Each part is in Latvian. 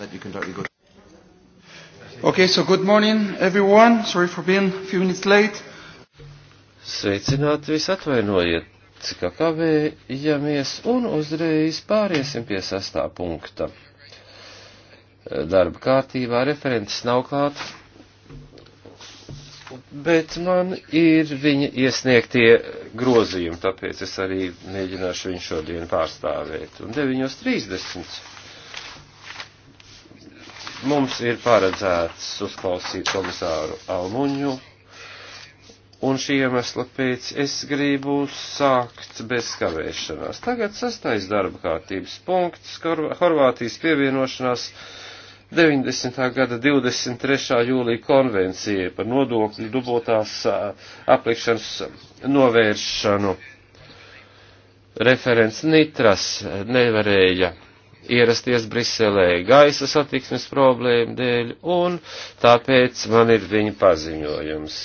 that you can directly go to. Okay, so good morning everyone. Sorry for being a few minutes late. Sveicināti, visatvainojiet, ka kavējamies un uzreiz pāriesim pie sastā punkta. Darba kārtībā referents nav klāt, bet man ir viņa iesniegtie grozījumi, tāpēc es arī mēģināšu viņu šodien pārstāvēt. Un 9.30 Mums ir paredzēts uzklausīt komisāru Almuņu, un šī iemesla pēc es gribu sākt bez kavēšanās. Tagad sastais darba kārtības punkts - Horvātijas pievienošanās 90. gada 23. jūlija konvencija par nodokļu dubultās aplikšanas novēršanu. Referents Nitras nevarēja ierasties Briselē gaisa satiksmes problēmu dēļ, un tāpēc man ir viņa paziņojums.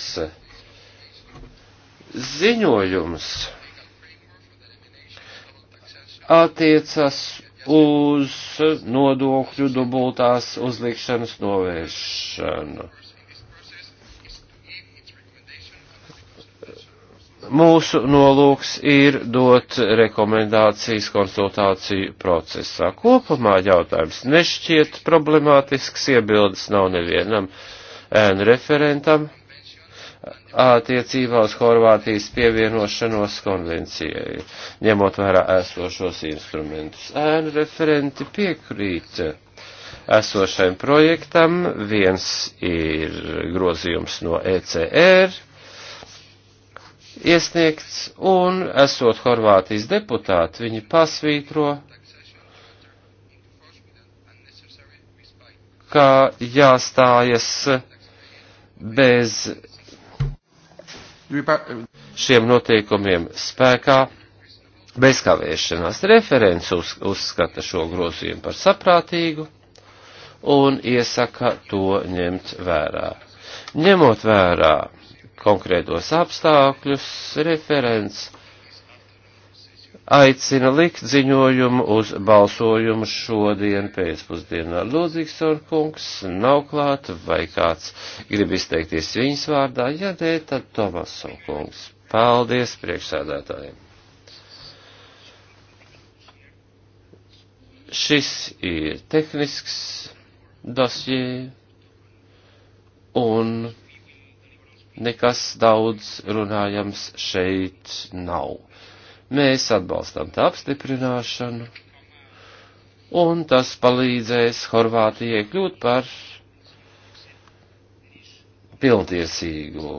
Ziņojums attiecas uz nodokļu dubultās uzlikšanas novēršanu Mūsu nolūks ir dot rekomendācijas konsultāciju procesā. Kopumā jautājums nešķiet problemātisks, iebildes nav nevienam ēnu referentam attiecībā uz Horvātijas pievienošanos konvencijai, ņemot vērā esošos instrumentus. Ēnu referenti piekrīt esošajam projektam, viens ir grozījums no ECR, iesniegts, un esot Horvātijas deputāti, viņi pasvītro, ka jāstājas bez šiem noteikumiem spēkā bez kavēšanās. Referents uz, uzskata šo grozījumu par saprātīgu un iesaka to ņemt vērā. Ņemot vērā konkrētos apstākļus, referents aicina likt ziņojumu uz balsojumu šodien pēcpusdienā. Lūdzīgson kungs nav klāt, vai kāds grib izteikties viņas vārdā, ja nē, tad Tomaso kungs. Paldies priekšsēdētājiem! Šis ir tehnisks dosjē un nekas daudz runājams šeit nav. Mēs atbalstam tā apstiprināšanu, un tas palīdzēs Horvātijai kļūt par pilntiesīgu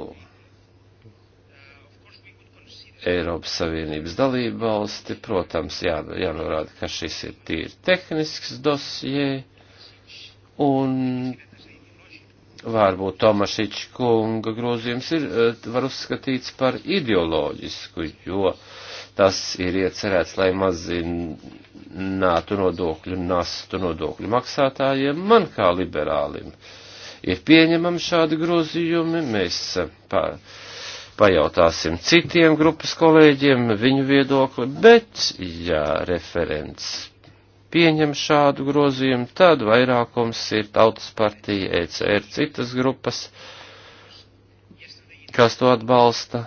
Eiropas Savienības dalību valsti. Protams, jā, jānorāda, ka šis ir tīri tehnisks dosijai, un varbūt Tomašiča kunga grozījums ir, eh, var uzskatīts par ideoloģisku, jo tas ir iecerēts, lai mazinātu nodokļu nastu nodokļu maksātājiem. Man kā liberālim ir pieņemami šādi grozījumi, mēs eh, pa, pajautāsim citiem grupas kolēģiem viņu viedokli, bet, ja referents pieņem šādu grozījumu, tad vairākums ir Tautas partija, ECR, citas grupas, kas to atbalsta.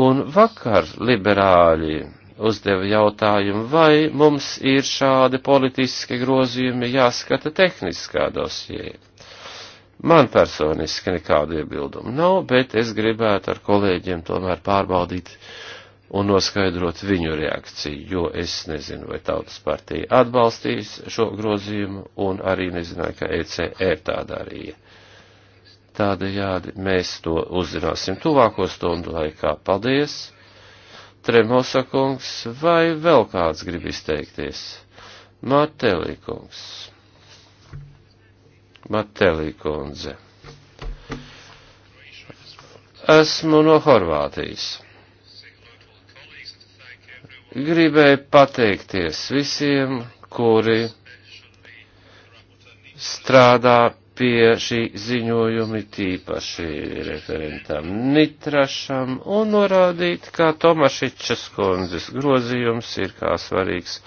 Un vakar liberāļi uzdeva jautājumu, vai mums ir šādi politiski grozījumi jāskata tehniskā dosijā. Man personiski nekādu iebildumu nav, bet es gribētu ar kolēģiem tomēr pārbaudīt un noskaidrot viņu reakciju, jo es nezinu, vai Tautas partija atbalstīs šo grozījumu, un arī nezināju, ka ECR tā darīja. Tādējādi mēs to uzzināsim tuvāko stundu laikā. Paldies! Tremosakungs vai vēl kāds grib izteikties? Martelīkungs. Martelīkundze. Esmu no Horvātijas. Gribēju pateikties visiem, kuri strādā pie šī ziņojuma tīpaši referentam Nitrašam un norādīt, kā Tomašičas kundzes grozījums ir kā svarīgs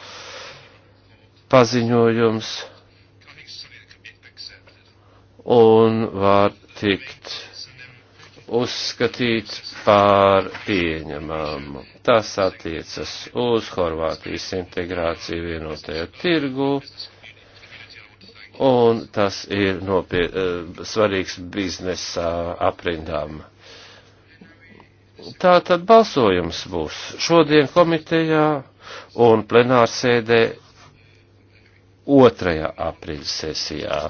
paziņojums un var tikt uzskatīt par pieņemamu. Tas attiecas uz Horvātijas integrāciju vienotajā tirgu, un tas ir nopie, eh, svarīgs biznesa aprindām. Tā tad balsojums būs šodien komitejā un plenārsēdē 2. aprīļa sesijā.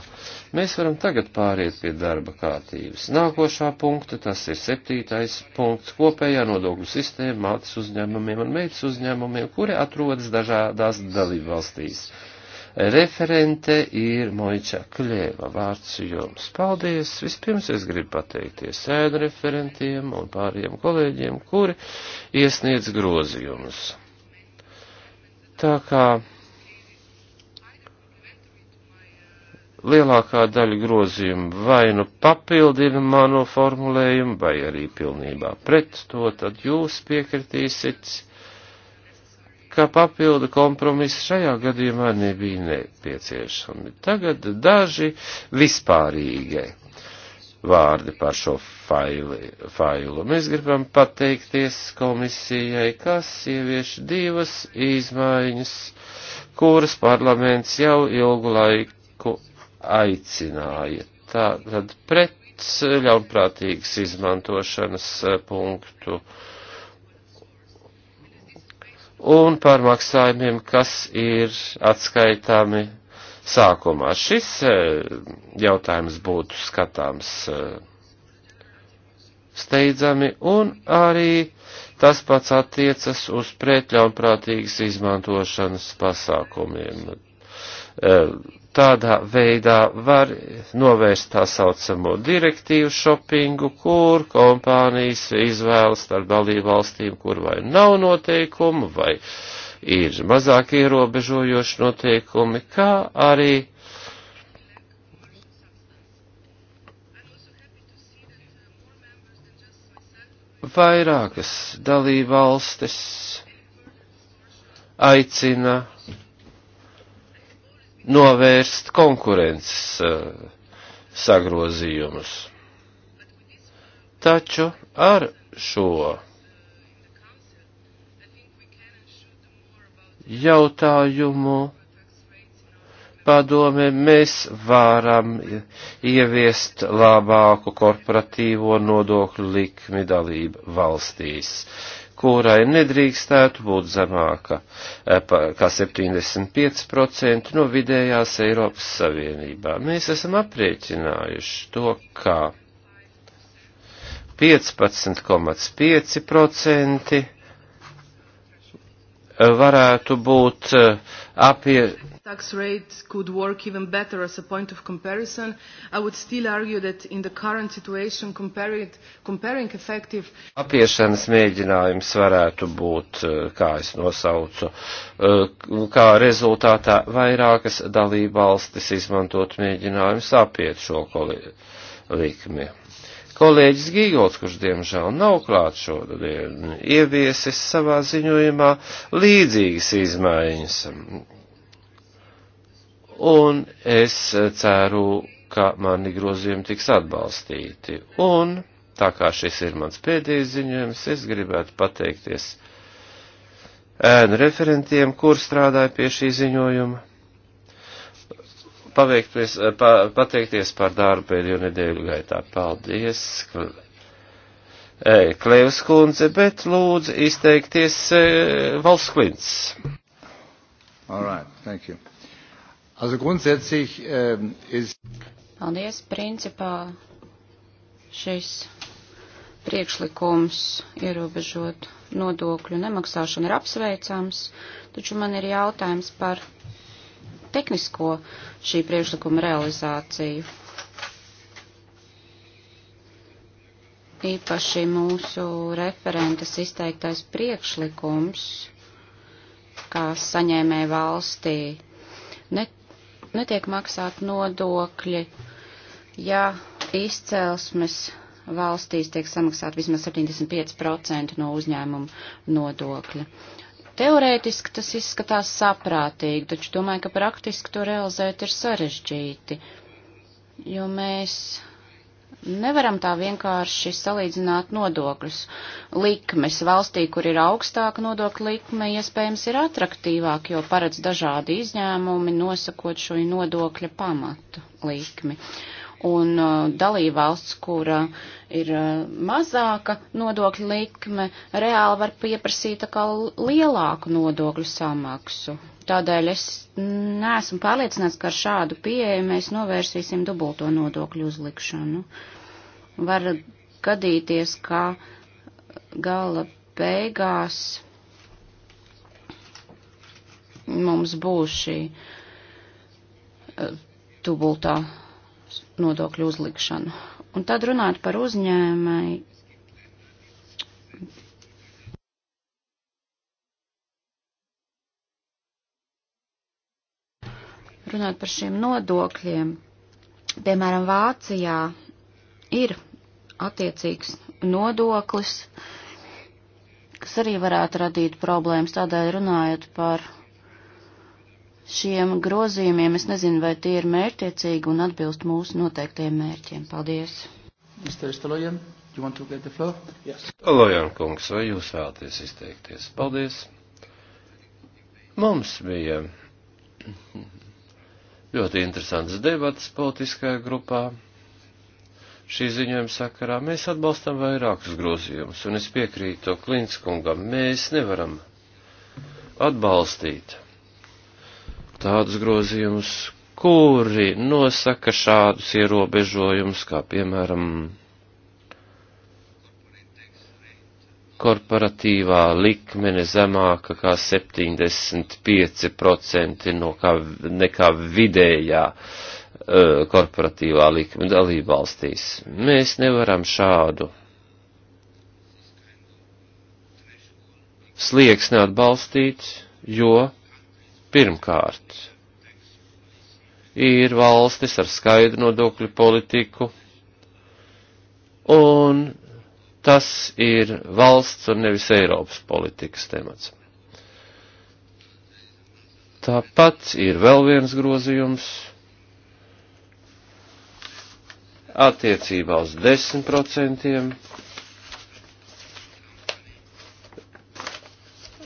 Mēs varam tagad pāriet pie darba kārtības. Nākošā punkta, tas ir septītais punkts, kopējā nodokļu sistēma mātes uzņēmumiem un meitas uzņēmumiem, kuri atrodas dažādās dalību valstīs. Referente ir Moiča Kļēva vārds jums. Paldies! Vispirms es gribu pateikties sēdu referentiem un pārējiem kolēģiem, kuri iesniedz grozījumus. Tā kā lielākā daļa grozījumu vai nu papildina mano formulējumu, vai arī pilnībā pret to, tad jūs piekritīsit, ka papildu kompromisi šajā gadījumā nebija nepieciešami. Tagad daži vispārīgie vārdi par šo faili, failu. Mēs gribam pateikties komisijai, kas ievieš divas izmaiņas, kuras parlaments jau ilgu laiku aicināja. Tātad pret ļaunprātīgas izmantošanas eh, punktu un par maksājumiem, kas ir atskaitāmi sākumā. Šis eh, jautājums būtu skatāms eh, steidzami un arī tas pats attiecas uz pretļaunprātīgas izmantošanas pasākumiem tādā veidā var novērst tā saucamo direktīvu šopingu, kur kompānijas izvēlas starp dalību valstīm, kur vai nav noteikumu, vai ir mazāk ierobežojoši noteikumi, kā arī vairākas dalību valstis aicina novērst konkurences eh, sagrozījumus. Taču ar šo jautājumu padome mēs varam ieviest labāku korporatīvo nodokļu likmi dalību valstīs kurai nedrīkstētu būt zemāka eh, kā 75% no vidējās Eiropas Savienībā. Mēs esam aprēķinājuši to, ka 15,5% eh, varētu būt eh, apie tax rate could work even better as a point of comparison, I would still argue that in the current situation comparing, comparing effective apiešanas mēģinājums varētu būt, eh, kā es nosaucu, eh, kā rezultātā vairākas dalībvalstis izmantot mēģinājumus apiet šo likmi. Kolēģis Gīgols, kurš diemžēl nav klāt šodien, ieviesis savā ziņojumā līdzīgas izmaiņas un es eh, ceru, ka mani grozījumi tiks atbalstīti. Un, tā kā šis ir mans pēdējais ziņojums, es gribētu pateikties ēnu referentiem, kur strādāja pie šī ziņojuma, paveikties, eh, pa, pateikties par darbu pēdējo nedēļu gaitā. Paldies, eh, Klevs kundze, bet lūdzu izteikties Valsts klints. All right, thank you. Also grundsätzlich ähm, ist. Paldies, principā šis priekšlikums ierobežot nodokļu nemaksāšanu ir apsveicams, taču man ir jautājums par tehnisko šī priekšlikuma realizāciju. Īpaši mūsu referentes izteiktais priekšlikums, kā saņēmē valstī, ne netiek maksāt nodokļi, ja izcelsmes valstīs tiek samaksāt vismaz 75% no uzņēmuma nodokļa. Teorētiski tas izskatās saprātīgi, taču domāju, ka praktiski to realizēt ir sarežģīti, jo mēs Nevaram tā vienkārši salīdzināt nodokļus. Likmes valstī, kur ir augstāka nodokļa likme, iespējams ir atraktīvāk, jo paredz dažādi izņēmumi, nosakot šo nodokļa pamatu likmi. Un uh, dalībvalsts, kura ir uh, mazāka nodokļa likme, reāli var pieprasīt atkal lielāku nodokļu samaksu. Tādēļ es neesmu pārliecināts, ka ar šādu pieeju mēs novērsīsim dubulto nodokļu uzlikšanu. Uh, var gadīties, ka gala beigās mums būs šī eh, tubultā nodokļu uzlikšana. Un tad runāt par uzņēmēju. Runāt par šiem nodokļiem. Piemēram, Vācijā ir attiecīgs nodoklis, kas arī varētu radīt problēmas. Tādēļ runājot par šiem grozījumiem, es nezinu, vai tie ir mērķiecīgi un atbilst mūsu noteiktajiem mērķiem. Paldies! Mr. Stalojan, you want to get the floor? Yes. Stalojan kungs, vai jūs vēlaties izteikties? Paldies! Mums bija ļoti interesants debats politiskajā grupā šī ziņojuma sakarā, mēs atbalstam vairākus grozījumus, un es piekrītu Klinskungam, mēs nevaram atbalstīt tādus grozījumus, kuri nosaka šādus ierobežojumus, kā piemēram korporatīvā likmene zemāka kā 75% no kā, nekā vidējā uh, Uh, korporatīvā likuma dalība valstīs. Mēs nevaram šādu slieksni atbalstīt, jo pirmkārt ir valstis ar skaidru nodokļu politiku, un tas ir valsts un nevis Eiropas politikas temats. Tāpat ir vēl viens grozījums attiecībā uz 10%,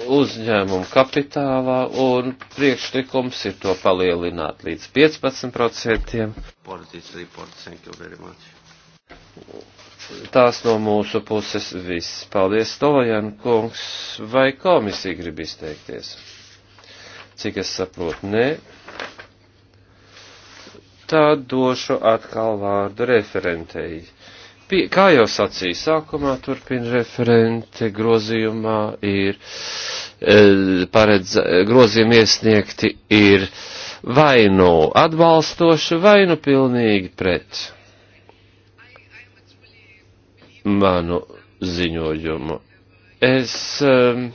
uzņēmumu kapitālā, un priekšlikums ir to palielināt līdz 15%. Tās no mūsu puses viss. Paldies, Stolajan kungs, vai komisija grib izteikties? Cik es saprotu, nē tad došu atkal vārdu referentei. Pie, kā jau sacīja sākumā, turpina referente, grozījumā ir e, paredz, grozījumi iesniegti ir vai nu atbalstoši, vai nu pilnīgi pret manu ziņojumu. Es um,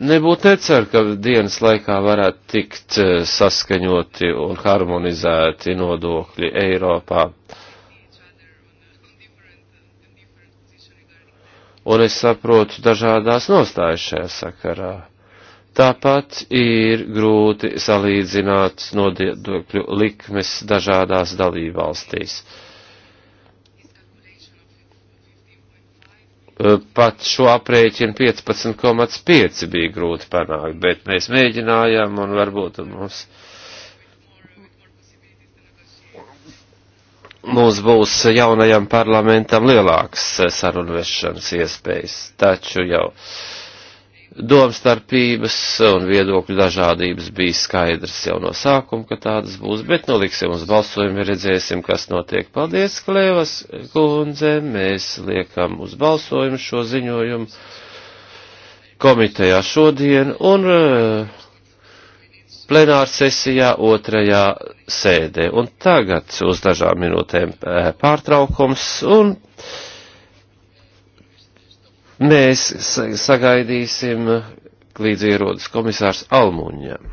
nebūtu necer, ka dienas laikā varētu tikt eh, saskaņoti un harmonizēti nodokļi Eiropā. Un es saprotu dažādās nostājas šajā sakarā. Tāpat ir grūti salīdzināt nodokļu likmes dažādās dalībvalstīs. valstīs Eh, pat šo aprēķinu 15,5 bija grūti panākt, bet mēs mēģinājām un varbūt mums, mums būs jaunajam parlamentam lielāks eh, sarunvešanas iespējas, taču jau. Uh, domstarpības un viedokļu dažādības bija skaidrs jau no sākuma, ka tādas būs, bet noliksim nu uz balsojumu, redzēsim, kas notiek. Paldies, Klēvas kundze, mēs liekam uz balsojumu šo ziņojumu komitejā šodien un eh, plenāra sesijā otrajā sēdē. Un tagad uz dažām minūtēm eh, pārtraukums un mēs sagaidīsim, uh, līdz ierodas komisārs Almuņam.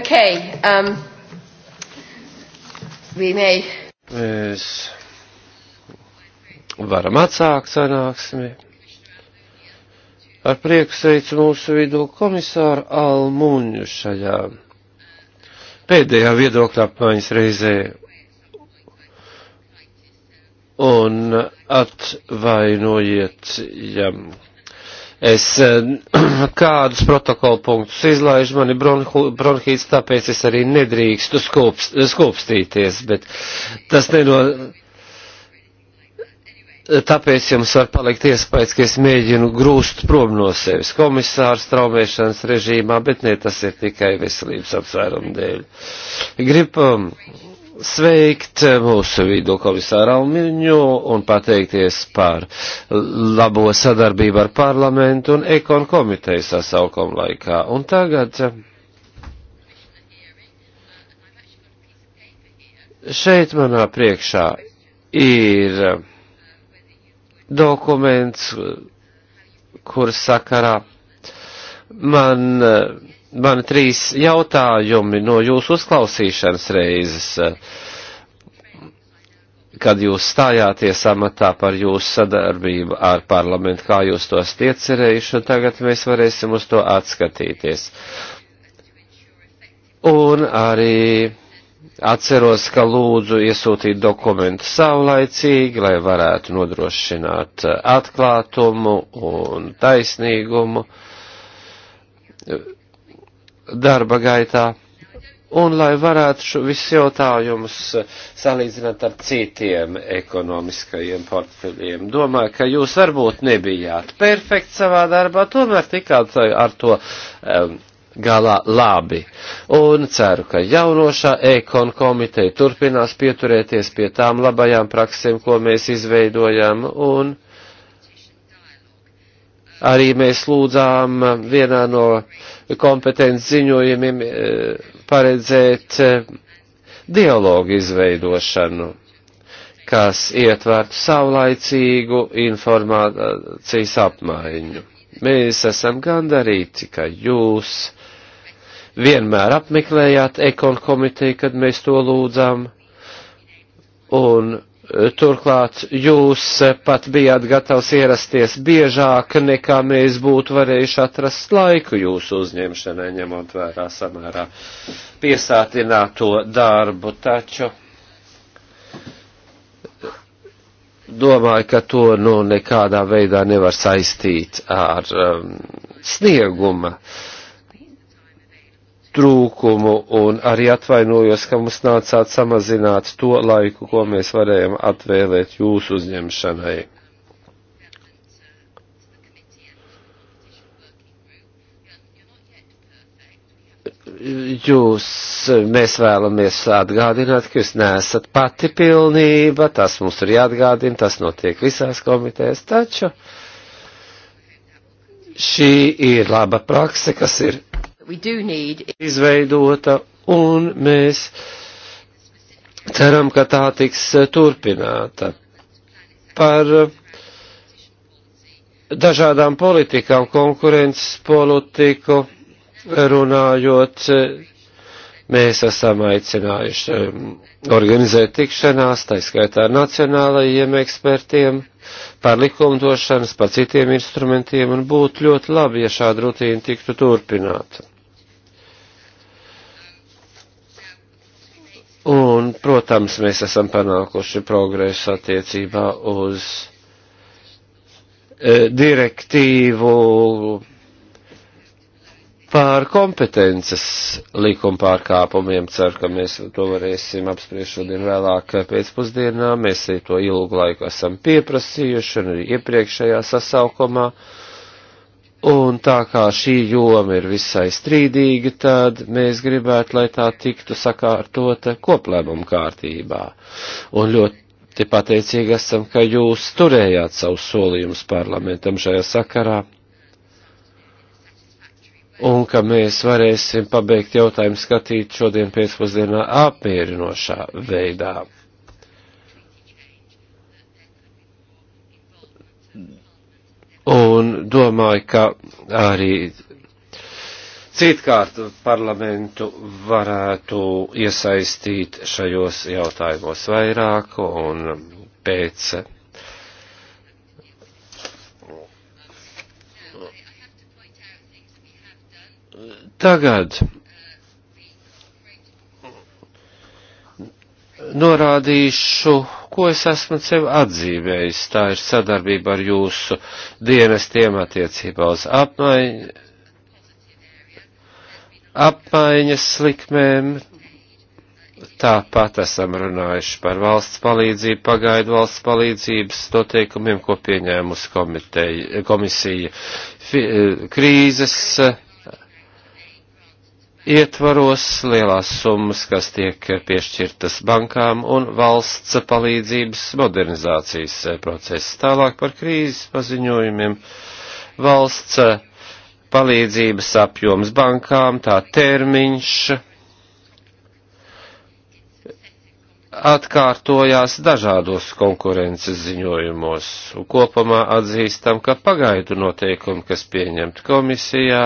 Okay, um, we may. Mēs varam atsākt sanāksmi. Ar prieku sveicu mūsu vidū komisāru Almuņu šajā pēdējā viedokļa apmaiņas reizē. Un atvainojiet, ja es eh, kādus protokolu punktus izlaižu, man ir bronhīts, tāpēc es arī nedrīkstu skūpst, skūpstīties, bet tas neno. Tāpēc jums var palikt iespējas, ka es mēģinu grūst prom no sevis komisārs traumēšanas režīmā, bet ne tas ir tikai veselības apsvērumu dēļ. Gribu um, sveikt mūsu vidu komisāru Almiņu un pateikties par labo sadarbību ar parlamentu un ekon komiteju sasaukumu laikā. Un tagad šeit manā priekšā ir dokuments, kur sakarā man uh, man trīs jautājumi no jūsu uzklausīšanas reizes, kad jūs stājāties amatā par jūsu sadarbību ar parlamentu, kā jūs to stiecerējuši, un tagad mēs varēsim uz to atskatīties. Un arī atceros, ka lūdzu iesūtīt dokumentu savlaicīgi, lai varētu nodrošināt atklātumu un taisnīgumu darba gaitā un lai varētu šo visus jautājumus eh, salīdzināt ar citiem ekonomiskajiem portfeļiem. Domāju, ka jūs varbūt nebijāt perfekti savā darbā, tomēr tikāt ar to um, galā labi. Un ceru, ka jaunošā ekon komiteja turpinās pieturēties pie tām labajām praksēm, ko mēs izveidojam, un arī mēs lūdzām vienā no uh, kompetenci ziņojumiem eh, paredzēt eh, dialogu izveidošanu, kas ietvērtu savlaicīgu informācijas apmaiņu. Mēs esam gandarīti, ka jūs vienmēr apmeklējāt ekon komiteju, kad mēs to lūdzām, un Turklāt jūs pat bijāt gatavs ierasties biežāk, nekā mēs būtu varējuši atrast laiku jūsu uzņemšanai, ņemot vērā samērā piesātināto darbu, taču domāju, ka to nu nekādā veidā nevar saistīt ar um, snieguma uh, trūkumu un arī atvainojos, ka mums nācāt samazināt to laiku, ko mēs varējām atvēlēt jūsu uzņemšanai. jūs, mēs vēlamies atgādināt, ka jūs nesat pati pilnība, tas mums ir jāatgādina, tas notiek visās komitēs, taču šī ir laba prakse, kas ir izveidota, un mēs ceram, ka tā tiks eh, turpināta. Par eh, dažādām politikām, konkurences politiku runājot, eh, mēs esam aicinājuši organizēt tikšanās, tā skaitā ar nacionālajiem ekspertiem, par likumdošanas, par citiem instrumentiem, un būtu ļoti labi, ja šāda rutīna tiktu turpināta. Un, protams, mēs esam panākuši progresu attiecībā uz eh, direktīvu pār kompetences likuma pārkāpumiem. Ceru, ka mēs to varēsim apspriest šodien vēlāk pēcpusdienā. Mēs to ilgu laiku esam pieprasījuši un arī iepriekšējā sasaukumā. Uh, Un tā kā šī joma ir visai strīdīga, tad mēs gribētu, lai tā tiktu sakārtota koplēmuma kārtībā. Un ļoti pateicīgi esam, ka jūs turējāt savus solījumus parlamentam šajā sakarā. Un ka mēs varēsim pabeigt jautājumu skatīt šodien pēcpusdienā apmierinošā veidā. Un domāju, ka arī citkārt parlamentu varētu iesaistīt šajos jautājumos vairāk un pēc tagad norādīšu ko es esmu sev atzīmējis, tā ir sadarbība ar jūsu dienestiem attiecībā uz apmaiņu, apmaiņas likmēm. Tāpat esam runājuši par valsts palīdzību, pagaidu valsts palīdzības noteikumiem, ko pieņēmusi komiteja, komisija, fi, eh, krīzes ietvaros lielās summas, kas tiek piešķirtas bankām un valsts palīdzības modernizācijas process. Tālāk par krīzes paziņojumiem valsts palīdzības apjoms bankām, tā termiņš, atkārtojās dažādos konkurences ziņojumos. Kopumā atzīstam, ka pagaidu noteikumi, kas pieņemti komisijā,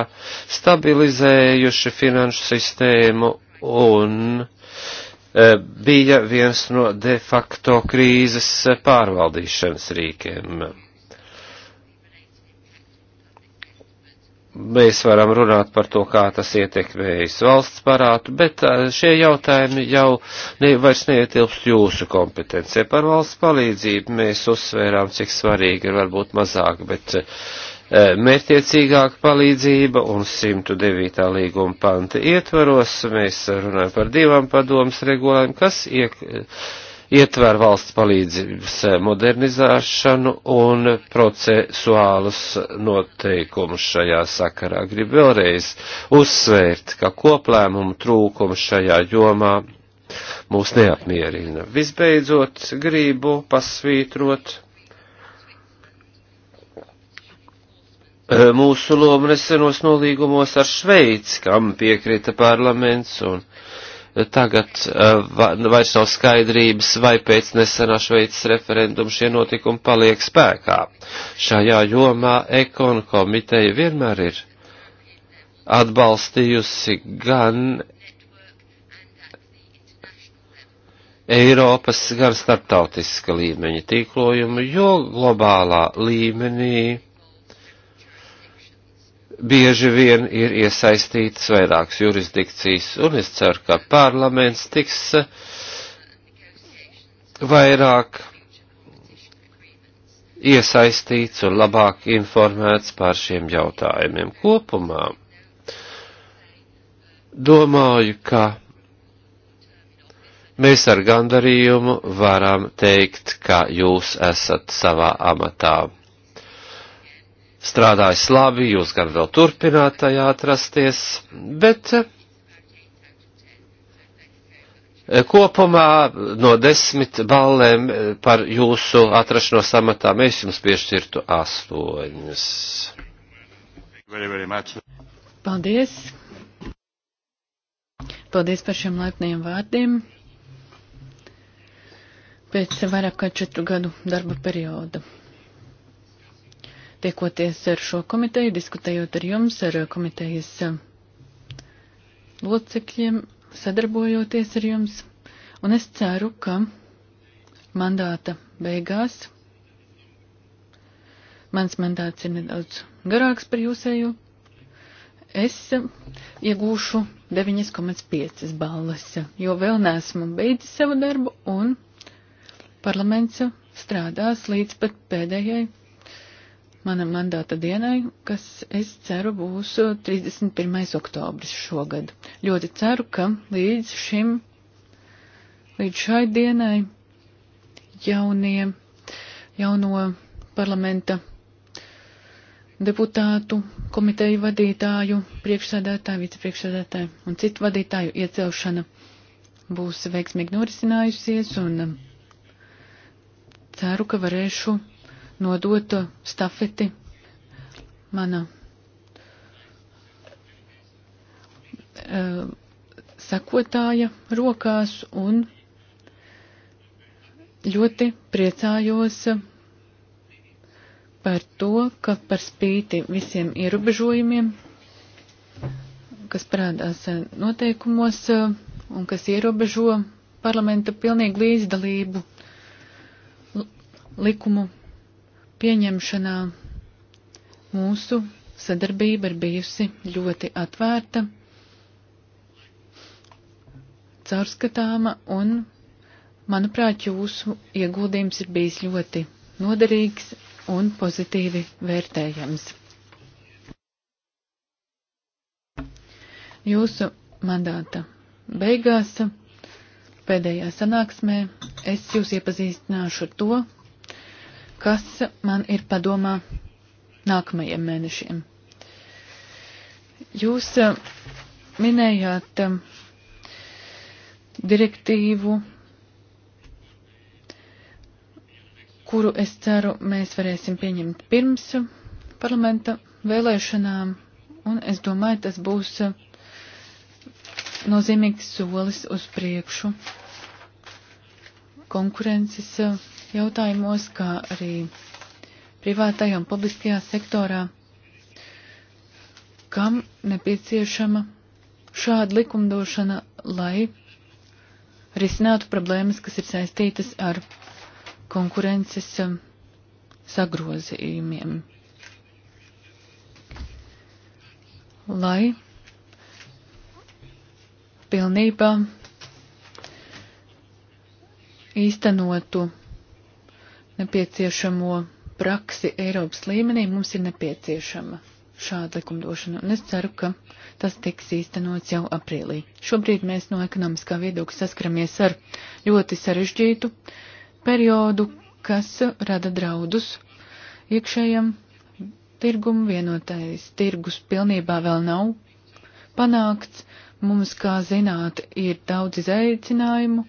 stabilizējuši finanšu sistēmu un e, bija viens no de facto krīzes pārvaldīšanas rīkiem. mēs varam runāt par to, kā tas ietekmējis valsts parātu, bet eh, šie jautājumi jau ne, vairs neietilpst jūsu kompetencija. Par valsts palīdzību mēs uzsvērām, cik svarīgi ir varbūt mazāk, bet eh, mērķiecīgāka palīdzība un 109. līguma panta ietvaros mēs runājam par divām padomas regulēm, kas iek, ietver valsts palīdzības modernizēšanu un procesuālus noteikumus šajā sakarā. Gribu vēlreiz uzsvērt, ka koplēmumu trūkums šajā jomā mūs neapmierina. Visbeidzot, gribu pasvītrot e, mūsu lomu nesenos nolīgumos ar Šveici, kam piekrita parlaments un tagad eh, vairs nav skaidrības, vai pēc nesenā Šveicas referenduma šie notikumi paliek spēkā. Šajā jomā ekonu komiteja vienmēr ir atbalstījusi gan Eiropas, gan starptautiska līmeņa tīklojumu, jo globālā līmenī bieži vien ir iesaistītas vairākas jurisdikcijas, un es ceru, ka parlaments tiks eh, vairāk iesaistīts un labāk informēts par šiem jautājumiem kopumā. Domāju, ka mēs ar gandarījumu varam teikt, ka jūs esat savā amatā strādājis labi, jūs gan vēl turpināt tajā atrasties, bet eh, kopumā no desmit ballēm eh, par jūsu atrašanos amatā mēs jums piešķirtu astoņas. Paldies! Paldies par šiem laipniem vārdiem. Pēc vairāk kā četru gadu darba perioda tiekoties ar šo komiteju, diskutējot ar jums, ar komitejas eh, locekļiem, sadarbojoties ar jums. Un es ceru, ka mandāta beigās, mans mandāts ir nedaudz garāks par jūsējo, es iegūšu 9,5 balles, jo vēl neesmu beidzis savu darbu un parlaments strādās līdz pat pēdējai mana mandāta dienai, kas, es ceru, būs 31. Uh, oktobris šogad. Ļoti ceru, ka līdz šim, līdz šai dienai jaunie, jauno parlamenta deputātu, komiteju vadītāju, priekšsēdētāju, vicepriekšsēdētāju un citu vadītāju iecelšana būs veiksmīgi norisinājusies un uh, ceru, ka varēšu nodot stafeti mana uh, sakotāja rokās un ļoti priecājos par to, ka par spīti visiem ierobežojumiem, kas parādās noteikumos e, un kas ierobežo parlamenta pilnīgu līdzdalību likumu pieņemšanā mūsu sadarbība ir bijusi ļoti atvērta, caurskatāma un, manuprāt, jūsu ieguldījums ir bijis ļoti noderīgs un pozitīvi vērtējams. Jūsu mandāta beigās pēdējā sanāksmē es jūs iepazīstināšu ar to, kas man ir padomā nākamajiem mēnešiem. Jūs eh, minējāt eh, direktīvu, kuru es ceru mēs varēsim pieņemt pirms parlamenta vēlēšanām, un es domāju, tas būs eh, nozīmīgs solis uz priekšu konkurences jautājumos, kā arī privātajā un publiskajā sektorā, kam nepieciešama šāda likumdošana, lai risinātu problēmas, kas ir saistītas ar konkurences um, sagrozījumiem. Lai pilnībā īstenotu nepieciešamo praksi Eiropas līmenī, mums ir nepieciešama šāda likumdošana, un es ceru, ka tas tiks īstenots jau aprīlī. Šobrīd mēs no ekonomiskā viedokļa saskaramies ar ļoti sarežģītu periodu, kas rada draudus iekšējam tirgumu, vienotais tirgus pilnībā vēl nav panākts. Mums, kā zināt, ir daudz izaicinājumu,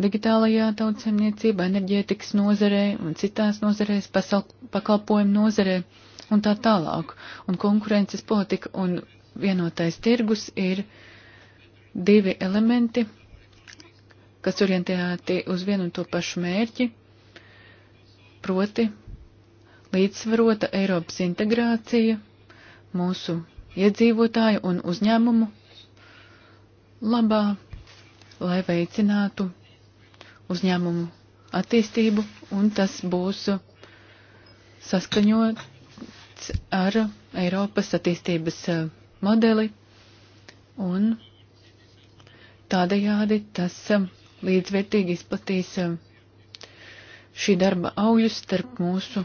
digitālajā tautsemniecībā, enerģētikas nozarē un citās nozarēs, pakalpojumu nozarē un tā tālāk. Un konkurences politika un vienotais tirgus ir divi elementi, kas orientēti uz vienu un to pašu mērķi, proti līdzsvarota Eiropas integrācija mūsu iedzīvotāju un uzņēmumu labā, lai veicinātu uzņēmumu attīstību, un tas būs saskaņots ar Eiropas attīstības e, modeli, un tādējādi tas e, līdzvērtīgi izplatīs e, šī darba augļus starp mūsu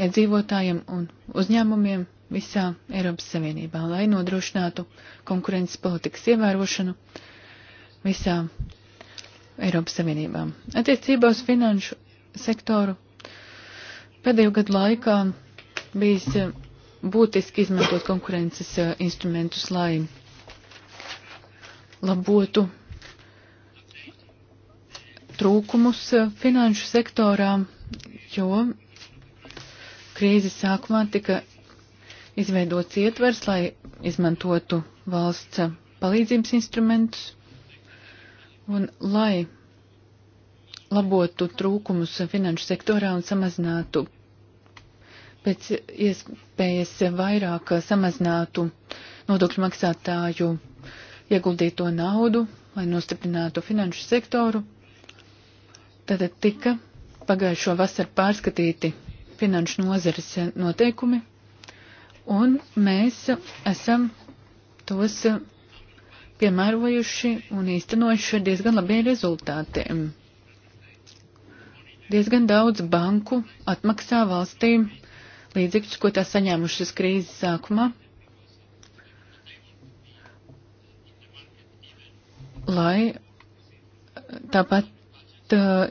iedzīvotājiem un uzņēmumiem visā Eiropas Savienībā, lai nodrošinātu konkurences politikas ievērošanu visā Eiropas Savienībām. Attiecībā uz finanšu sektoru pēdējo gadu laikā bijis eh, būtiski izmantot konkurences eh, instrumentus, lai labotu trūkumus eh, finanšu sektorā, jo krīzes sākumā tika izveidots ietvers, lai izmantotu valsts palīdzības instrumentus Un lai labotu trūkumus finanšu sektorā un samazinātu pēc iespējas vairāk samazinātu nodokļu maksātāju ieguldīto naudu, lai nostiprinātu finanšu sektoru. Tad tika pagājušo vasaru pārskatīti finanšu nozares noteikumi, un mēs esam tos piemērojuši un īstenojuši ar diezgan labiem rezultātiem. Diezgan daudz banku atmaksā valstīm līdzekļus, ko tā saņēmušas krīzes sākumā, lai eh, tāpat uh,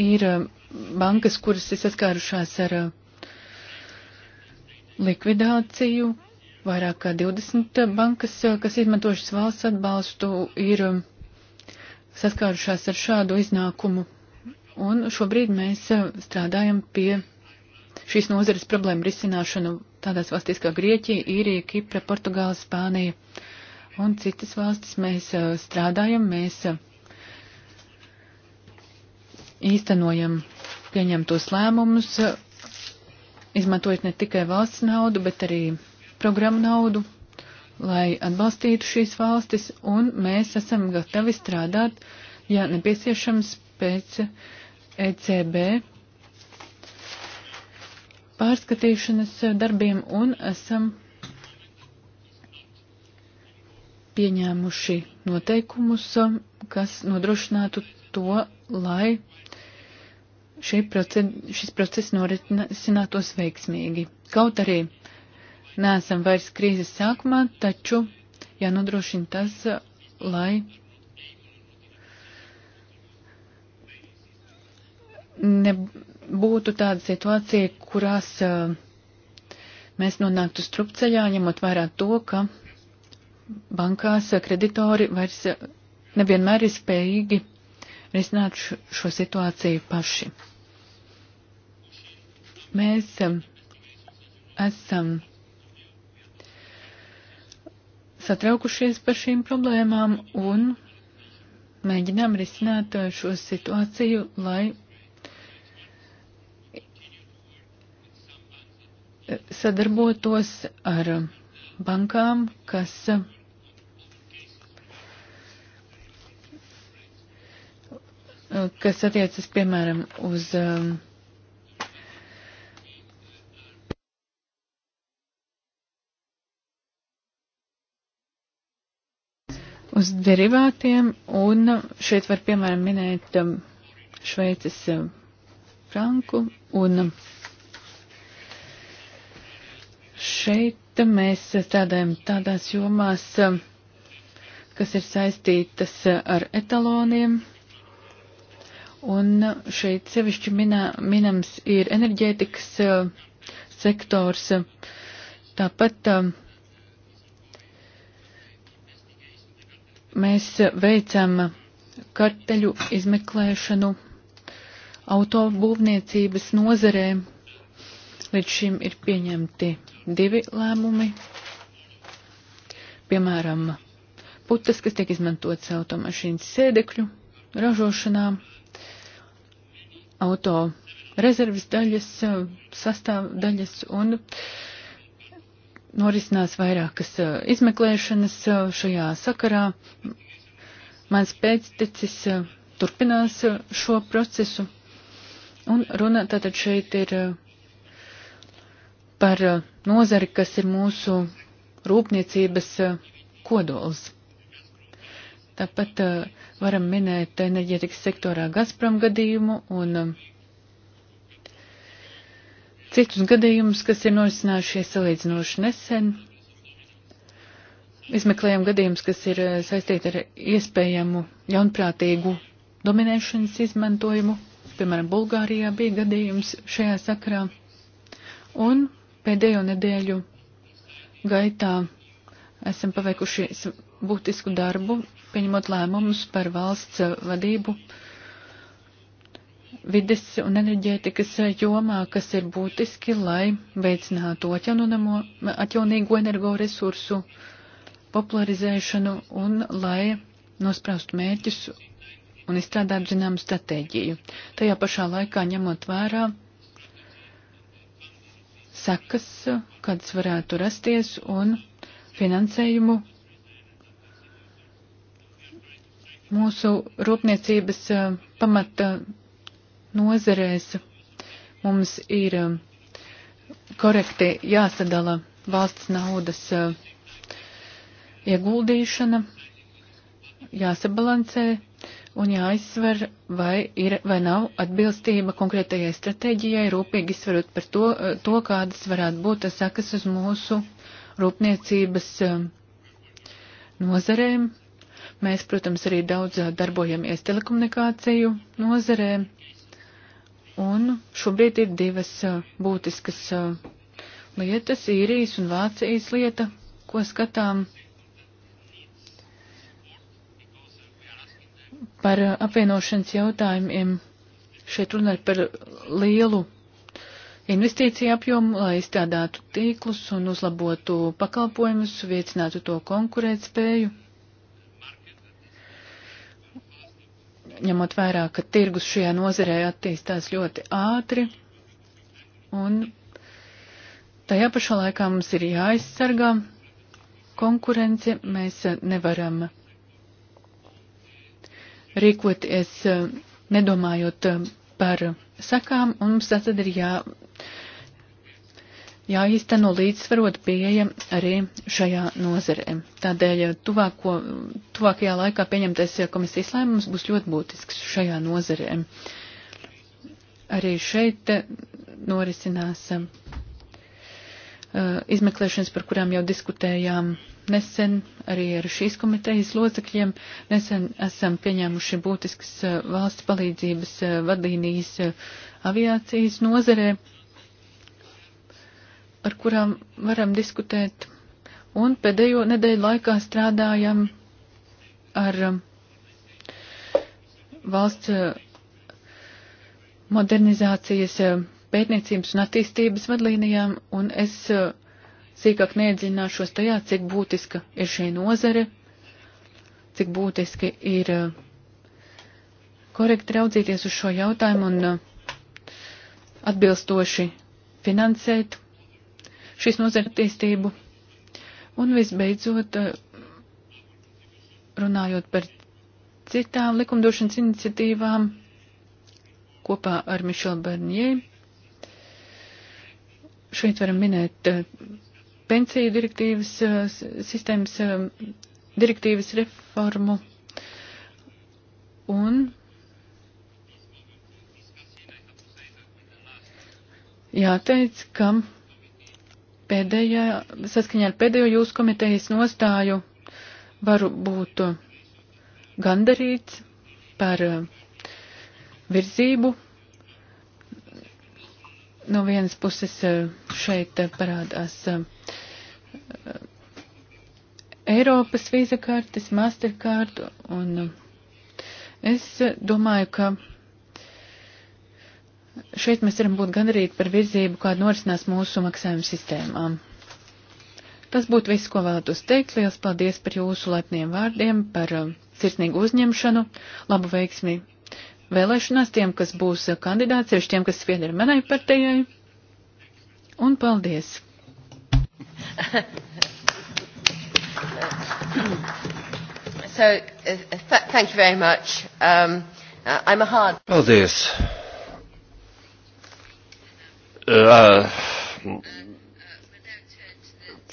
ir eh, bankas, kuras ir saskārušās ar uh, likvidāciju, Vairāk kā 20 bankas, kas izmantošas valsts atbalstu, ir um, saskārušās ar šādu iznākumu. Un šobrīd mēs uh, strādājam pie šīs nozares problēmu risināšanu tādās valstīs kā Grieķija, Īrija, Kipra, Portugāla, Spānija un citas valstis. Mēs uh, strādājam, mēs uh, īstenojam pieņemtos lēmumus, izmantojot ne tikai valsts naudu, bet arī programmu naudu, lai atbalstītu šīs valstis, un mēs esam gatavi strādāt, ja nepieciešams, pēc ECB pārskatīšanas darbiem, un esam pieņēmuši noteikumus, kas nodrošinātu to, lai proces, šis process norisinātos veiksmīgi. Kaut arī neesam vairs krīzes sākumā, taču jānodrošina tas, lai nebūtu tāda situācija, kurās mēs nonāktu strupceļā, ņemot vērā to, ka bankās kreditori vairs nevienmēr ir spējīgi risināt šo situāciju paši. Mēs esam satraukušies par šīm problēmām un mēģinām risināt eh, šo situāciju, lai eh, sadarbotos ar bankām, kas eh, kas attiecas, piemēram, uz um, uz derivātiem, un šeit var piemēram minēt um, Šveices um, franku, un um, šeit mēs strādājam tādās jomās, kas ir saistītas uh, ar etaloniem, un šeit sevišķi minā, minams ir enerģētikas uh, sektors, uh, tāpat Mēs veicam karteļu izmeklēšanu autobūvniecības nozarē. Līdz šim ir pieņemti divi lēmumi. Piemēram, putas, kas tiek izmantotas automašīnas sēdekļu ražošanā, auto rezerves daļas, sastāvdaļas un uh, norisinās vairākas izmeklēšanas šajā sakarā. Mans pēctecis turpinās šo procesu. Un runa tātad šeit ir par nozari, kas ir mūsu rūpniecības kodols. Tāpat varam minēt enerģetikas sektorā Gazprom gadījumu un citus gadījumus, kas ir norisinājušies salīdzinoši nesen. Izmeklējam gadījumus, kas ir eh, saistīti ar iespējamu ļaunprātīgu dominēšanas izmantojumu. Piemēram, Bulgārijā bija gadījums šajā sakrā. Un pēdējo nedēļu gaitā esam paveikuši būtisku darbu, pieņemot lēmumus par valsts eh, vadību vides un enerģētikas jomā, kas ir būtiski, lai veicinātu atjaunīgo energoresursu popularizēšanu un lai nospraustu mērķus un izstrādāt zināmu stratēģiju. Tajā pašā laikā ņemot vērā sekas, kādas varētu rasties, un finansējumu mūsu rūpniecības eh, pamata nozerēs mums ir um, korekti jāsadala valsts naudas uh, ieguldīšana, jāsabalansē un jāizsver, vai ir vai nav atbilstība konkrētajai stratēģijai, rūpīgi izsverot par to, uh, to kādas varētu būt sakas uz mūsu rūpniecības um, nozarēm. Mēs, protams, arī daudz uh, darbojamies telekomunikāciju nozarēm Un šobrīd ir divas uh, būtiskas uh, lietas - īrijas un Vācijas lieta, ko skatām par uh, apvienošanas jautājumiem. Šeit runāt par lielu investīciju apjomu, lai izstrādātu tīklus un uzlabotu pakalpojumus, veicinātu to konkurētspēju. ņemot vērā, ka tirgus šajā nozarē attīstās ļoti ātri, un tajā pašā laikā mums ir jāaizsargā konkurence, mēs nevaram rīkoties nedomājot par sakām, un mums tad ir jā, jāīsteno līdzsvarot pieeja arī šajā nozarē. Tādēļ tuvāko, tuvākajā laikā pieņemtais komisijas lēmums būs ļoti būtisks šajā nozarē. Arī šeit norisinās uh, izmeklēšanas, par kurām jau diskutējām nesen arī ar šīs komitejas locekļiem. Nesen esam pieņēmuši būtiskas uh, valsts palīdzības uh, vadlīnijas uh, aviācijas nozarē ar kurām varam diskutēt. Un pēdējo nedēļu laikā strādājam ar um, valsts uh, modernizācijas uh, pētniecības un attīstības vadlīnijām, un es uh, sīkāk neiedziļināšos tajā, cik būtiska ir šī nozare, cik būtiski ir korekti raudzīties uz šo jautājumu un atbilstoši finansēt šīs nozara attīstību. Un visbeidzot, runājot par citām likumdošanas iniciatīvām kopā ar Mišelu Barnie, šeit varam minēt eh, pensiju direktīvas eh, sistēmas eh, direktīvas reformu un jāteic, ka pēdējā, saskaņā ar pēdējo jūsu komitejas nostāju varu būt gandarīts par eh, virzību. No vienas puses eh, šeit parādās eh, Eiropas vīza kartes, masterkārtu, un es domāju, ka Šeit mēs varam būt gandarīti par virzību, kāda norisinās mūsu maksājuma sistēmām. Tas būtu viss, ko vēlētos teikt. Lielas paldies par jūsu laipniem vārdiem, par uh, sirsnīgu uzņemšanu, labu veiksmi vēlēšanās tiem, kas būs uh, kandidāts, sevišķi tiem, kas pieder manai partijai. Un paldies! so, uh, th thank you very much. Um, uh, I'm a hard. Paldies!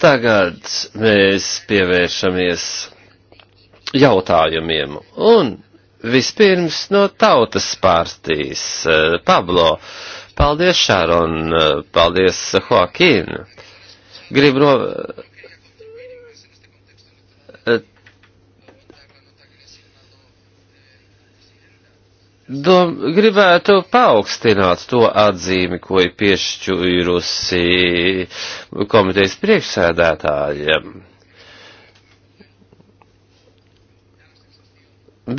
Tagad mēs pievēršamies jautājumiem. Un vispirms no tautas pārstīs Pablo. Paldies, Šāron, paldies, Hoakin. Gribu no... dom, gribētu paaugstināt to atzīmi, ko ir piešķīrusi komitejas priekšsēdētājiem.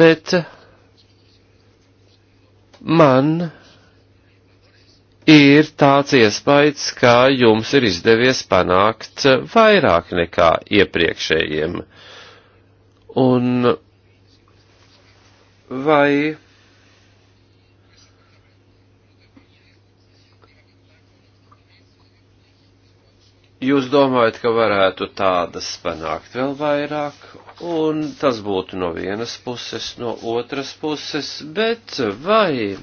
Bet man ir tāds iespējas, ka jums ir izdevies panākt vairāk nekā iepriekšējiem. Un vai jūs domājat, ka varētu tādas panākt vēl vairāk, un tas būtu no vienas puses, no otras puses, bet vai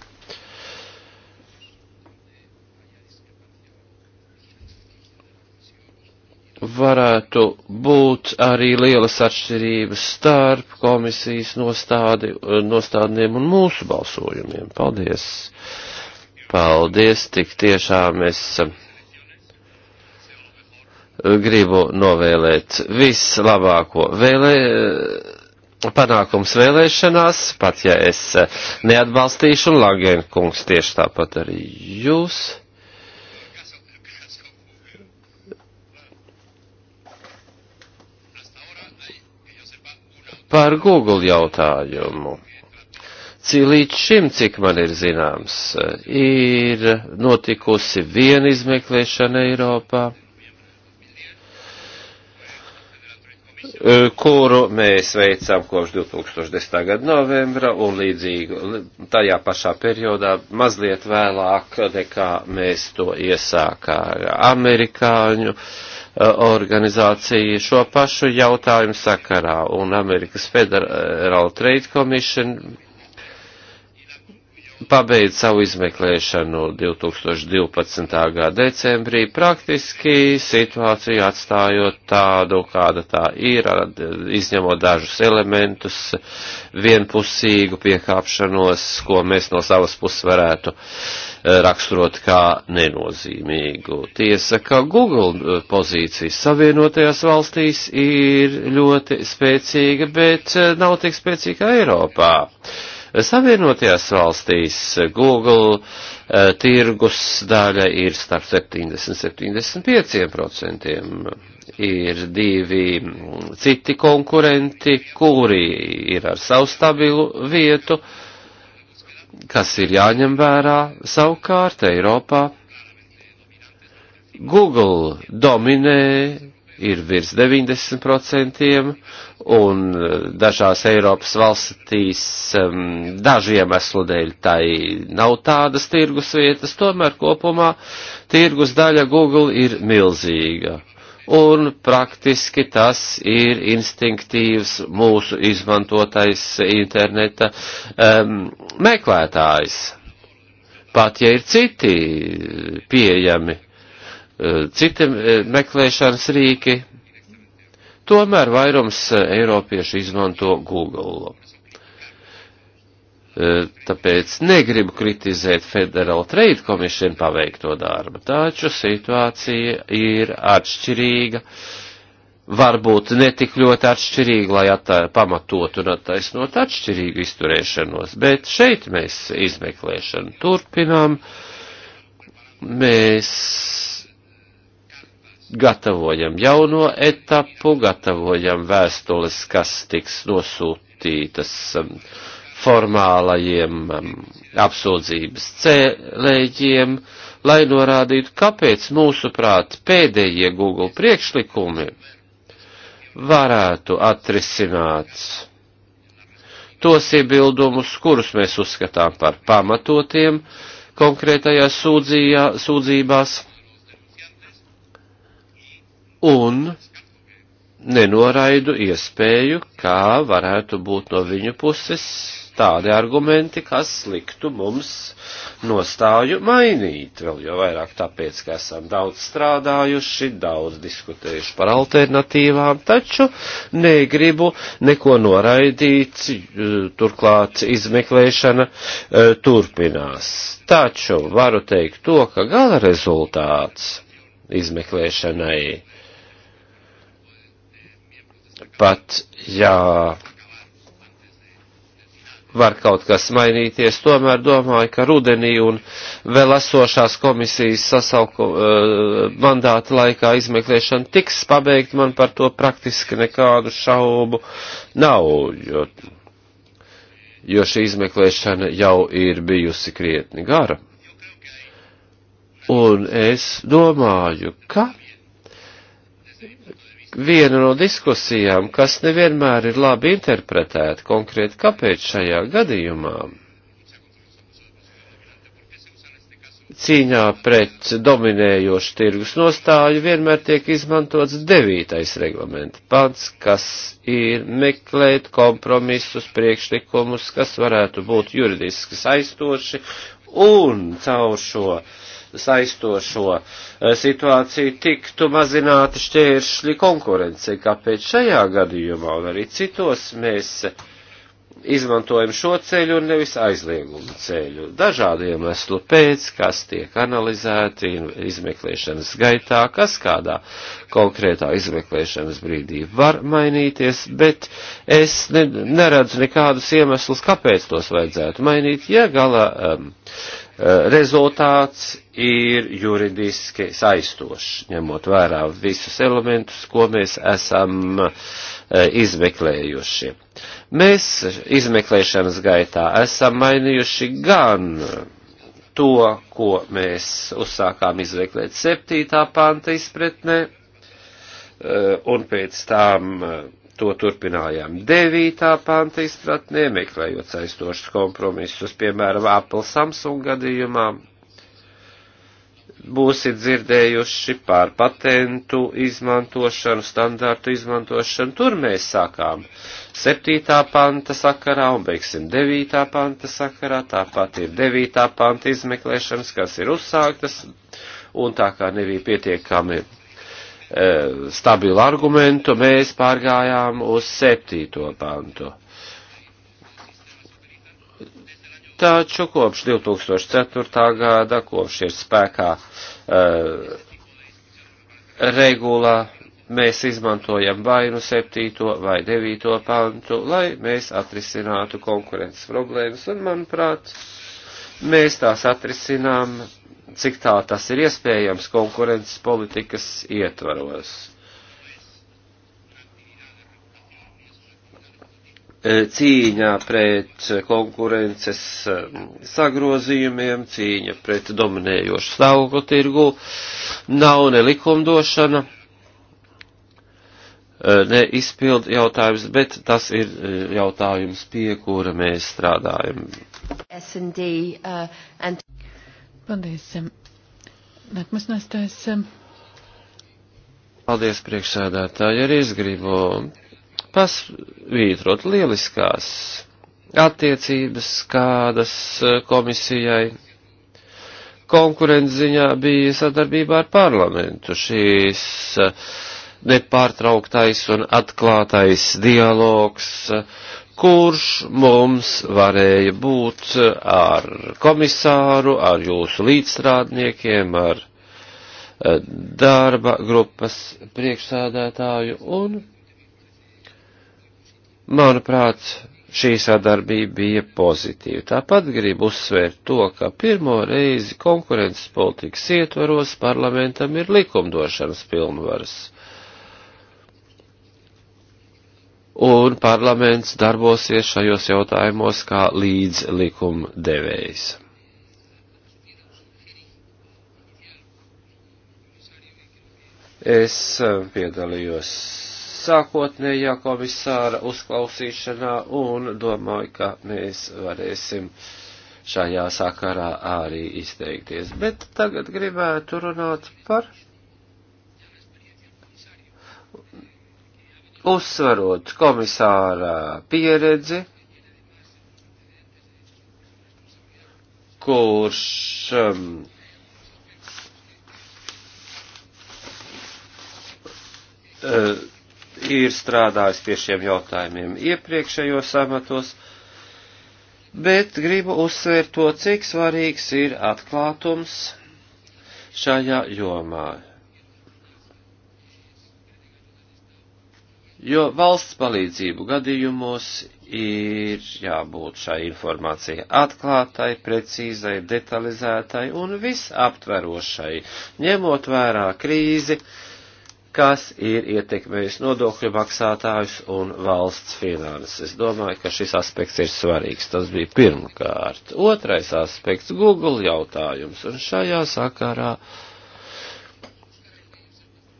varētu būt arī lielas atšķirības starp komisijas nostādi, nostādniem un mūsu balsojumiem. Paldies! Paldies! Tik tiešām es. Mēs Eh, gribu novēlēt vislabāko vēlē, eh, panākums vēlēšanās, pat ja es eh, neatbalstīšu, un Langēna kungs tieši tāpat arī jūs. Par Google jautājumu. Līdz šim, cik man ir zināms, ir notikusi viena izmeklēšana Eiropā. Eh, kuru mēs veicām kopš 2010. gada novembra un līdzīgi tajā pašā periodā mazliet vēlāk nekā mēs to iesākām. Amerikāņu eh, organizācija šo pašu jautājumu sakarā un Amerikas Federal Trade Commission pabeidz savu izmeklēšanu 2012. gada decembrī, praktiski situāciju atstājot tādu, kāda tā ir, izņemot dažus elementus, vienpusīgu piekāpšanos, ko mēs no savas puses varētu eh, raksturot kā nenozīmīgu. Tiesa, ka Google eh, pozīcijas savienotajās valstīs ir ļoti spēcīga, bet eh, nav tik spēcīga Eiropā. Uh, Savienotajās valstīs Google uh, tirgus daļa ir starp 70-75%. Ir divi mm, citi konkurenti, kuri ir ar savu stabilu vietu, kas ir jāņem vērā savukārt Eiropā. Google dominē ir virs 90%, un eh, dažās Eiropas valstīs um, dažu iemeslu dēļ tai nav tādas tirgus vietas, tomēr kopumā tirgus daļa Google ir milzīga. Un praktiski tas ir instinktīvs mūsu izmantotais interneta um, meklētājs. Pat ja ir citi pieejami citi eh, meklēšanas rīki, tomēr vairums eh, eiropiešu izmanto Google. Eh, tāpēc negribu kritizēt Federal Trade Commission paveikto darbu, taču situācija ir atšķirīga, varbūt netik ļoti atšķirīga, lai atā, pamatotu un attaisnot atšķirīgu izturēšanos, bet šeit mēs izmeklēšanu turpinām, mēs gatavojam jauno etapu, gatavojam vēstules, kas tiks nosūtītas um, formālajiem um, apsūdzības cēlēģiem, lai norādītu, kāpēc mūsuprāt pēdējie Google priekšlikumi varētu atrisināt tos iebildumus, kurus mēs uzskatām par pamatotiem konkrētajās sūdzījā, sūdzībās un nenoraidu iespēju, kā varētu būt no viņu puses tādi argumenti, kas liktu mums nostāju mainīt, vēl jo vairāk tāpēc, ka esam daudz strādājuši, daudz diskutējuši par alternatīvām, taču negribu neko noraidīt, eh, turklāt izmeklēšana eh, turpinās. Taču varu teikt to, ka gala rezultāts izmeklēšanai pat jā, var kaut kas mainīties, tomēr domāju, ka rudenī un vēl esošās komisijas sasauku uh, mandāta laikā izmeklēšana tiks pabeigta, man par to praktiski nekādu šaubu nav, jo, jo šī izmeklēšana jau ir bijusi krietni gara. Un es domāju, ka viena no diskusijām, kas nevienmēr ir labi interpretēta konkrēti, kāpēc šajā gadījumā cīņā pret dominējošu tirgus nostāju vienmēr tiek izmantots devītais reglamenta pants, kas ir meklēt kompromisus, priekšlikumus, kas varētu būt juridiski saistoši un caur šo uh, saistošo eh, situāciju tiktu mazināti šķēršļi konkurencei, kāpēc šajā gadījumā un arī citos mēs izmantojam šo ceļu un nevis aizliegumu ceļu. Dažādu iemeslu pēc, kas tiek analizēti izmeklēšanas gaitā, kas kādā konkrētā izmeklēšanas brīdī var mainīties, bet es ne, neredzu nekādus iemeslus, kāpēc tos vajadzētu mainīt, ja gala um, Eh, rezultāts ir juridiski saistošs, ņemot vērā visus elementus, ko mēs esam eh, izmeklējuši. Mēs izmeklēšanas gaitā esam mainījuši gan to, ko mēs uzsākām izmeklēt 7. panta izpratnē, eh, un pēc tam to turpinājām 9. panta izpratnē, meklējot saistošus kompromisus, piemēram, Apple Samsung gadījumā. Būsiet dzirdējuši par patentu izmantošanu, standārtu izmantošanu. Tur mēs sākām 7. panta sakarā un beigsim 9. panta sakarā. Tāpat ir 9. panta izmeklēšanas, kas ir uzsāktas, un tā kā nebija pietiekami Eh, stabilu argumentu, mēs pārgājām uz septīto pantu. Taču kopš 2004. gada, kopš ir spēkā uh, regula, mēs izmantojam vai nu septīto vai devīto pantu, lai mēs atrisinātu konkurences problēmas, un manuprāt, mēs tās atrisinām cik tā tas ir iespējams konkurences politikas ietvaros. E, cīņā pret konkurences e, sagrozījumiem, cīņa pret dominējošu stāvokli tirgu nav ne likumdošana, e, ne izpildu jautājums, bet tas ir jautājums, pie kura mēs strādājam. S&D uh, and Paldies. Nākamais nāstājs. Paldies, priekšsēdētāji. Arī es gribu pasvītrot lieliskās attiecības, kādas eh, komisijai konkurence ziņā bija sadarbībā ar parlamentu. Šīs eh, nepārtrauktais un atklātais dialogs kurš mums varēja būt ar komisāru, ar jūsu līdzstrādniekiem, ar eh, darba grupas priekšsādētāju un, manuprāt, šī sadarbība bija pozitīva. Tāpat gribu uzsvērt to, ka pirmo reizi konkurences politikas ietvaros parlamentam ir likumdošanas pilnvaras un parlaments darbosies šajos jautājumos kā līdz likuma devējs. Es eh, piedalījos sākotnējā komisāra uzklausīšanā un domāju, ka mēs varēsim šajā sakarā arī izteikties. Bet tagad gribētu runāt par uzsvarot komisārā pieredzi, kurš um, uh, ir strādājis pie šiem jautājumiem iepriekšējos amatos, bet gribu uzsvērt to, cik svarīgs ir atklātums šajā jomā Jo valsts palīdzību gadījumos ir jābūt šai informācijai atklātai, precīzai, detalizētai un visaptverošai, ņemot vērā krīzi, kas ir ietekmējis nodokļu maksātājus un valsts finanses. Es domāju, ka šis aspekts ir svarīgs. Tas bija pirmkārt. Otrais aspekts - Google jautājums, un šajā sakarā. Uh,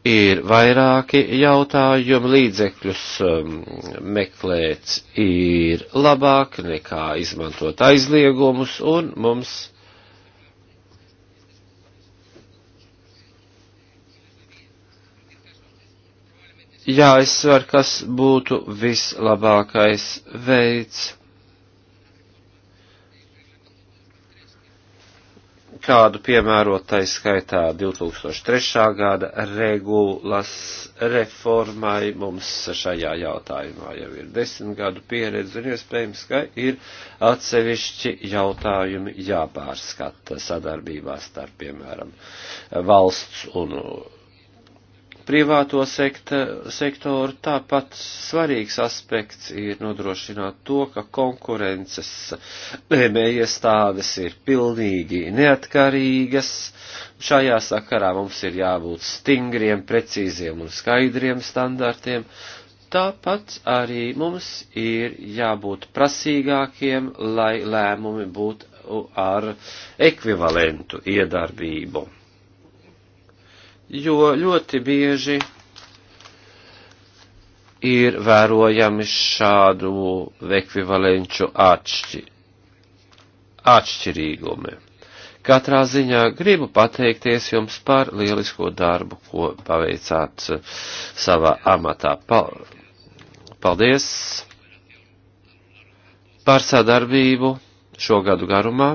ir vairāki jautājumi, līdzekļus um, meklēt ir labāk nekā izmantot aizliegumus, un mums jāizsver, kas būtu vislabākais veids kādu piemērot, tai skaitā 2003. gada regulas reformai. Mums šajā jautājumā jau ir desmit gadu pieredze un iespējams, ka ir atsevišķi jautājumi jāpārskata sadarbībā starp, piemēram, valsts un privāto sekta, sektoru. Tāpat svarīgs aspekts ir nodrošināt to, ka konkurences lēmējiestādes ir pilnīgi neatkarīgas. Šajā sakarā mums ir jābūt stingriem, precīziem un skaidriem standartiem. Tāpat arī mums ir jābūt prasīgākiem, lai lēmumi būtu ar ekvivalentu iedarbību jo ļoti bieži ir vērojami šādu ekvivalenču atšķi, atšķirīgumi. Katrā ziņā gribu pateikties jums par lielisko darbu, ko paveicāt eh, savā amatā. Paldies par sadarbību šo gadu garumā.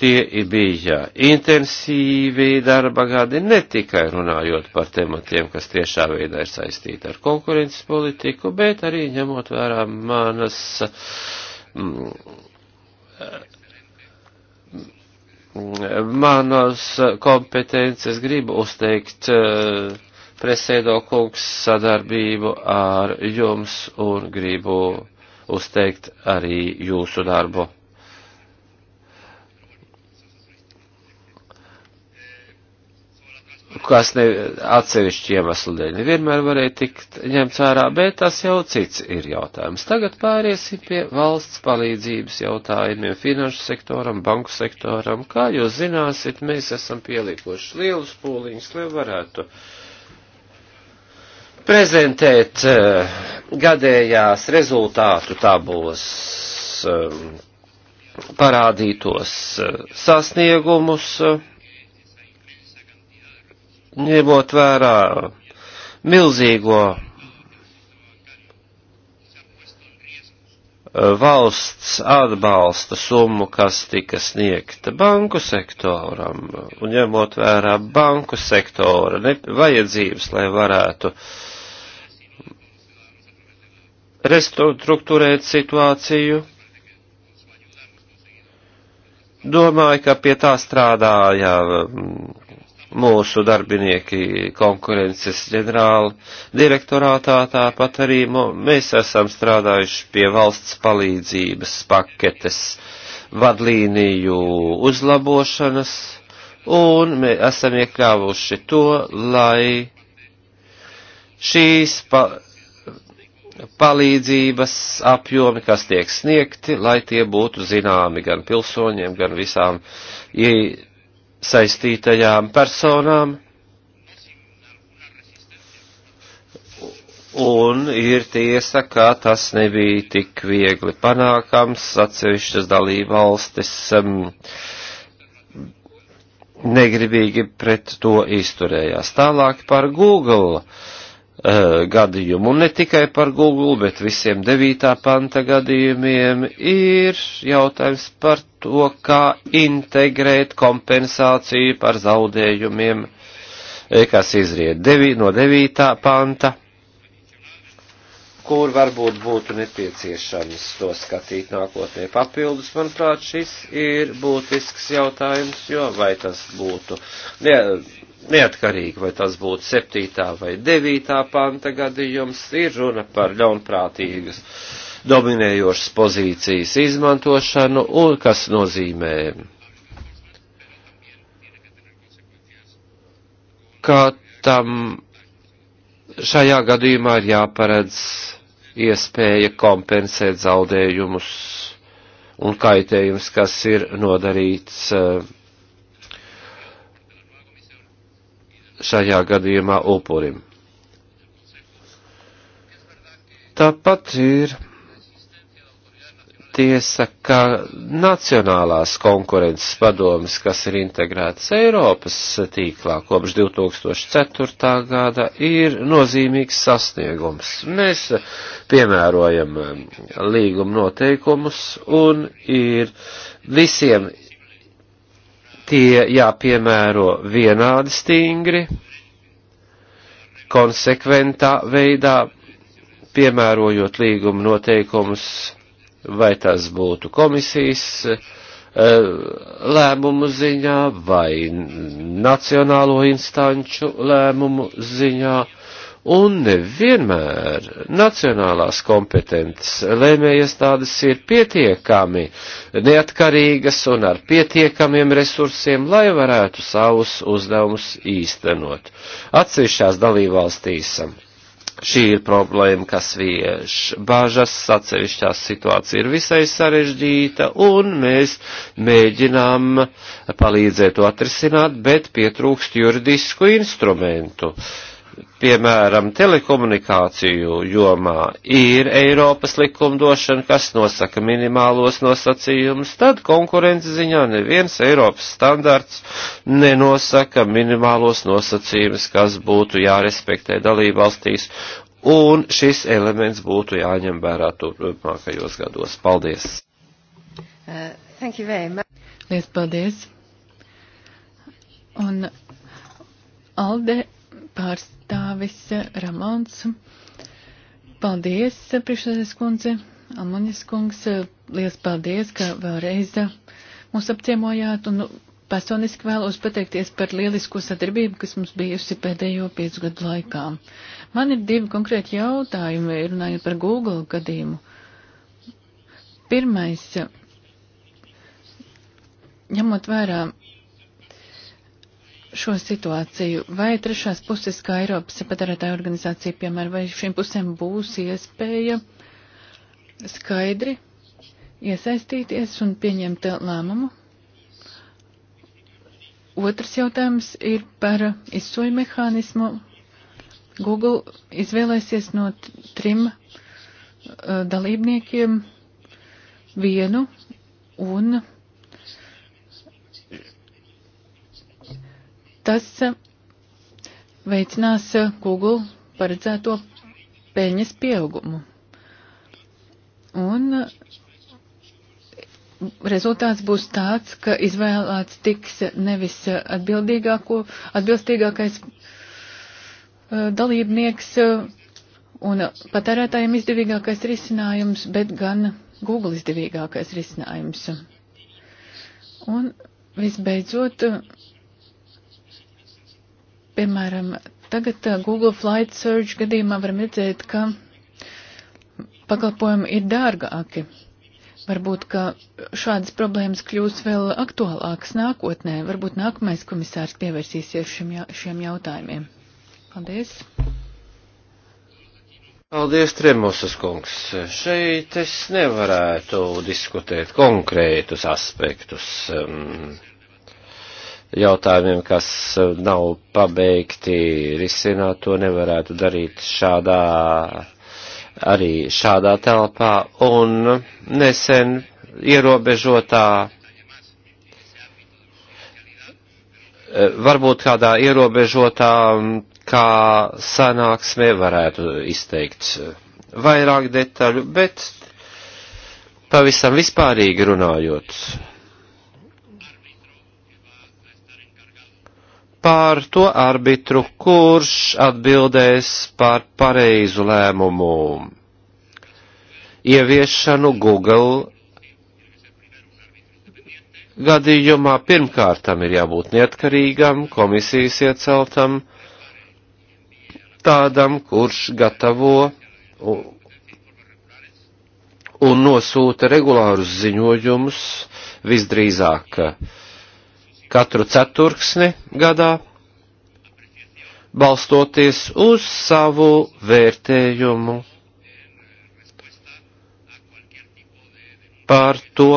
tie bija intensīvi darba gadi, ne tikai runājot par tematiem, kas tiešā veidā ir saistīti ar konkurences politiku, bet arī ņemot vērā manas mm, manas kompetences gribu uzteikt eh, presēdo kungs sadarbību ar jums un gribu uzteikt arī jūsu darbu. kas ne atsevišķi iemeslu dēļ nevienmēr varēja tikt ņemts vērā, bet tas jau cits ir jautājums. Tagad pāriesim pie valsts palīdzības jautājumiem finanšu sektoram, banku sektoram. Kā jūs zināsiet, mēs esam pielikuši lielus pūliņus, lai varētu prezentēt uh, gadējās rezultātu tabos um, parādītos uh, sasniegumus. Uh, ņemot vērā milzīgo e, valsts atbalsta summu, kas tika sniegta banku sektoram, un ņemot vērā banku sektora vajadzības, lai varētu restruktūrēt situāciju, domāju, ka pie tā strādāja mūsu darbinieki konkurences ģenerāla direktorātā, tāpat arī mēs esam strādājuši pie valsts palīdzības paketes vadlīniju uzlabošanas, un mēs esam iekļāvuši to, lai šīs pa palīdzības apjomi, kas tiek sniegti, lai tie būtu zināmi gan pilsoņiem, gan visām saistītajām personām un ir tiesa, ka tas nebija tik viegli panākams, atsevišķas dalība valstis um, negribīgi pret to izturējās. Tālāk par Google. Uh, Eh, gadījumu, un ne tikai par Google, bet visiem 9. panta gadījumiem, ir jautājums par to, kā integrēt kompensāciju par zaudējumiem, eh, kas izriet devi, no 9. panta, kur varbūt būtu nepieciešams to skatīt nākotnē papildus. Manuprāt, šis ir būtisks jautājums, jo vai tas būtu. Ne, neatkarīgi, vai tas būtu 7. vai 9. panta gadījums, ir runa par ļaunprātīgas dominējošas pozīcijas izmantošanu, un kas nozīmē, ka tam šajā gadījumā ir jāparedz iespēja kompensēt zaudējumus un kaitējumus, kas ir nodarīts uh, šajā gadījumā upurim. Tāpat ir tiesa, ka nacionālās konkurences padomas, kas ir integrētas Eiropas tīklā kopš 2004. gada, ir nozīmīgs sasniegums. Mēs piemērojam um, līguma noteikumus un ir visiem tie jāpiemēro vienādi stingri, konsekventā veidā, piemērojot līguma noteikumus, vai tas būtu komisijas eh, lēmumu ziņā vai nacionālo instanču lēmumu ziņā Un nevienmēr nacionālās kompetences lēmējiestādes ir pietiekami neatkarīgas un ar pietiekamiem resursiem, lai varētu savus uzdevumus īstenot. Atsevišķās dalībvalstīs šī ir problēma, kas vieš bažas, atsevišķās situācija ir visai sarežģīta, un mēs mēģinām palīdzēt to atrisināt, bet pietrūkst juridisku instrumentu. Uh, piemēram, telekomunikāciju jomā ir Eiropas likumdošana, kas nosaka minimālos nosacījumus, tad konkurences ziņā neviens Eiropas standarts nenosaka minimālos nosacījumus, kas būtu jārespektē dalībvalstīs, un šis elements būtu jāņem vērā turpmākajos gados. Paldies! Uh, Lies paldies! Un Alde pārstāvis Ramons. Paldies, priekšsēdēs kundze, Almanis kungs. Liels paldies, ka vēlreiz mūs apciemojāt un personiski vēlos pateikties par lielisko sadarbību, kas mums bijusi pēdējo piecu gadu laikā. Man ir divi konkrēti jautājumi, runājot par Google gadījumu. Pirmais, ņemot vērā šo situāciju? Vai trešās puses, kā Eiropas patērētāja organizācija, piemēram, vai šīm pusēm būs iespēja skaidri iesaistīties un pieņemt lēmumu? Otrs jautājums ir par izsoju mehānismu. Google izvēlēsies no trim uh, dalībniekiem vienu un Tas e, veicinās e, Google paredzēto peļņas pieaugumu. Un e, rezultāts būs tāds, ka izvēlēts tiks nevis atbildīgāko, atbilstīgākais dalībnieks un patērētājiem izdevīgākais risinājums, bet gan Google izdevīgākais risinājums. Un visbeidzot, Piemēram, tagad uh, Google Flight Search gadījumā varam redzēt, ka pakalpojumi ir dārgāki. Varbūt, ka šādas problēmas kļūs vēl aktuālākas nākotnē. Varbūt nākamais komisārs pievērsīsies šim, šiem jautājumiem. Paldies! Paldies, Tremosas kungs. Šeit es nevarētu diskutēt konkrētus aspektus. Um, jautājumiem, kas eh, nav pabeigti risināt, to nevarētu darīt šādā, arī šādā telpā. Un nesen ierobežotā, eh, varbūt kādā ierobežotā, mm, kā sanāksmē varētu izteikt eh, vairāk detaļu, bet pavisam vispārīgi runājot par to arbitru, kurš atbildēs par pareizu lēmumu ieviešanu Google gadījumā. Pirmkārt, tam ir jābūt neatkarīgam, komisijas ieceltam, tādam, kurš gatavo un nosūta regulārus ziņojumus visdrīzāk. Uh, katru ceturksni gadā, balstoties uz savu vērtējumu par to,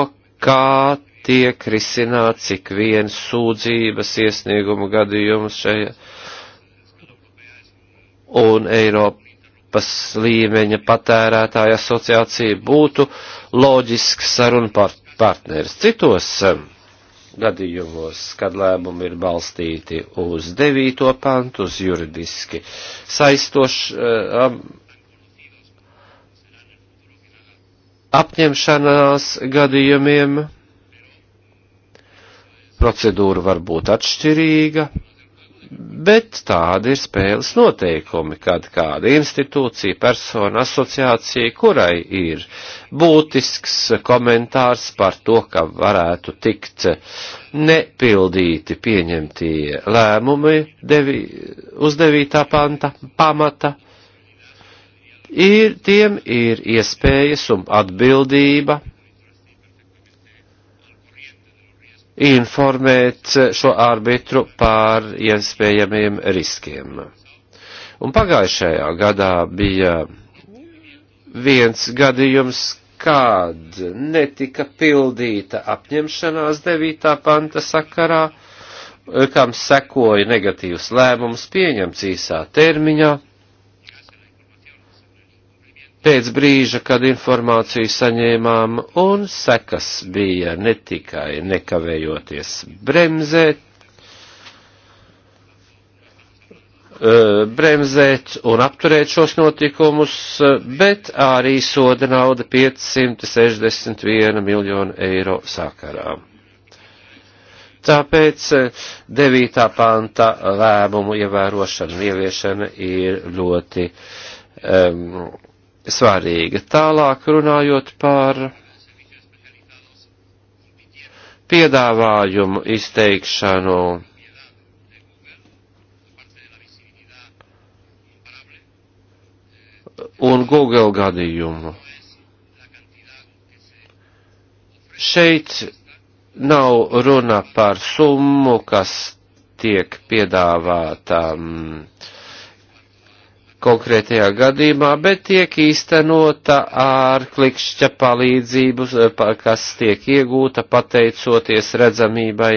kā tiek risināts ik viens sūdzības iesniegumu gadījums šajā un Eiropas līmeņa patērētāja asociācija būtu loģisks sarunu partneris. Citos um, gadījumos, kad lēmumi ir balstīti uz 9. pantu, uz juridiski saistošām eh, apņemšanās gadījumiem. Procedūra var būt atšķirīga, Bet tādi ir spēles noteikumi, kad kāda institūcija, persona, asociācija, kurai ir būtisks komentārs par to, ka varētu tikt nepildīti pieņemtie lēmumi devi, uz 9. panta pamata, ir, tiem ir iespējas un atbildība informēt šo arbitru par iespējamiem riskiem. Un pagājušajā gadā bija viens gadījums, kād netika pildīta apņemšanās 9. panta sakarā, kam sekoja negatīvs lēmums pieņemts īsā termiņā pēc brīža, kad informāciju saņēmām, un sekas bija ne tikai nekavējoties bremzēt, e, bremzēt un apturēt šos notikumus, bet arī soda nauda 561 miljonu eiro sakarā. Tāpēc 9. panta lēmumu ievērošana un ieviešana ir ļoti um, svarīga. Tālāk runājot par piedāvājumu izteikšanu. Un Google gadījumu. Šeit nav runa par summu, kas tiek piedāvāta um, konkrētajā gadījumā, bet tiek īstenota ar klikšķa palīdzību, eh, kas tiek iegūta pateicoties redzamībai.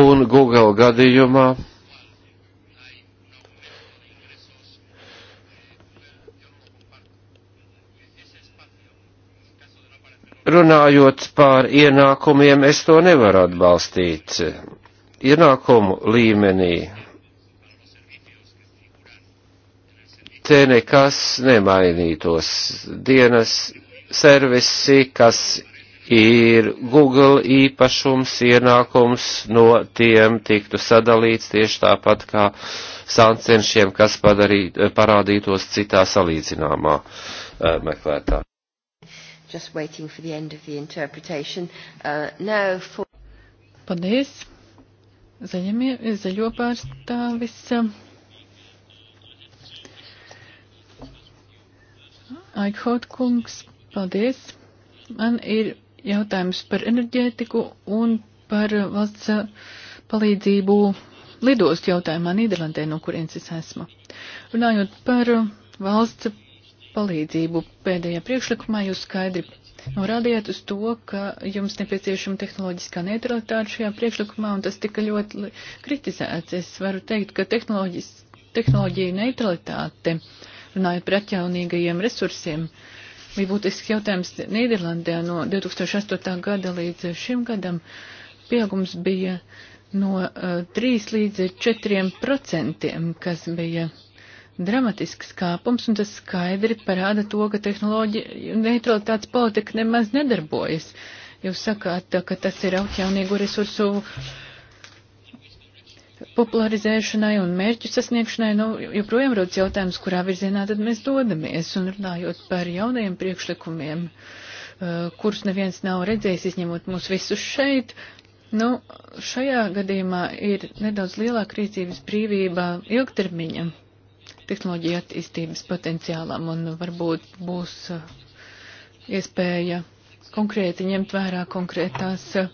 Un Google gadījumā runājot par ienākumiem, es to nevaru atbalstīt. Ienākumu līmenī te nekas nemainītos. Dienas servisi, kas ir Google īpašums, ienākums no tiem tiktu sadalīts tieši tāpat kā sancenšiem, kas padarīt, parādītos citā salīdzināmā eh, meklētā just waiting for the end of the interpretation. Uh, now for... Paldies. Zaļamie, zaļo pārstāvis. Aikhot kungs, paldies. Man ir jautājums par enerģētiku un par valsts palīdzību lidostu jautājumā Nīderlandē, no kurienes es esmu. Runājot par valsts palīdzību. Pēdējā priekšlikumā jūs skaidri norādījāt uz to, ka jums nepieciešama tehnoloģiskā neutralitāte šajā priekšlikumā, un tas tika ļoti kritizēts. Es varu teikt, ka tehnoloģija neutralitāte, runājot par atjaunīgajiem resursiem, bija būtisks jautājums Nīderlandē no 2008. gada līdz šim gadam. Pieaugums bija no uh, eh, 3 līdz 4 procentiem, kas bija uh, dramatisks kāpums, un tas skaidri parāda to, ka tehnoloģija neutralitātes politika nemaz nedarbojas. Jūs sakāt, ka tas ir atjaunīgo resursu popularizēšanai un mērķu sasniegšanai, nu, joprojām rodas jautājums, kurā virzienā tad mēs dodamies, un runājot par jaunajiem priekšlikumiem, eh, kurus neviens nav redzējis, izņemot mūs visus šeit, nu, šajā gadījumā ir nedaudz lielāka rīcības brīvība ilgtermiņam tehnoloģija attīstības potenciālam un varbūt būs uh, iespēja konkrēti ņemt vērā konkrētās uh,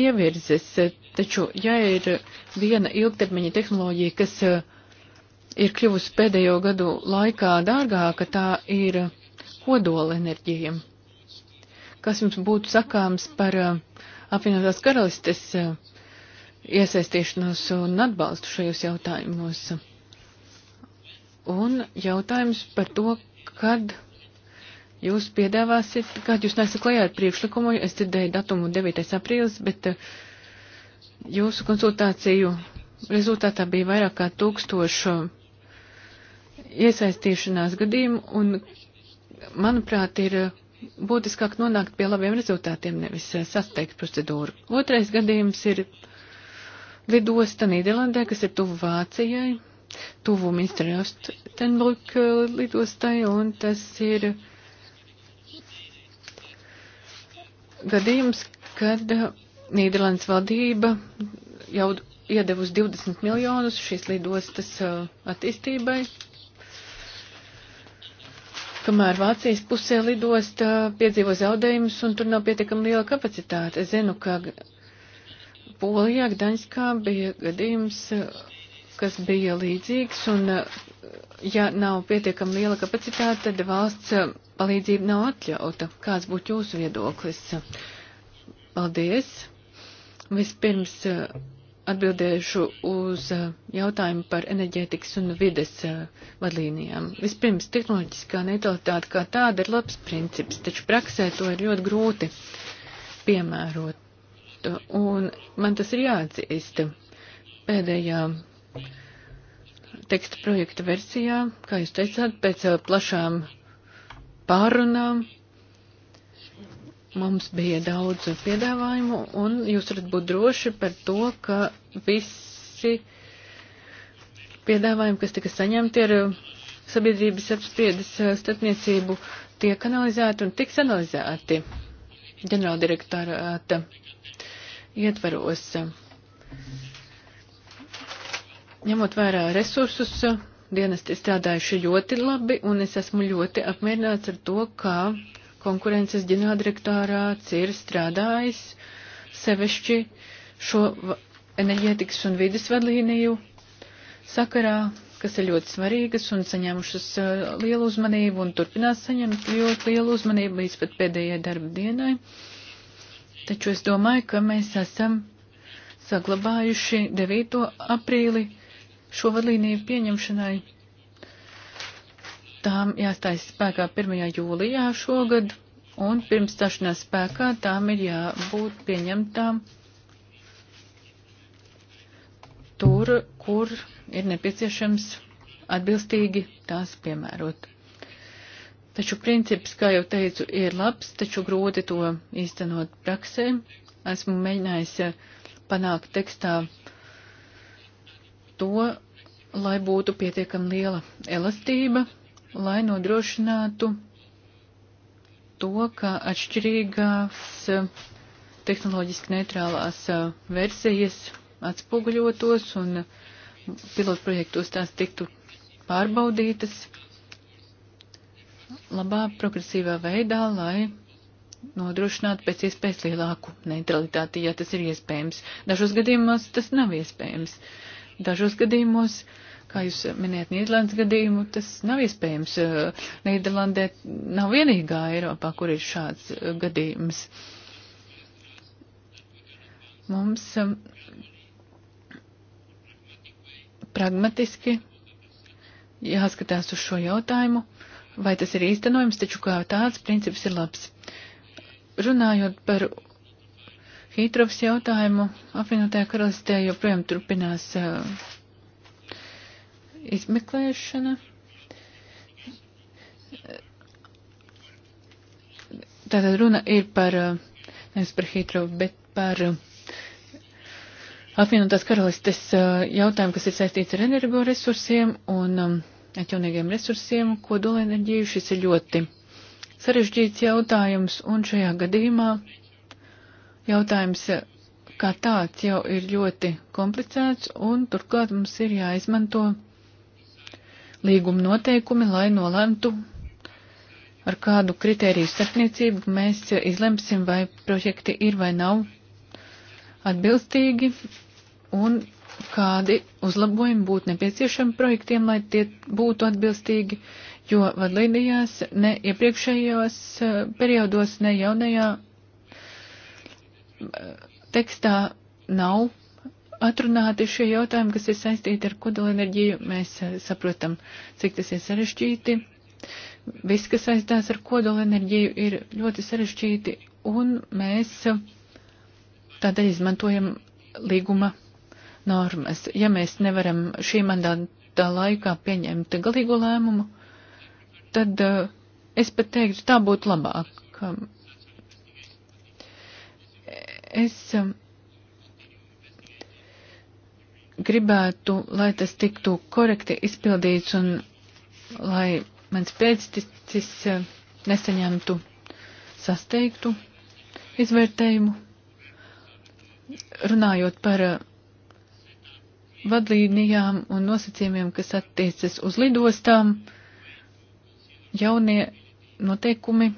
ievirzes. Taču, ja ir viena ilgtermiņa tehnoloģija, kas uh, ir kļuvusi pēdējo gadu laikā dārgāka, tā ir kodola enerģija. Kas jums būtu sakāms par apvienotās karalistes iesaistīšanos un atbalstu šajos jautājumos? Un jautājums par to, kad jūs piedāvāsiet, kad jūs nesat klajā ar priekšlikumu, es dzirdēju datumu 9. aprīlis, bet eh, jūsu konsultāciju rezultātā bija vairāk kā tūkstošu iesaistīšanās gadījumu, un, manuprāt, ir būtiskāk nonākt pie labiem rezultātiem, nevis eh, sasteigt procedūru. Otrais gadījums ir lidosta Nīderlandē, kas ir tuvu Vācijai tuvumu Istanbulk uh, lidostai, un tas ir gadījums, kad Nīderlandes valdība jau iedevusi 20 miljonus šīs lidostas uh, attīstībai, kamēr Vācijas pusē lidosta piedzīvo zaudējumus un tur nav pietiekami liela kapacitāte. Es zinu, ka Polijā Gdaņskā bija gadījums uh, kas bija līdzīgs, un eh, ja nav pietiekami liela kapacitāte, tad valsts eh, palīdzība nav atļauta. Kāds būtu jūsu viedoklis? Paldies! Vispirms eh, atbildēšu uz jautājumu par enerģētikas un vides vadlīnijām. Vispirms, tehnoloģiskā neutralitāte kā tāda ir labs princips, taču praksē to ir ļoti grūti piemērot. Un man tas ir jāatzīst. Pēdējā teksta projekta versijā, kā jūs teicāt, pēc plašām pārunām mums bija daudz piedāvājumu, un jūs varat būt droši par to, ka visi piedāvājumi, kas tika saņemti ar sabiedrības apspriedes starpniecību, tiek analizēti un tiks analizēti ģenerāldirektorāta ietvaros. Ņemot vērā resursus, dienesti strādājuši ļoti labi, un es esmu ļoti apmierināts ar to, kā konkurences ģenerāldirektorāts ir strādājis sevišķi šo enerģētikas un vidas vadlīniju sakarā, kas ir ļoti svarīgas un saņēmušas lielu uzmanību un turpinās saņemt ļoti lielu uzmanību līdz pat pēdējai darba dienai. Taču es domāju, ka mēs esam saglabājuši 9. aprīli šo vadlīniju pieņemšanai. Tām jāstājas spēkā 1. jūlijā šogad, un pirms stašanās spēkā tām ir jābūt pieņemtām tur, kur ir nepieciešams atbilstīgi tās piemērot. Taču princips, kā jau teicu, ir labs, taču grūti to īstenot praksē. Esmu mēģinājis eh, panākt tekstā uh, to, lai būtu pietiekami liela elastība, lai nodrošinātu to, ka atšķirīgās eh, tehnoloģiski neitrālās eh, versijas atspoguļotos un pilotprojektos tās tiktu pārbaudītas labā progresīvā veidā, lai nodrošinātu pēc iespējas lielāku neutralitāti, ja tas ir iespējams. Dažos gadījumos tas nav iespējams. Uh, Dažos gadījumos, kā jūs minējat Nīderlandes gadījumu, tas nav iespējams. Eh, Nīderlandē nav vienīgā Eiropā, kur ir šāds eh, gadījums. Mums eh, pragmatiski jāskatās uz šo jautājumu, vai tas ir īstenojums, taču kā tāds princips ir labs. Runājot par Hītrovs jautājumu apvienotajā karalistē joprojām turpinās uh, izmeklēšana. Tātad runa ir par, uh, nevis par Hītrovu, bet par uh, apvienotās karalistes uh, jautājumu, kas ir saistīts ar energoresursiem un um, atjaunīgiem resursiem, kodolenerģiju. Šis ir ļoti sarežģīts jautājums, un šajā gadījumā jautājums eh, kā tāds jau ir ļoti komplicēts, un turklāt mums ir jāizmanto līguma noteikumi, lai nolemtu, ar kādu kritēriju starpniecību mēs izlemsim, vai projekti ir vai nav atbilstīgi, un kādi uzlabojumi būtu nepieciešami projektiem, lai tie būtu atbilstīgi, jo vadlīnijās ne iepriekšējos eh, periodos, ne jaunajā tekstā nav atrunāti šie jautājumi, kas ir saistīti ar kodolenerģiju. Mēs eh, saprotam, cik tas ir sarežģīti. Viss, kas saistās ar kodolenerģiju, ir ļoti sarežģīti, un mēs eh, tādēļ izmantojam līguma normas. Ja mēs nevaram šī mandāta laikā pieņemt galīgo lēmumu, tad eh, es pat teiktu, tā būtu labāk Es um, gribētu, lai tas tiktu korekti izpildīts un lai mans pēcticis uh, nesaņemtu sasteigtu izvērtējumu. Runājot par uh, vadlīnijām un nosacījumiem, kas attiecas uz lidostām, jaunie noteikumi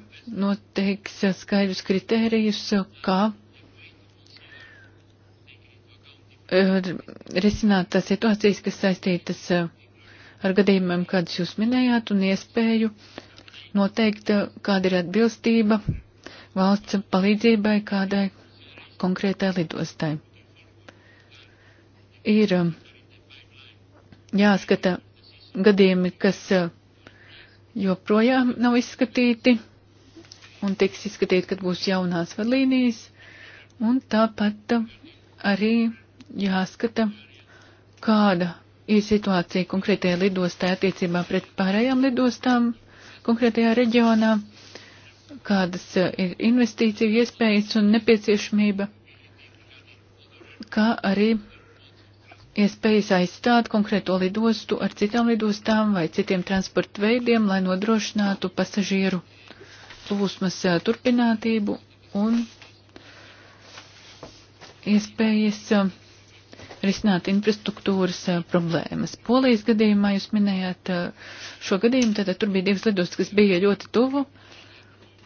noteiks uh, skaidrus kritērijus, kā Eh, risināt tās situācijas, kas saistītas eh, ar gadījumiem, kādus jūs minējāt, un iespēju noteikt, eh, kāda ir atbilstība valsts palīdzībai kādai konkrētai lidostai. Ir jāskata gadījumi, kas joprojām nav izskatīti un tiks izskatīti, kad būs jaunās vadlīnijas, un tāpat arī jāskata, kāda ir situācija konkrētajā lidostā attiecībā pret pārējām lidostām konkrētajā reģionā, kādas eh, ir investīciju iespējas un nepieciešamība, kā arī iespējas aizstāt konkrēto lidostu ar citām lidostām vai citiem transporta veidiem, lai nodrošinātu pasažieru plūsmas eh, turpinātību un iespējas eh, risināt infrastruktūras eh, problēmas. Polijas gadījumā jūs minējāt eh, šo gadījumu, tātad tur bija divas lidostas, kas bija ļoti tuvu,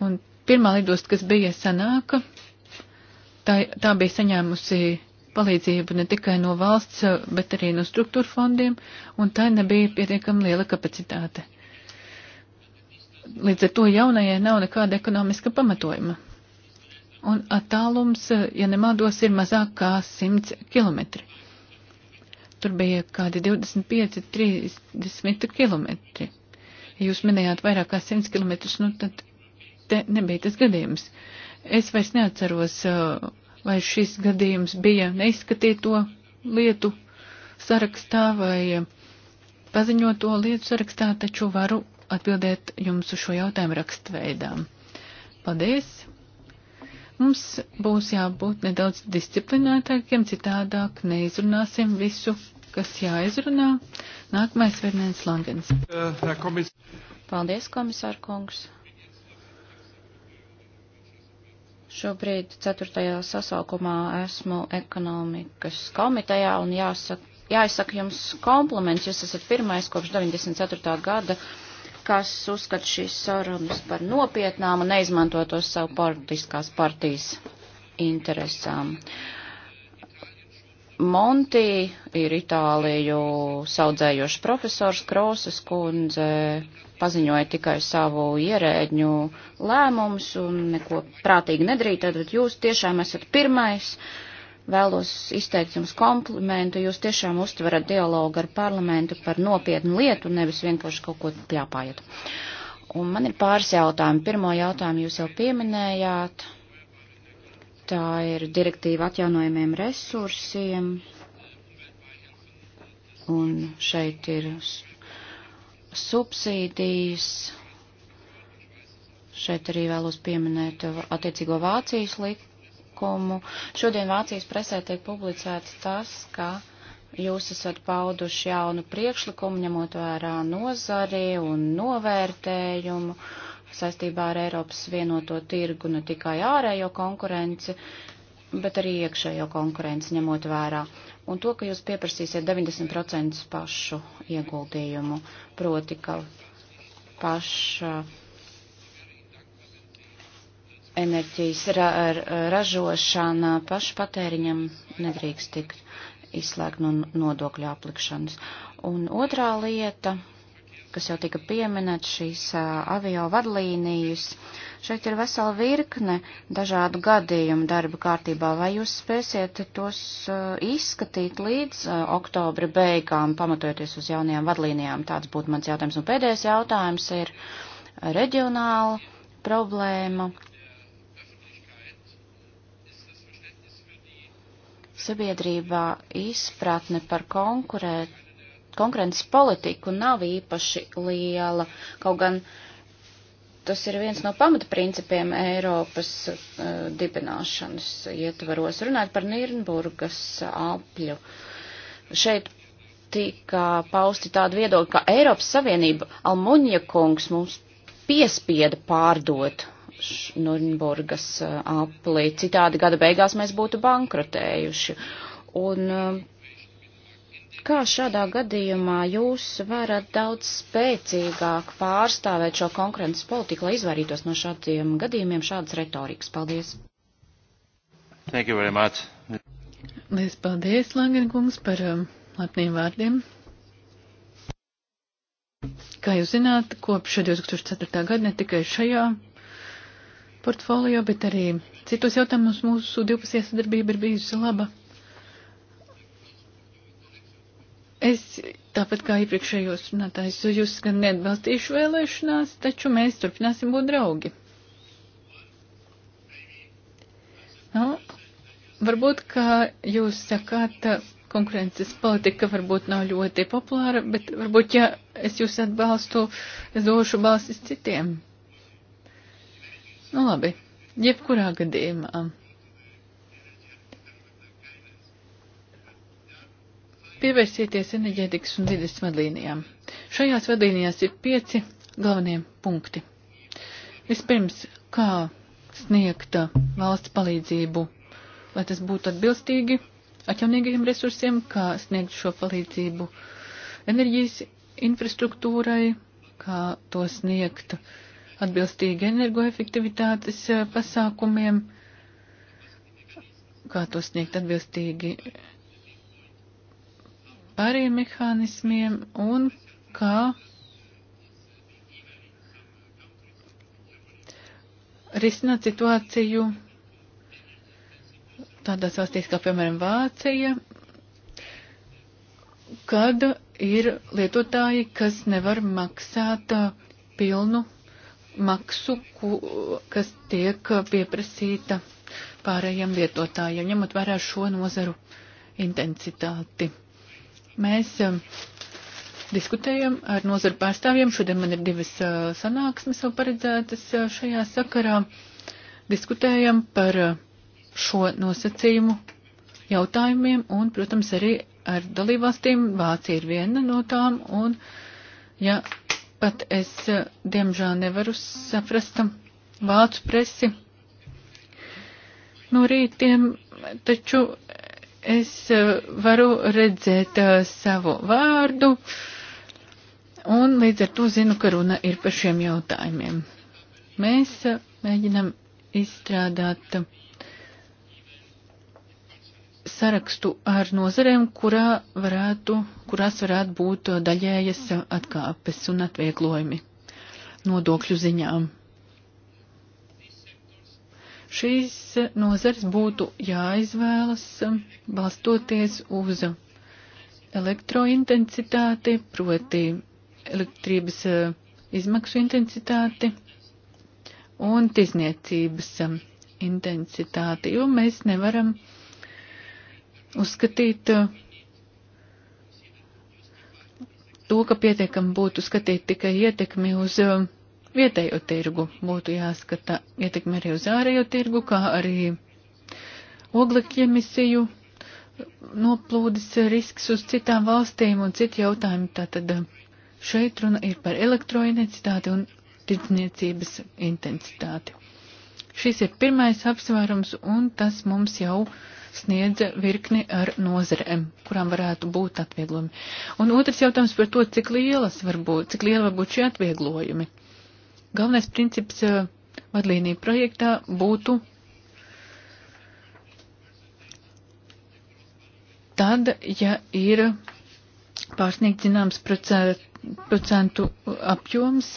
un pirmā lidosta, kas bija senāka, tā, tā bija saņēmusi palīdzību ne tikai no valsts, eh, bet arī no struktūra fondiem, un tā nebija pietiekami liela kapacitāte. Līdz ar to jaunajai nav nekāda ekonomiska pamatojuma. Un attālums, ja nemaldos, ir mazāk kā 100 km tur bija kādi 25-30 kilometri. Ja jūs minējāt vairāk kā 100 kilometrus, nu tad te nebija tas gadījums. Es vairs neatceros, vai šis gadījums bija neizskatīto lietu sarakstā vai paziņoto lietu sarakstā, taču varu atbildēt jums uz šo jautājumu rakstveidā. Paldies! Mums būs jābūt nedaudz disciplinētākiem, citādāk neizrunāsim visu kas jāizrunā. Nākamais Fernandes Langens. Paldies, komisār kungs. Šobrīd ceturtajā sasaukumā esmu ekonomikas komitejā un jāsaka, jāizsaka jums kompliments. Jūs esat pirmais kopš 94. gada kas uzskata šīs sarunas par nopietnām un neizmanto to savu politiskās partijas interesām. Uh, Monti ir Itāliju saudzējošs profesors Krosas kundze paziņoja tikai savu ierēģņu lēmumus un neko prātīgi nedarīja, tad jūs tiešām esat pirmais. Vēlos izteikt jums komplimentu, jūs tiešām uztverat dialogu ar parlamentu par nopietnu lietu, nevis vienkārši kaut ko pļāpājat. Un man ir pāris jautājumi. Pirmo jautājumu jūs jau pieminējāt Tā ir direktīva atjaunojumiem resursiem, un šeit ir subsīdijas. Šeit arī vēlos pieminēt attiecīgo Vācijas likumu. Šodien Vācijas presē tiek publicēts tas, ka jūs esat pauduši jaunu priekšlikumu, ņemot vērā nozari un novērtējumu, saistībā ar Eiropas vienoto tirgu ne tikai ārējo konkurenci, bet arī iekšējo konkurenci ņemot vērā. Un to, ka jūs pieprasīsiet 90% pašu ieguldījumu, proti, ka paša enerģijas ra ražošana pašu patēriņam nedrīkst tikt izslēgt no nodokļu aplikšanas. Un otrā lieta kas jau tika pieminēts, šīs avio vadlīnijas. Šeit ir vesela virkne dažādu gadījumu darba kārtībā. Vai jūs spēsiet tos izskatīt līdz oktobra beigām, pamatojoties uz jaunajām vadlīnijām? Tāds būtu mans jautājums. Un pēdējais jautājums ir reģionāla problēma. sabiedrībā izpratne par konkurēt konkurences politiku nav īpaši liela, kaut gan tas ir viens no pamatprincipiem Eiropas uh, dibināšanas ietvaros. Runājot par Nirnburgas apļu, šeit tika pausti tādu viedokli, ka Eiropas Savienība Almuņa kungs mums piespieda pārdot Nurnburgas eh, apli, citādi gada beigās mēs būtu bankrotējuši. Un eh, Kā šādā gadījumā jūs varat daudz spēcīgāk pārstāvēt šo konkurences politiku, lai izvairītos no šādiem gadījumiem, šādas retorikas? Paldies! Thank you very much. Lies paldies, Langenkungs, par um, lepniem vārdiem. Kā jūs zināt, kopš 2004. gada ne tikai šajā portfolio, bet arī citos jautājumos mūsu divpusējā sadarbība ir bijusi laba. Es, tāpat kā iepriekšējos runātājs, jūs gan neatbalstīšu vēlēšanās, taču mēs turpināsim būt draugi. Nu, varbūt, kā jūs sakāt, konkurences politika varbūt nav ļoti populāra, bet varbūt, ja es jūs atbalstu, es došu balsis citiem. Nu labi, jebkurā gadījumā. pievērsieties enerģētikas un vides vadlīnijām. Šajās vadlīnijās ir pieci galvenie punkti. Vispirms, kā sniegt uh, valsts palīdzību, lai tas būtu atbilstīgi atjaunīgajiem resursiem, kā sniegt šo palīdzību enerģijas infrastruktūrai, kā to sniegt atbilstīgi energoefektivitātes uh, pasākumiem, kā to sniegt atbilstīgi pāriem mehānismiem un kā risināt situāciju tādās valstīs kā, piemēram, Vācija, kad ir lietotāji, kas nevar maksāt uh, pilnu maksu, ku, kas tiek uh, pieprasīta pārējiem lietotājiem, ņemot vērā šo nozaru intensitāti. Mēs um, diskutējam ar nozaru pārstāvjiem. Šodien man ir divas uh, sanāksmes jau paredzētas uh, šajā sakarā. Diskutējam par uh, šo nosacījumu jautājumiem un, protams, arī ar dalībvalstīm. Vācija ir viena no tām un, ja pat es, diemžēl, nevaru saprast vācu presi no rītiem, taču es eh, varu redzēt eh, savu vārdu, un līdz ar to zinu, ka runa ir par šiem jautājumiem. Mēs eh, mēģinam izstrādāt sarakstu ar nozarēm, kurā varētu, kurās varētu būt daļējas atkāpes un atvieglojumi nodokļu ziņām. Šīs nozars būtu jāizvēlas um, balstoties uz elektrointensitāti, proti elektrības uh, izmaksu intensitāti un tizniecības um, intensitāti, jo mēs nevaram uzskatīt uh, to, ka pietiekami būtu skatīt tikai ietekmi uz um, vietējo tirgu. Būtu jāskata ietekme arī uz ārējo tirgu, kā arī oglekļa emisiju noplūdes risks uz citām valstīm un citi jautājumi. Tātad šeit runa ir par elektrointensitāti un tirdzniecības intensitāti. Šis ir pirmais apsvērums, un tas mums jau sniedza virkni ar nozerēm, kurām varētu būt atvieglojumi. Un otrs jautājums par to, cik lielas var būt, cik liela var būt šie atvieglojumi. Galvenais princips eh, vadlīnija projektā būtu tad, ja ir pārsniegt zināms procentu apjoms,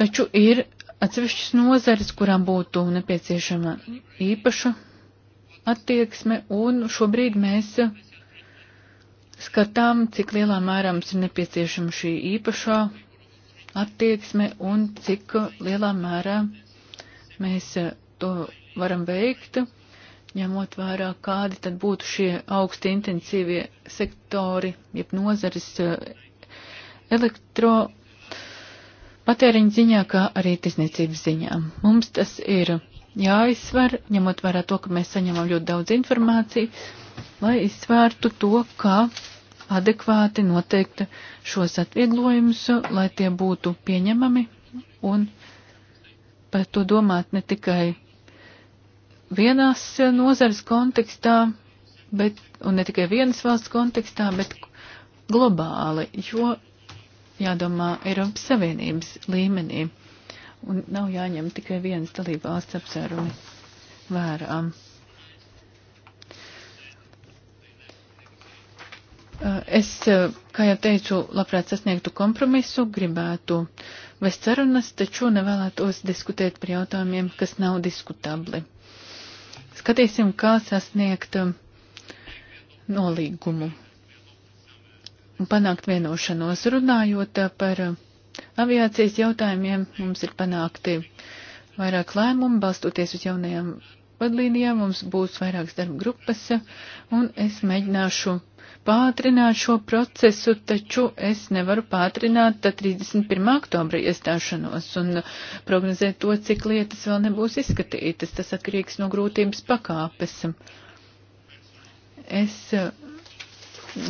taču ir atsevišķas nozares, kurām būtu nepieciešama īpaša attieksme, un šobrīd mēs skatām, cik lielā mērā mums ir nepieciešama šī īpašā attieksme un cik lielā mērā mēs eh, to varam veikt, ņemot vērā, kādi tad būtu šie augsti intensīvie sektori, jeb nozares eh, elektro patēriņa ziņā, kā arī tisniecības ziņā. Mums tas ir jāizsver, ņemot vērā to, ka mēs saņemam ļoti daudz informāciju, lai izsvērtu to, kā adekvāti noteikt šos atvieglojumus, lai tie būtu pieņemami un par to domāt ne tikai vienās nozares kontekstā, bet, un ne tikai vienas valsts kontekstā, bet globāli, jo jādomā Eiropas Savienības līmenī un nav jāņem tikai vienas dalībvalsts apsvērumi vērām. Eh, es, eh, kā jau teicu, labprāt sasniegtu kompromisu, gribētu vest sarunas, taču nevēlētos diskutēt par jautājumiem, kas nav diskutabli. Skatīsim, kā sasniegt eh, nolīgumu un panākt vienošanos. Runājot par aviācijas jautājumiem, mums ir panākti vairāk lēmumu, balstoties uz jaunajām vadlīnijām, mums būs vairākas darba grupas, un es mēģināšu pātrināt šo procesu, taču es nevaru pātrināt 31. oktobra iestāšanos un prognozēt to, cik lietas vēl nebūs izskatītas. Tas atkarīgs no grūtības pakāpes. Es eh,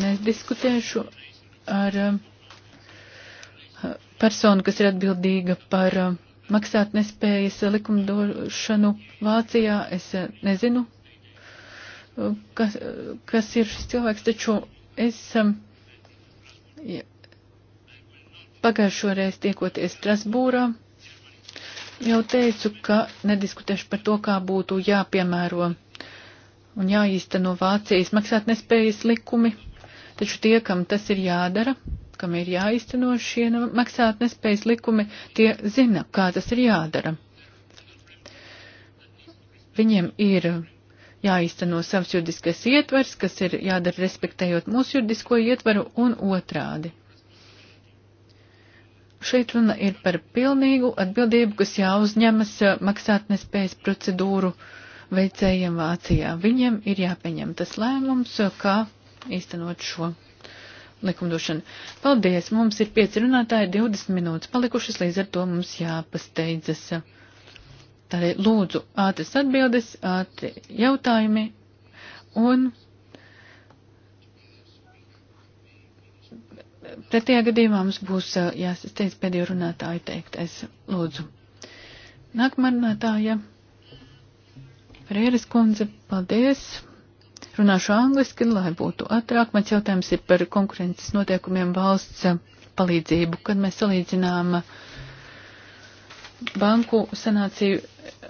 nediskutēšu ar eh, personu, kas ir atbildīga par eh, maksātnespējas likumdošanu Vācijā. Es nezinu, kas, kas ir šis cilvēks, taču es um, ja, pagājušo reizi tiekoties Strasbūrā jau teicu, ka nediskutēšu par to, kā būtu jāpiemēro un jāīsteno Vācijas maksātnespējas likumi, taču tie, kam tas ir jādara, kam ir jāīsteno šie maksātnespējas likumi, tie zina, kā tas ir jādara. Viņiem ir jāīsteno savs juridiskais ietvers, kas ir jādara respektējot mūsu juridisko ietveru un otrādi. Šeit runa ir par pilnīgu atbildību, kas jāuzņemas eh, maksātnespējas procedūru veicējiem Vācijā. Viņiem ir jāpieņem tas lēmums, eh, kā īstenot šo likumdošanu. Paldies! Mums ir pieci runātāji, 20 minūtes palikušas, līdz ar to mums jāpasteidzas. Tādēļ lūdzu ātras atbildes, ātri jautājumi un pretējā gadījumā mums būs jāsasteidz pēdējo runātāju teiktais. Lūdzu. Nākamā runātāja. Prieres kundze, paldies. Runāšu angliski, lai būtu ātrāk. Mans jautājums ir par konkurences noteikumiem valsts palīdzību, kad mēs salīdzinām uh, banku sanāciju eh,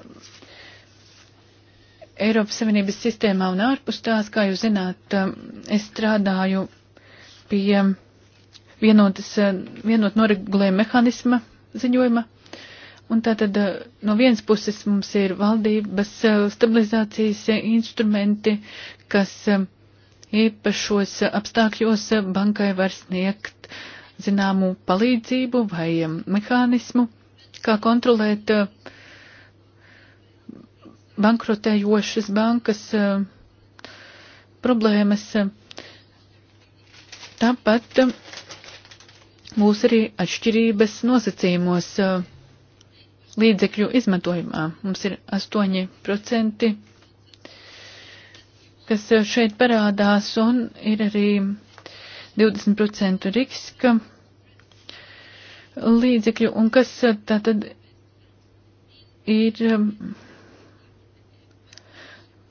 Eiropas Savienības sistēmā un ārpus tās, kā jūs zināt, eh, es strādāju pie vienotas, eh, vienot noregulējuma mehānisma ziņojuma. Un tātad no vienas puses mums ir valdības stabilizācijas instrumenti, kas īpašos apstākļos bankai var sniegt zināmu palīdzību vai mehānismu, kā kontrolēt uh, bankrotējošas bankas uh, problēmas. Tāpat uh, būs arī atšķirības nosacījumos līdzekļu izmantojumā. Mums ir 8%, kas šeit parādās, un ir arī 20% riska līdzekļu un kas eh, tātad ir eh,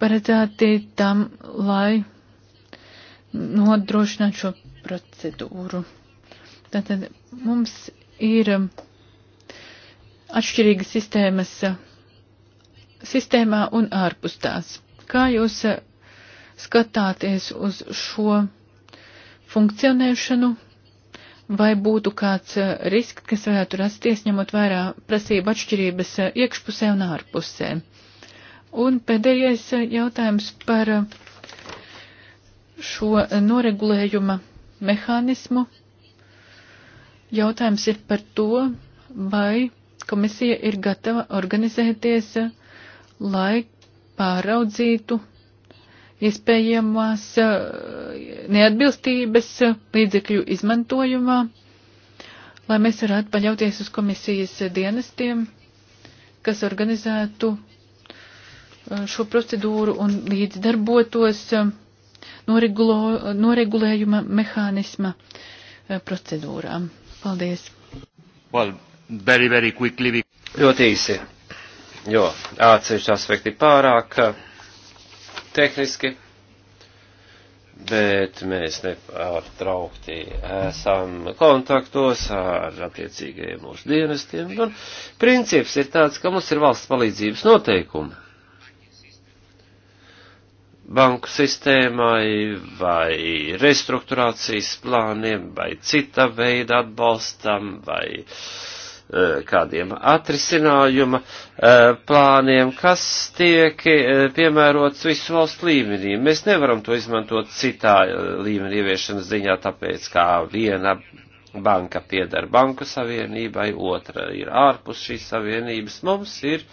paredzēti tam, lai nodrošinātu šo procedūru. Tātad mums ir eh, atšķirīgas sistēmas sistēmā un ārpus tās. Kā jūs skatāties uz šo funkcionēšanu vai būtu kāds eh, risks, kas varētu rasties, ņemot vērā prasību atšķirības eh, iekšpusē un ārpusē. Un pēdējais eh, jautājums par šo noregulējuma mehānismu. Jautājums ir par to, vai komisija ir gatava organizēties, lai pāraudzītu iespējamās eh, neatbilstības līdzekļu izmantojumā, lai mēs varētu paļauties uz komisijas dienestiem, kas organizētu eh, šo procedūru un līdzdarbotos eh, noregulo, noregulējuma mehānisma procedūrām. Paldies! Well, very, very quickly. Ļoti īsi, jo atsevišķi aspekti pārāk tehniski, bet mēs nepārtraukti esam kontaktos ar attiecīgajiem mūsu dienestiem, un princips ir tāds, ka mums ir valsts palīdzības noteikumi. Banku sistēmai vai restruktūrācijas plāniem vai cita veida atbalstam vai uh, Eh, kādiem atrisinājuma eh, plāniem, kas tiek eh, piemērots visu valstu līmenī. Mēs nevaram to izmantot citā līmenī ieviešanas ziņā, tāpēc kā viena banka piedara banku savienībai, otra ir ārpus šīs savienības. Mums ir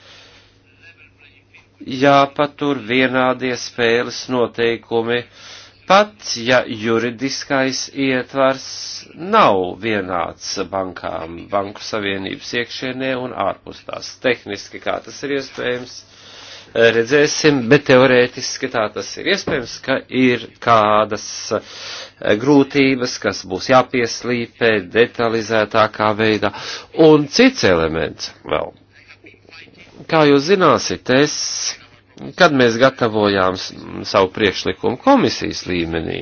jāpatur vienādie spēles noteikumi. Uh, pat ja juridiskais ietvars nav vienāds bankām, banku savienības iekšienē un ārpus tās. Tehniski kā tas ir iespējams, redzēsim, bet teorētiski tā tas ir iespējams, ka ir kādas eh, grūtības, kas būs jāpieslīpē detalizētākā veidā. Un cits elements vēl. Kā jūs zināsiet, es Kad mēs gatavojām savu priekšlikumu komisijas līmenī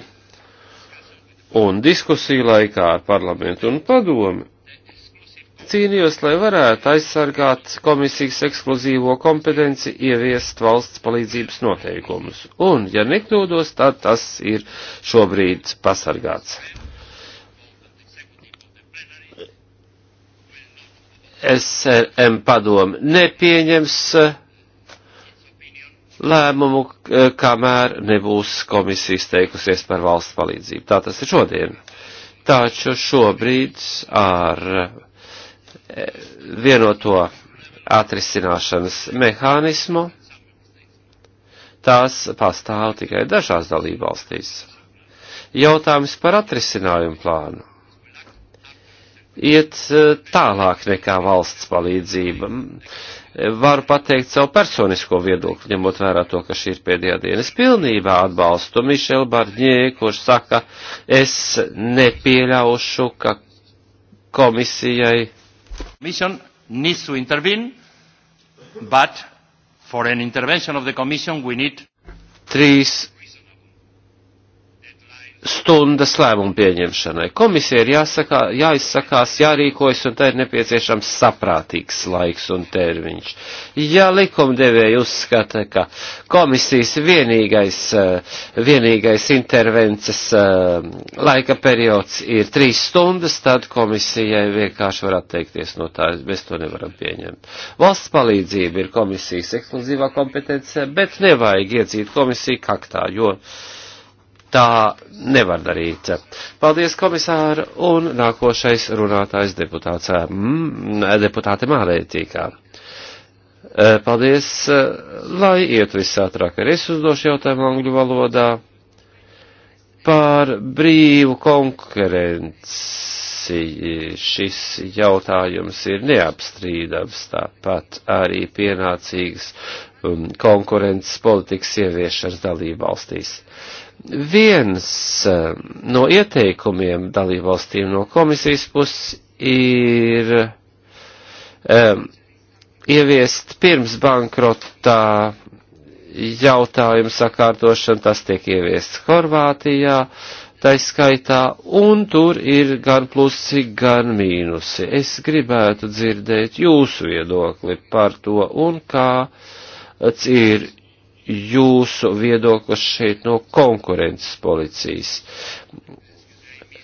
un diskusiju laikā ar parlamentu un padomi, cīnījos, lai varētu aizsargāt komisijas ekskluzīvo kompetenci ieviest valsts palīdzības noteikumus. Un, ja nekļūdos, tad tas ir šobrīd pasargāts. SRM padomu nepieņems lēmumu, eh, kamēr nebūs komisijas teikusies par valsts palīdzību. Tā tas ir šodien. Taču šobrīd ar eh, vienoto atrisināšanas mehānismu tās pastāv tikai dažās dalībvalstīs. Jautājums par atrisinājumu plānu iet eh, tālāk nekā valsts palīdzība varu pateikt savu personisko viedokli, ņemot vērā to, ka šī ir pēdējā diena. Es pilnībā atbalstu Mišelu Barņē, kurš saka, es nepieļaušu, ka komisijai. Mission needs to intervene, but for an intervention of the commission we need. Trīs stundas lēmumu pieņemšanai. Komisija ir jāsaka, jāizsakās, jārīkojas, un tā ir nepieciešams saprātīgs laiks un termiņš. Ja likumdevēja uzskata, ka komisijas vienīgais, eh, vienīgais intervences eh, laika periods ir trīs stundas, tad komisijai vienkārši var atteikties no tā, mēs to nevaram pieņemt. Valsts palīdzība ir komisijas ekskluzīvā kompetence, bet nevajag iedzīt komisiju kaktā, jo tā nevar darīt. Paldies, komisāra, un nākošais runātājs deputāts, mm, deputāte Mārētīkā. Eh, paldies, eh, lai iet visātrāk, arī es uzdošu jautājumu angļu valodā par brīvu konkurenci. Šis jautājums ir neapstrīdams, tāpat arī pienācīgas mm, konkurences politikas ieviešanas dalību valstīs. Uh, Viens eh, no ieteikumiem dalībvalstīm no komisijas puses ir um, ieviest pirms bankrota jautājumu sakārtošanu, tas tiek ieviests Horvātijā, taiskaitā, un tur ir gan plusi, gan mīnusi. Es gribētu dzirdēt jūsu viedokli par to, un kā ir jūsu viedoklis šeit no konkurences policijas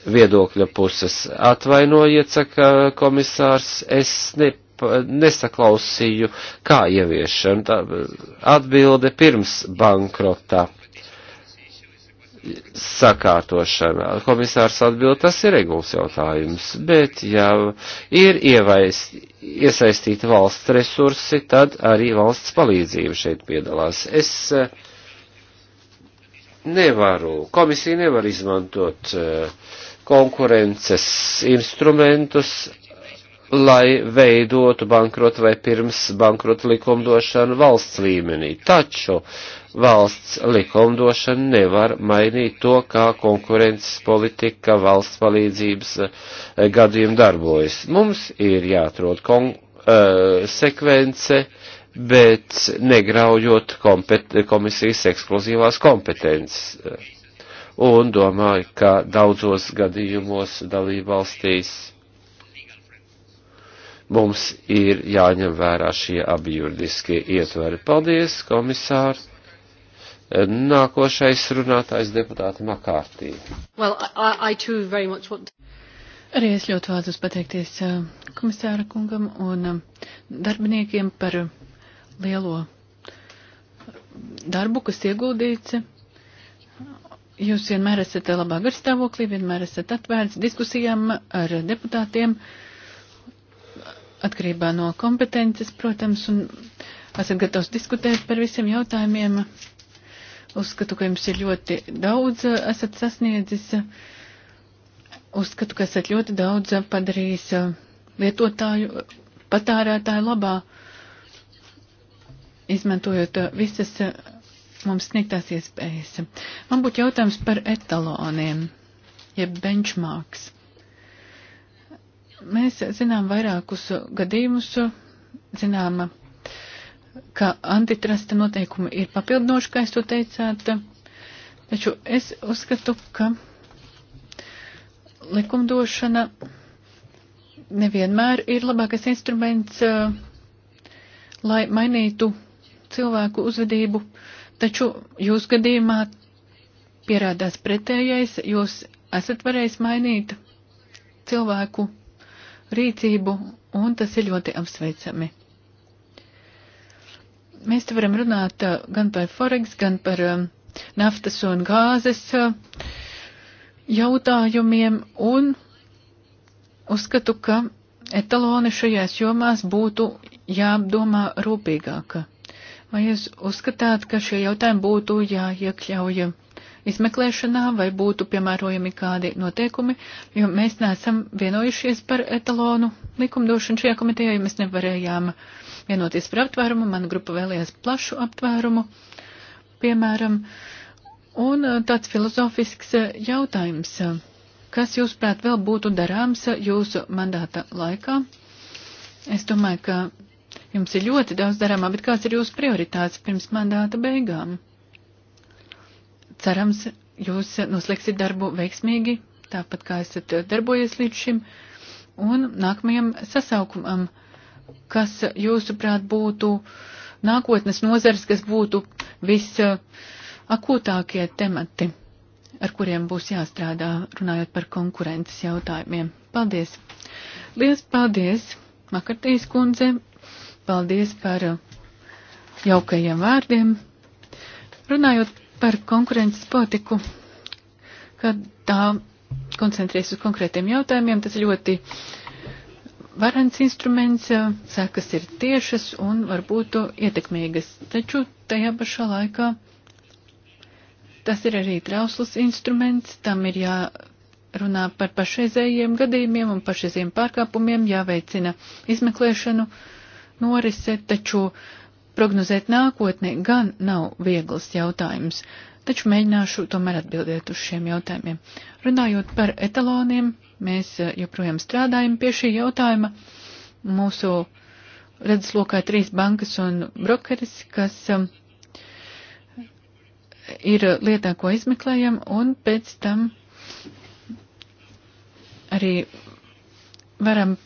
viedokļa puses. Atvainojiet, saka komisārs, es ne, nesaklausīju, kā ieviešana. Atbilde pirms bankrota sakārtošana. Komisārs atbild, tas ir regulas jautājums, bet ja ir ievais, iesaistīti valsts resursi, tad arī valsts palīdzība šeit piedalās. Es eh, nevaru, komisija nevar izmantot eh, konkurences instrumentus, lai veidotu bankrotu vai pirms bankrotu likumdošanu valsts līmenī. Taču valsts likumdošana nevar mainīt to, kā konkurences politika valsts palīdzības eh, gadījumi darbojas. Mums ir jāatrod kon, uh, sekvence, bet negraujot kompet, komisijas ekskluzīvās kompetences. Un domāju, ka daudzos gadījumos dalībvalstīs mums ir jāņem vērā šie abi juridiskie ietveri. Paldies, komisār! Nākošais runātājs deputāti Makārtī. Well, I, I too very much want... Arī es ļoti vēlos pateikties uh, komisāra kungam un um, darbiniekiem par uh, lielo darbu, kas ieguldīts. Jūs vienmēr esat labā garstāvoklī, vienmēr esat atvērts diskusijām ar deputātiem. Uh, atkarībā no kompetences, protams, un esat gatavs diskutēt par visiem jautājumiem. Uzskatu, ka jums ir ļoti daudz uh, esat sasniedzis. Uzskatu, ka esat ļoti daudz uh, padarījis uh, lietotāju, patārētāju labā, izmantojot visas mums sniegtās iespējas. Man būtu jautājums par etaloniem, jeb benchmarks. Mēs zinām vairākus gadījumus, zinām, ka antitrasta noteikumi ir papildinoši, kā jūs to teicāt, taču es uzskatu, ka likumdošana nevienmēr ir labākais instruments, lai mainītu cilvēku uzvedību, taču jūs gadījumā pierādās pretējais, jūs esat varējis mainīt cilvēku uzvedību rīcību, un tas ir ļoti apsveicami. Mēs te varam runāt eh, gan par Forex, gan par eh, naftas un gāzes eh, jautājumiem, un uzskatu, ka etaloni šajās jomās būtu jāapdomā rūpīgāka. Vai jūs uzskatāt, ka šie jautājumi būtu jāiekļauj izmeklēšanā, vai būtu piemērojami kādi noteikumi, jo mēs neesam vienojušies par etalonu likumdošanu šajā komitejā, jo mēs nevarējām vienoties par aptvērumu. Mana grupa vēlējās plašu aptvērumu, piemēram. Un eh, tāds filozofisks eh, jautājums. Kas, jūsuprāt, vēl būtu darāms eh, jūsu mandāta laikā? Es domāju, ka Jums ir ļoti daudz darāmā, bet kāds ir jūsu prioritāts pirms mandāta beigām? Cerams, jūs noslēgsiet darbu veiksmīgi, tāpat kā esat darbojies līdz šim, un nākamajam sasaukumam, kas jūsuprāt būtu nākotnes nozars, kas būtu visakūtākie temati, ar kuriem būs jāstrādā, runājot par konkurences jautājumiem. Paldies! Lielas paldies, Makartīs kundze! Paldies par jaukajiem vārdiem! Runājot par konkurences politiku, kad tā koncentrējas uz konkrētiem jautājumiem. Tas ļoti varants instruments, sekas ir tiešas un varbūt ietekmīgas, taču tajā pašā laikā tas ir arī trausls instruments, tam ir jārunā par pašreizējiem gadījumiem un pašreizējiem pārkāpumiem, jāveicina izmeklēšanu norise, taču uh, Prognozēt nākotni gan nav viegls jautājums, taču mēģināšu tomēr atbildēt uz šiem jautājumiem. Runājot par etaloniem, mēs eh, joprojām strādājam pie šī jautājuma. Mūsu redzeslokā trīs bankas un brokeris, kas um, ir lietā, ko izmeklējam, un pēc tam arī varam,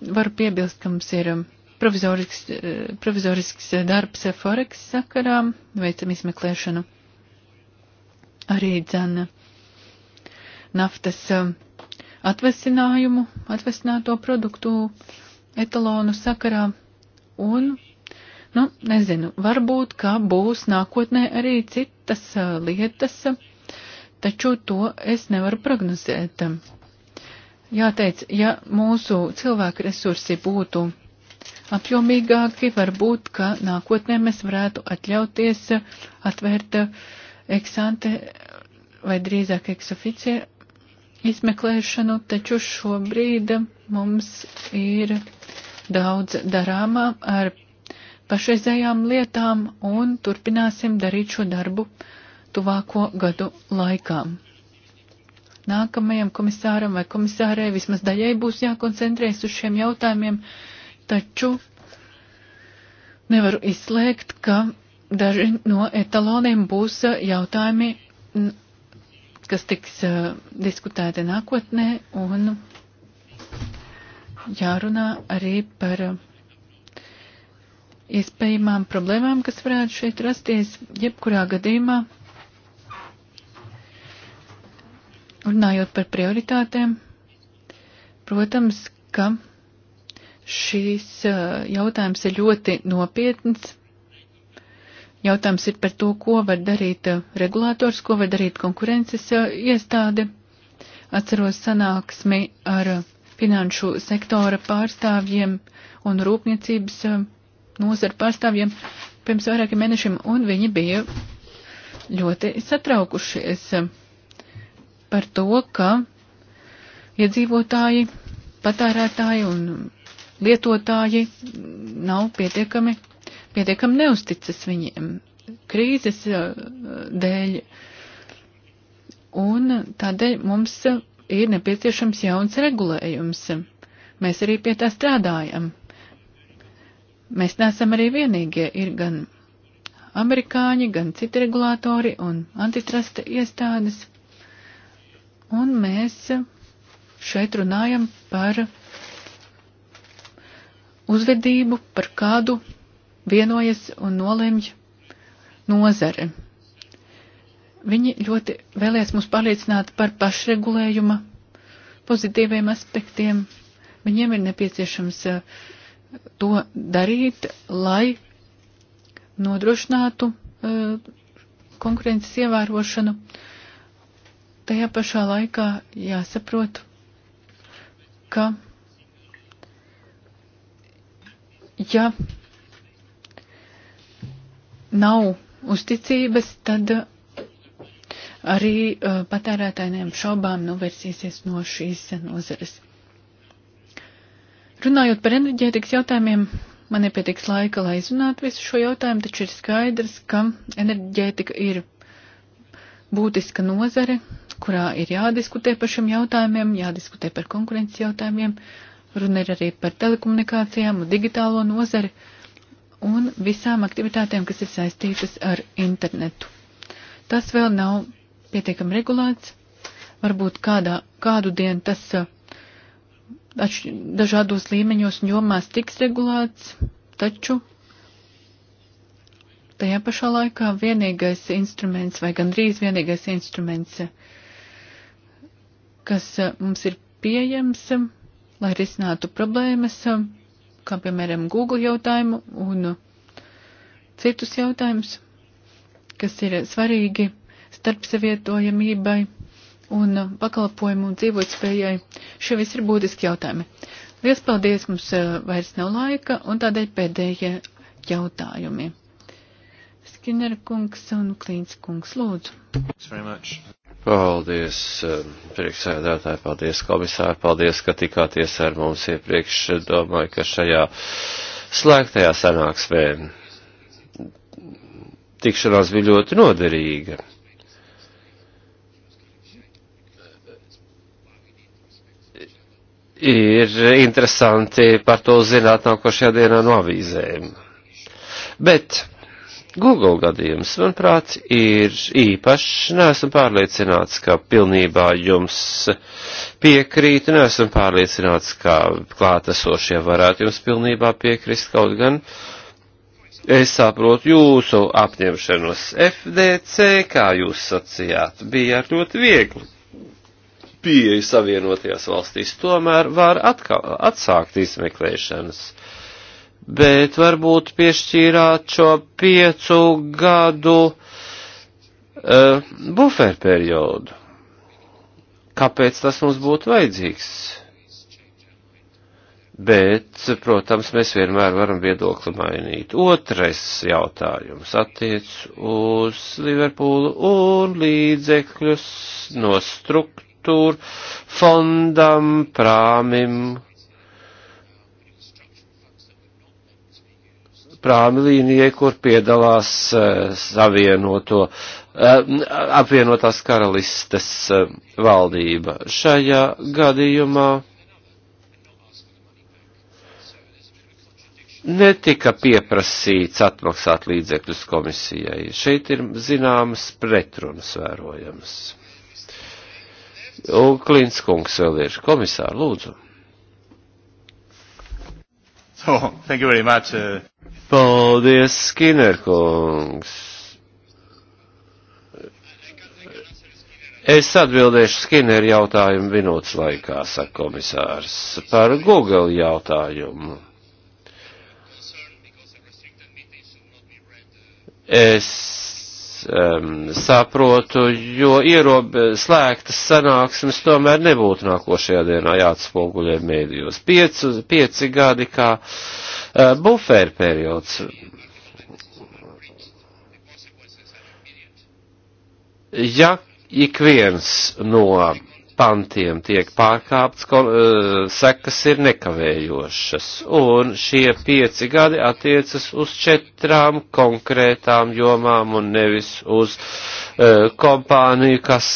varu piebilst, ka mums ir um, provizorisks, eh, provizorisks darbs Forex sakarā, veicam izmeklēšanu arī dzana naftas eh, atvesinājumu, atvesināto produktu etalonu sakarā un, nu, nezinu, varbūt, ka būs nākotnē arī citas eh, lietas, taču to es nevaru prognozēt. Jāteic, ja mūsu cilvēku resursi būtu apjomīgāki, varbūt, ka nākotnē mēs varētu atļauties atvērt eksante vai drīzāk eksoficie izmeklēšanu, taču šobrīd mums ir daudz darāmā ar pašreizējām lietām un turpināsim darīt šo darbu tuvāko gadu laikā. Nākamajam komisāram vai komisārei vismaz daļai būs jākoncentrēs uz šiem jautājumiem taču nevaru izslēgt, ka daži no etaloniem būs eh, jautājumi, kas tiks eh, diskutēti nākotnē un jārunā arī par iespējamām problēmām, kas varētu šeit rasties jebkurā gadījumā. Runājot par prioritātēm, protams, ka Šīs jautājums ir ļoti nopietns. Jautājums ir par to, ko var darīt regulators, ko var darīt konkurences iestāde. Atceros sanāksmi ar finanšu sektora pārstāvjiem un rūpniecības nozara pārstāvjiem pirms vairākiem mēnešiem, un viņi bija ļoti satraukušies par to, ka iedzīvotāji, patērētāji un lietotāji nav pietiekami, pietiekami neusticas viņiem krīzes uh, dēļ. Un tādēļ mums ir nepieciešams jauns regulējums. Mēs arī pie tā strādājam. Mēs neesam arī vienīgie, ir gan amerikāņi, gan citi regulātori un antitrasta iestādes. Un mēs šeit runājam par uzvedību, par kādu vienojas un nolemj nozare. Viņi ļoti vēlēs mūs pārliecināt par pašregulējuma pozitīviem aspektiem. Viņiem ir nepieciešams eh, to darīt, lai nodrošinātu eh, konkurences ievērošanu. Tajā pašā laikā jāsaprot, ka ja nav uzticības, tad arī uh, patērētājiem šaubām novērsīsies no šīs nozares. Runājot par enerģētikas jautājumiem, man nepietiks laika, lai izrunātu visu šo jautājumu, taču ir skaidrs, ka enerģētika ir būtiska nozare, kurā ir jādiskutē par šiem jautājumiem, jādiskutē par konkurences jautājumiem, uh, Runa ir arī par telekomunikācijām un digitālo nozari un visām aktivitātēm, kas ir saistītas ar internetu. Tas vēl nav pietiekami regulēts. Varbūt kādā, kādu dienu tas uh, dažādos līmeņos un jomās tiks regulēts, taču tajā pašā laikā vienīgais instruments vai gandrīz vienīgais instruments, uh, kas uh, mums ir pieejams, um, lai risinātu problēmas, um, kā piemēram Google jautājumu un citus jautājumus, kas ir svarīgi starpsavietojamībai un pakalpojumu un dzīvotspējai. Šie visi ir būtiski jautājumi. Liels paldies, mums uh, vairs nav laika un tādēļ pēdējie jautājumi. Skinner kungs un Klīns kungs, lūdzu. Paldies, um, priekšsēdētāji, paldies, komisāri, paldies, ka tikāties ar mums iepriekš. Domāju, ka šajā slēgtajā sanāksmē tikšanās bija ļoti noderīga. Ir interesanti par to zināt nākošajā dienā no avīzēm. Bet Google gadījums, manuprāt, ir īpašs. Neesmu pārliecināts, ka pilnībā jums piekrīt, neesmu pārliecināts, ka klātesošie varētu jums pilnībā piekrist kaut gan. Es saprotu jūsu apņemšanos FDC, kā jūs sacījāt, bija ļoti viegli pieeja savienotajās valstīs, tomēr var atkal, atsākt izmeklēšanas bet varbūt piešķīrāt šo piecu gadu uh, buferperiodu. Kāpēc tas mums būtu vajadzīgs? Bet, protams, mēs vienmēr varam viedokli mainīt. Otrais jautājums attiec uz Liverpūlu un līdzekļus no struktūra fondam, prāmim, prāmi līnijai, kur piedalās e, savienoto, e, apvienotās karalistes e, valdība. Šajā gadījumā netika pieprasīts atmaksāt līdzekļus komisijai. Šeit ir zināmas pretrunas vērojamas. Un Klinskungs vēl ir komisāri, lūdzu. Oh, thank you very much. Uh... Paldies, Skinner kungs. Es atbildēšu Skinner jautājumu minūtes laikā, saka komisārs, par Google jautājumu. Es um, saprotu, jo ierob, slēgtas sanāksmes tomēr nebūtu nākošajā dienā jāatspoguļē mēdījos. Pieci, pieci gadi kā uh, buferu periods. Ja ik viens no pantiem tiek pārkāpts, kon, e, sekas ir nekavējošas, un šie pieci gadi attiecas uz četrām konkrētām jomām un nevis uz uh, kompāniju, kas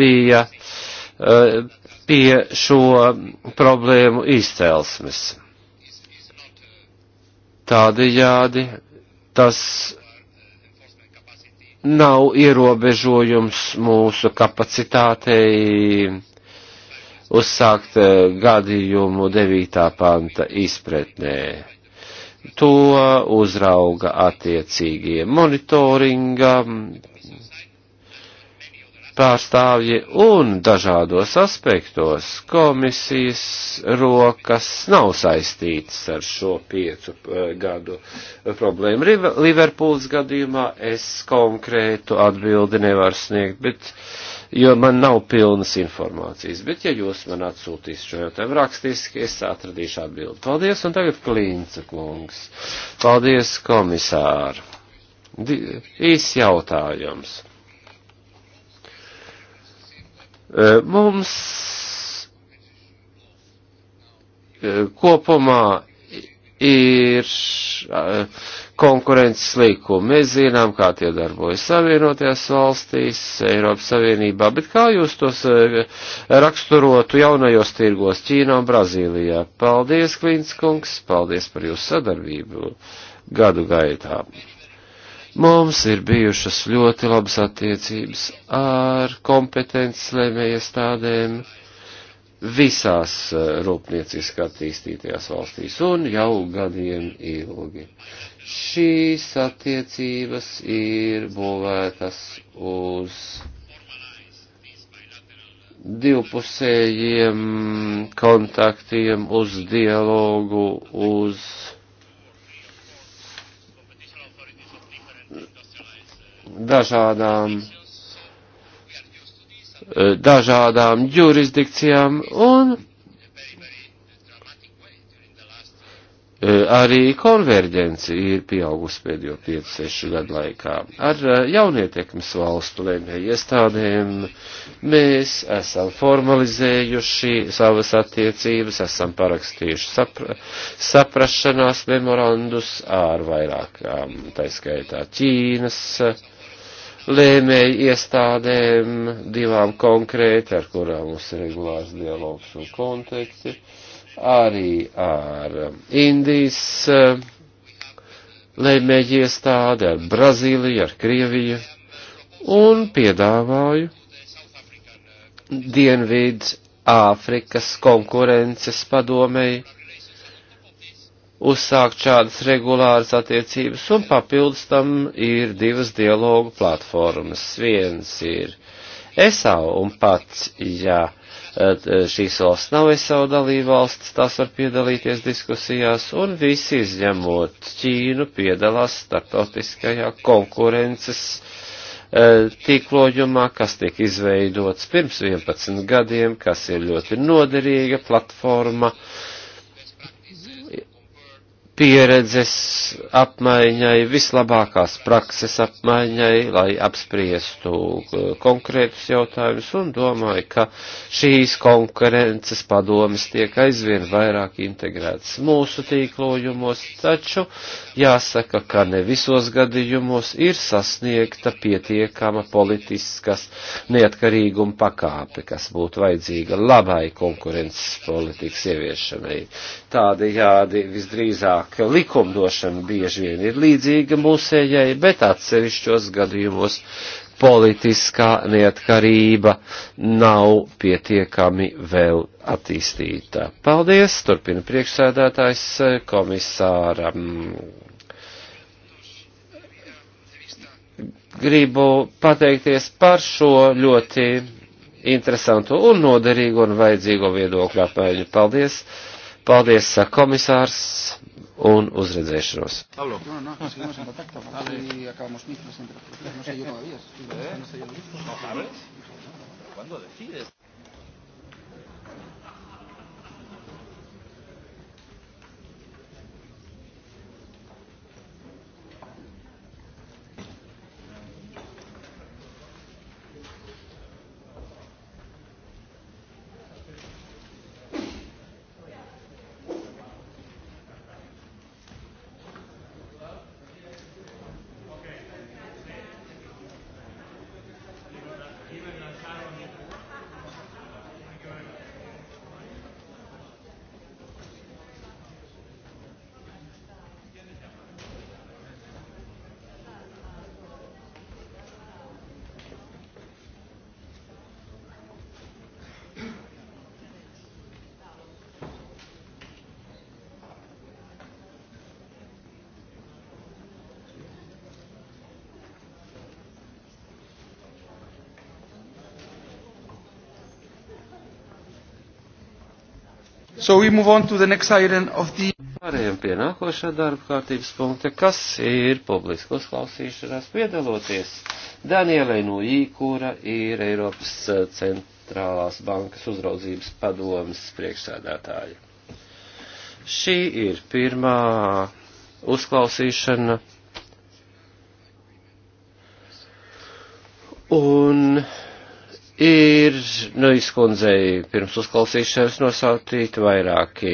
bija uh, pie šo problēmu izcelsmes. Tādējādi tas nav ierobežojums mūsu kapacitātei uzsākt eh, gadījumu 9. panta izpratnē. To uzrauga attiecīgie monitoringa pārstāvji un dažādos aspektos komisijas rokas nav saistītas ar šo piecu eh, gadu problēmu. Liverpūles gadījumā es konkrētu atbildi nevaru sniegt, bet, jo man nav pilnas informācijas. Bet, ja jūs man atsūtīs šo jautājumu rakstiski, es atradīšu atbildi. Paldies, un tagad Klīnca kungs. Paldies, komisāri. Īs jautājums E, mums e, kopumā ir e, konkurences līkumi. Mēs zinām, kā tie darbojas Savienotajās valstīs, Eiropas Savienībā, bet kā jūs tos raksturotu jaunajos tirgos Ķīnā un Brazīlijā? Paldies, Klīnskungs, paldies par jūsu sadarbību gadu gaitā. Mums ir bijušas ļoti labas attiecības ar kompetences lēmējiestādēm visās eh, rūpnieciski attīstītajās valstīs un jau gadiem ilgi. Šīs attiecības ir būvētas uz divpusējiem kontaktiem, uz dialogu, uz dažādām, eh, dažādām jurisdikcijām un eh, arī konverģence ir pieaugusi pēdējo 5-6 gadu laikā. Ar eh, jaunietekmes valstu lēmēju iestādēm mēs esam formalizējuši savas attiecības, esam parakstījuši sapra saprašanās memorandus ar vairākām, taiskaitā Ķīnas, lēmēju iestādēm, divām konkrēti, ar kurām mums ir regulārs dialogs un konteksti, arī ar um, Indijas um, lēmēju iestādi, ar Brazīliju, ar Krieviju, un piedāvāju Dienvids Āfrikas konkurences padomei uzsākt šādas regulāras attiecības, un papildus tam ir divas dialogu platformas. Viens ir ESAU, un pats, ja eh, šīs valsts nav ESAU dalībvalsts, tās var piedalīties diskusijās, un visi izņemot Ķīnu piedalās starptautiskajā konkurences eh, tīklojumā, kas tiek izveidots pirms 11 gadiem, kas ir ļoti noderīga platforma, uh, pieredzes apmaiņai, vislabākās prakses apmaiņai, lai apspriestu uh, konkrētus jautājumus un domāju, ka šīs konkurences padomas tiek aizvien vairāk integrētas mūsu tīklojumos, taču jāsaka, ka ne visos gadījumos ir sasniegta pietiekama politiskas neatkarīguma pakāpe, kas būtu vajadzīga labai konkurences politikas ieviešanai. Tādējādi visdrīzāk Tālāk likumdošana bieži vien ir līdzīga mūsējai, bet atsevišķos gadījumos politiskā neatkarība nav pietiekami vēl attīstīta. Paldies, turpina priekšsēdētājs komisāram. Gribu pateikties par šo ļoti interesantu un noderīgu un vajadzīgo viedokļu apmaiņu. Paldies! Paldies, komisārs! un uzredzēšanos. Pablo. So we move on to the next item of the. Pārējiem pie nākošā darba kārtības punkta, kas ir publiskos klausīšanās piedaloties. Danielai no Īkūra ir Eiropas eh, centrālās bankas uzraudzības padomas priekšsēdētāja. Šī ir pirmā uzklausīšana Nu, izkundzei pirms uzklausīšanas nosauktīt vairāki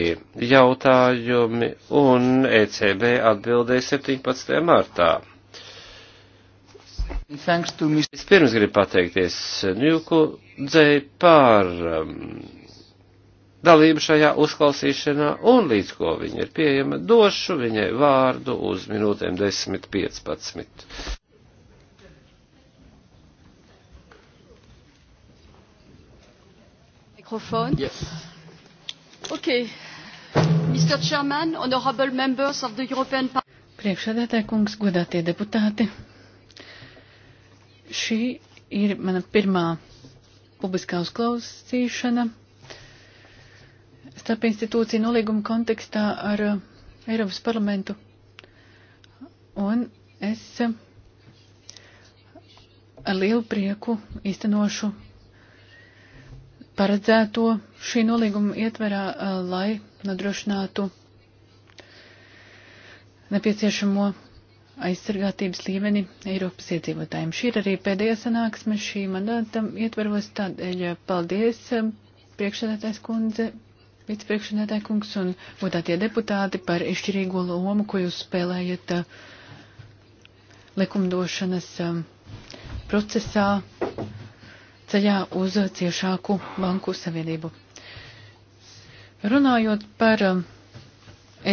jautājumi, un ECB atbildēja 17. martā. Es pirms gribu pateikties Ņūku dzēji par um, dalību šajā uzklausīšanā, un līdz ko viņa ir pieejama, došu viņai vārdu uz minūtēm 10-15. microphone. Yes. Okay. Mr. Chairman, honorable members of the European Parliament. Priekšsēdētāji kungs, godātie deputāti, šī ir mana pirmā publiskā uzklausīšana starp institūciju nolīguma kontekstā ar uh, Eiropas parlamentu. Un es uh, ar lielu prieku īstenošu paredzēto šī nolīguma ietverā, lai nodrošinātu nepieciešamo aizsargātības līmeni Eiropas iedzīvotājiem. Šī ir arī pēdējā sanāksme šī mandāta ietveros, tādēļ paldies priekšsēdētājs kundze, vicepriekšsēdētāja kungs un godātie deputāti par izšķirīgo lomu, ko jūs spēlējat likumdošanas procesā ceļā uz ciešāku banku savienību. Runājot par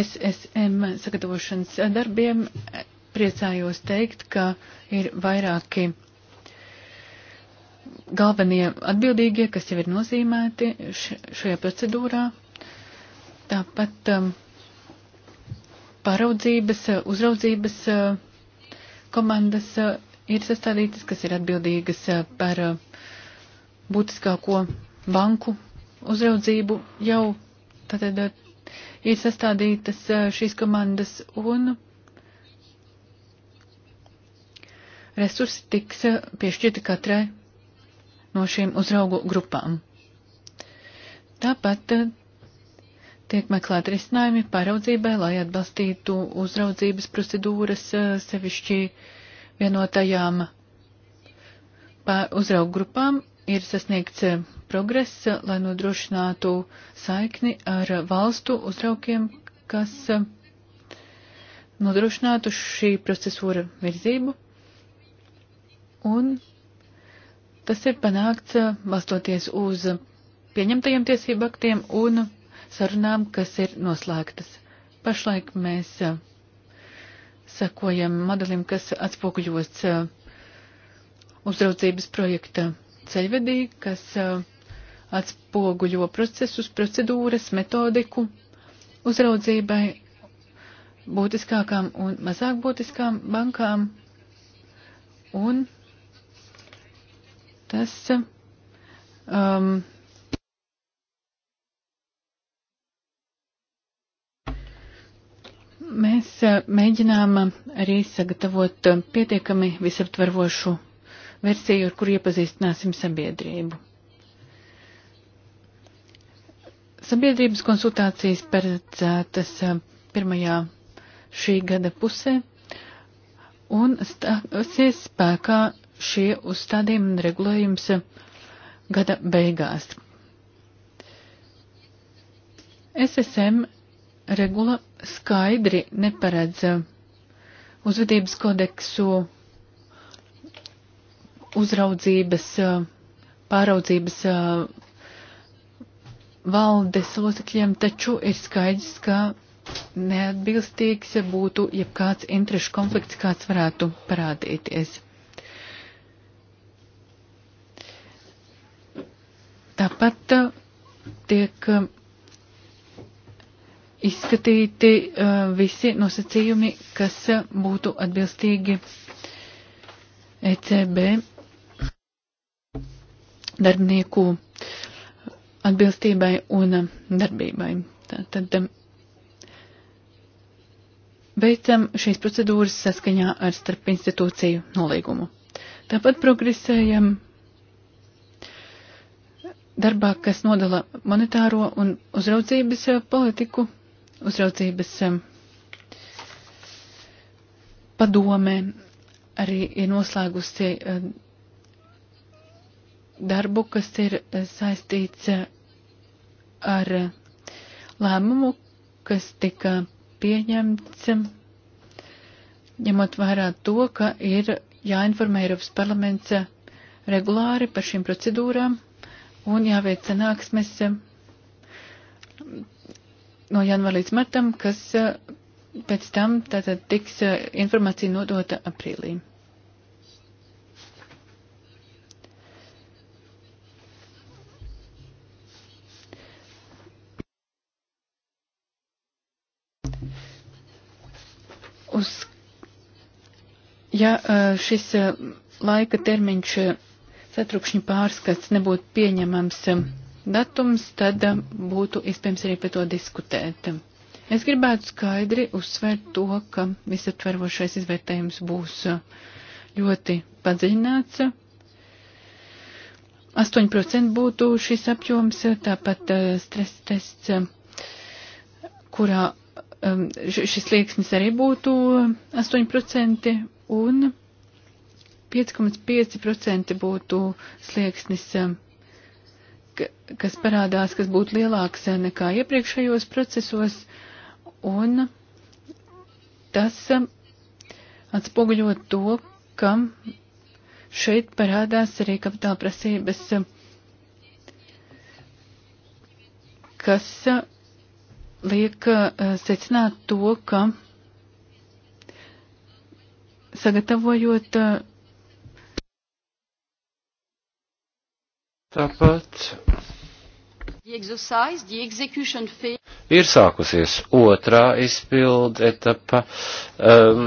SSM um, sagatavošanas darbiem, priecājos teikt, ka ir vairāki galvenie atbildīgie, kas jau ir nozīmēti šajā procedūrā. Tāpat um, pāraudzības, uzraudzības uh, komandas uh, ir sastādītas, kas ir atbildīgas uh, par būtiskāko banku uzraudzību jau tātad ir sastādītas šīs komandas un resursi tiks piešķirti katrai no šīm uzraugu grupām. Tāpat tiek meklēt risinājumi pāraudzībai, lai atbalstītu uzraudzības procedūras sevišķi vienotajām uzraugu grupām ir sasniegts eh, progress, lai nodrošinātu saikni ar valstu uzraukiem, kas eh, nodrošinātu šī procesora virzību. Un tas ir panākts eh, balstoties uz pieņemtajiem tiesību aktiem un sarunām, kas ir noslēgtas. Pašlaik mēs sekojam modelim, kas atspoguļots uzraudzības projekta ceļvedī, kas atspoguļo procesus, procedūras, metodiku uzraudzībai būtiskākām un mazāk būtiskām bankām. Un tas um, mēs mēģinām arī sagatavot pietiekami visaptvarvošu versiju, ar kuru iepazīstināsim sabiedrību. Sabiedrības konsultācijas paredzētas eh, pirmajā šī gada pusē un stāsies spēkā šie uzstādījumi un regulējums gada beigās. SSM regula skaidri neparedz uzvedības kodeksu uzraudzības, pāraudzības valdes locekļiem, taču ir skaidrs, ka neatbilstīgs būtu jebkāds interešu konflikts, kāds varētu parādīties. Tāpat tiek izskatīti visi nosacījumi, kas būtu atbilstīgi ECB darbinieku atbilstībai un darbībai. Tad um, veicam šīs procedūras saskaņā ar starp institūciju nolīgumu. Tāpat progresējam darbā, kas nodala monetāro un uzraudzības uh, politiku, uzraudzības um, padomē arī ir noslēgusi uh, darbu, kas ir eh, saistīts eh, ar lēmumu, kas tika pieņemts, ņemot vērā to, ka ir jāinformē Eiropas parlaments eh, regulāri par šīm procedūrām un jāveic sanāksmes no janvāra līdz martam, kas pēc tam tātad tiks informācija nodota aprīlī. Ja šis laika termiņš satrukšņu pārskats nebūtu pieņemams datums, tad būtu iespējams arī par to diskutēt. Es gribētu skaidri uzsvērt to, ka visaptverošais izvērtējums būs ļoti padziļināts. 8% būtu šis apjoms, tāpat stres tests, kurā šis lieksnis arī būtu 8%, un 5,5% būtu slieksnis, um, kas parādās, kas būtu lielāks uh, nekā iepriekšējos procesos, un tas um, atspoguļo to, ka šeit parādās arī kapitāla prasības, um, kas uh, liek uh, secināt to, ka sagatavojot. Uh, Tāpat ir sākusies otrā izpildu etapa um,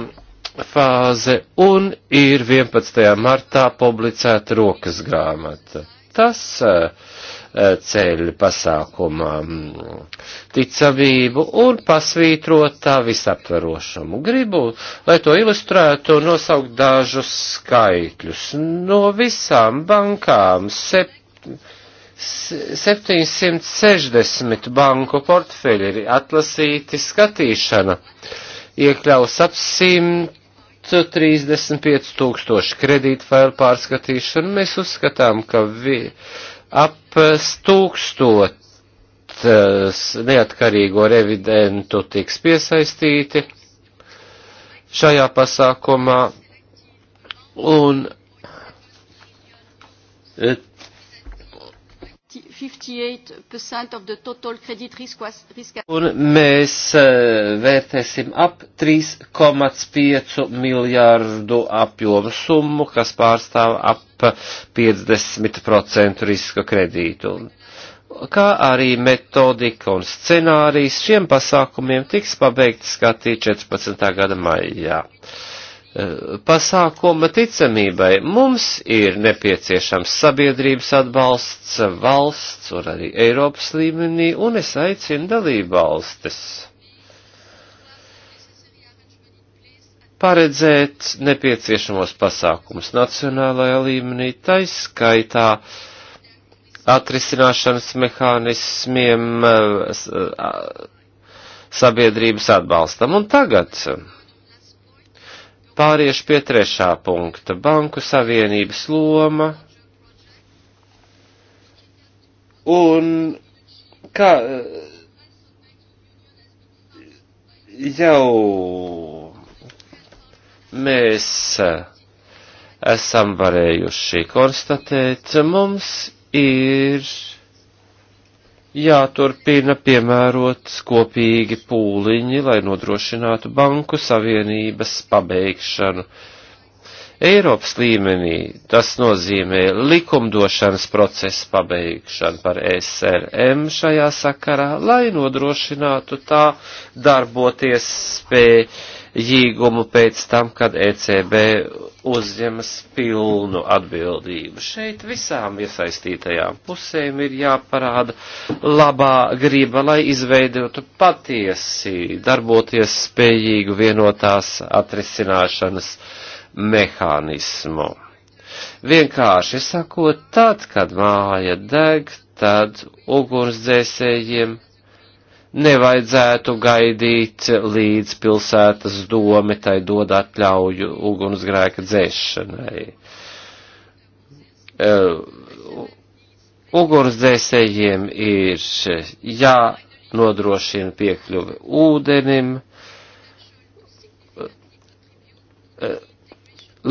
fāze un ir 11. martā publicēta rokas grāmata tas eh, eh, ceļ pasākumā mm, ticamību un pasvītrot tā visaptverošumu. Gribu, lai to ilustrētu, nosaukt dažus skaitļus. No visām bankām sep 760 banku portfeļi ir atlasīti skatīšana. Iekļaus ap simt 35 tūkstoši kredītfailu pārskatīšanu. Mēs uzskatām, ka vi, ap stūkstot eh, neatkarīgo revidentu tiks piesaistīti šajā pasākumā un eh, Un mēs eh, vērtēsim ap 3,5 miljārdu apjomu summu, kas pārstāv ap 50% riska kredītu. Kā arī metodika un scenārijas šiem pasākumiem tiks pabeigts skatīt 14. gada maijā. Eh, pasākuma ticamībai. Mums ir nepieciešams sabiedrības atbalsts valsts un arī Eiropas līmenī, un es aicinu dalību valstis paredzēt nepieciešamos pasākumus nacionālajā līmenī, taiskaitā atrisināšanas mehānismiem eh, eh, sabiedrības atbalstam. Un tagad Pāriešu pie trešā punkta - Banku savienības loma un kā eh, jau mēs eh, esam varējuši konstatēt, mums ir jāturpina piemērot kopīgi pūliņi, lai nodrošinātu banku savienības pabeigšanu. Eiropas līmenī tas nozīmē likumdošanas procesa pabeigšanu par SRM šajā sakarā, lai nodrošinātu tā darboties spēju līgumu pēc tam, kad ECB uzņemas pilnu atbildību. Šeit visām iesaistītajām pusēm ir jāparāda labā griba, lai izveidotu patiesi darboties spējīgu vienotās atrisināšanas mehānismu. Vienkārši sakot, tad, kad māja deg, tad ugunsdzēsējiem nevajadzētu gaidīt līdz pilsētas dome tai dod atļauju ugunsgrēka dzēšanai. Uh, ugunsdzēsējiem ir jānodrošina piekļuvi ūdenim. Uh,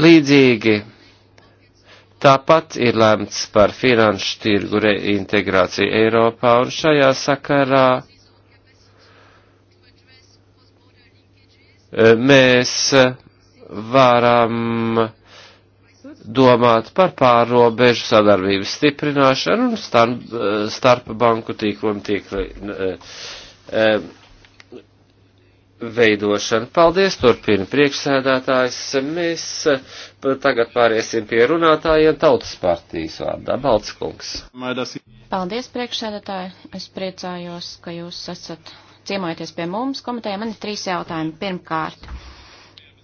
līdzīgi tāpat ir lemts par finanšu tirgu reintegrāciju Eiropā un šajā sakarā mēs varam domāt par pārrobežu sadarbības stiprināšanu un starp, starp banku tīkliem tīkli e, e, veidošanu. Paldies, turpina priekšsēdētājs. Mēs tagad pāriesim pie runātājiem tautas partijas vārdā. Balts kungs. Paldies, priekšsēdētāji. Es priecājos, ka jūs esat ciemojoties pie mums komitejā, man ir trīs jautājumi. Pirmkārt,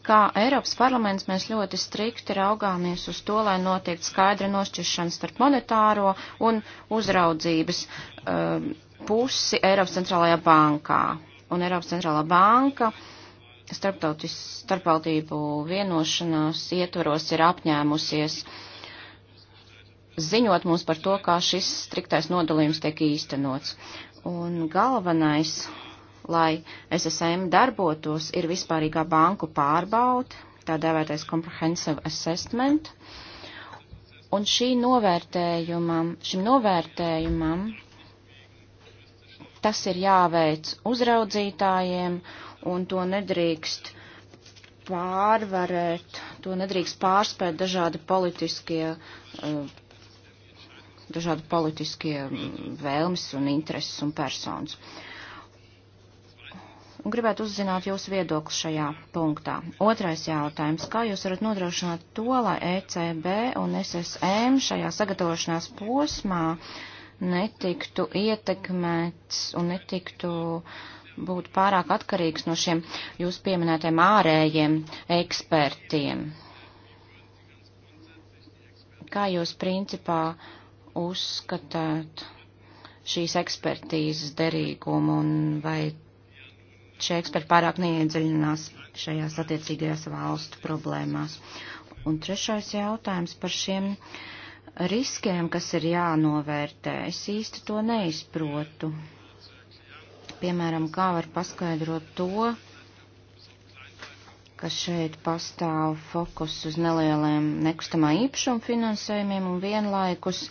kā Eiropas parlaments mēs ļoti strikti raugāmies uz to, lai notiek skaidra nošķiršana starp monetāro un uzraudzības uh, pusi Eiropas centrālajā bankā. Un Eiropas centrālā banka starptautību vienošanās ietvaros ir apņēmusies ziņot mums par to, kā šis striktais nodalījums tiek īstenots. Un galvenais lai SSM darbotos, ir vispārīgā banku pārbauda, tā dēvētais comprehensive assessment. Un šī novērtējumam, šim novērtējumam tas ir jāveic uzraudzītājiem un to nedrīkst pārvarēt, to nedrīkst pārspēt dažādi politiskie, eh, dažādi politiskie mm, vēlmes un intereses un personas un gribētu uzzināt jūsu viedokli šajā punktā. Otrais jautājums. Kā jūs varat nodrošināt to, lai ECB un SSM šajā sagatavošanās posmā netiktu ietekmēts un netiktu būt pārāk atkarīgs no šiem jūs pieminētiem ārējiem ekspertiem? Kā jūs principā uzskatāt šīs ekspertīzes derīgumu un vai šie eksperti pārāk neiedziļinās šajās attiecīgajās valstu problēmās. Un trešais jautājums par šiem riskiem, kas ir jānovērtē. Es īsti to neizprotu. Piemēram, kā var paskaidrot to, ka šeit pastāv fokus uz nelieliem nekustamā īpašuma finansējumiem un vienlaikus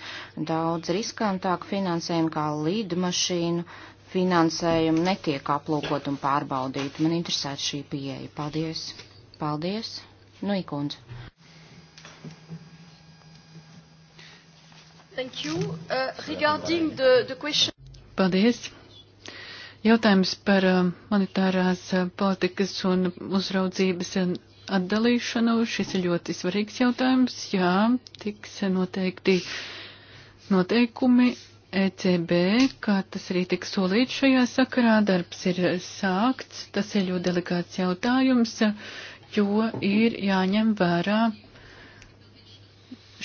daudz riskantāku finansējumu kā lidmašīnu finansējumu netiek aplūkot un pārbaudīt. Man interesētu šī pieeja. Paldies. Paldies. Nu, ikundze. Thank you. Uh, regarding the, the question. Paldies. Jautājums par uh, monetārās uh, politikas un uzraudzības uh, atdalīšanu. Šis ir ļoti svarīgs jautājums. Jā, tiks noteikti noteikumi ECB, kā tas arī tika solīts šajā sakarā, darbs ir sākts, tas ir ļoti delikāts jautājums, jo ir jāņem vērā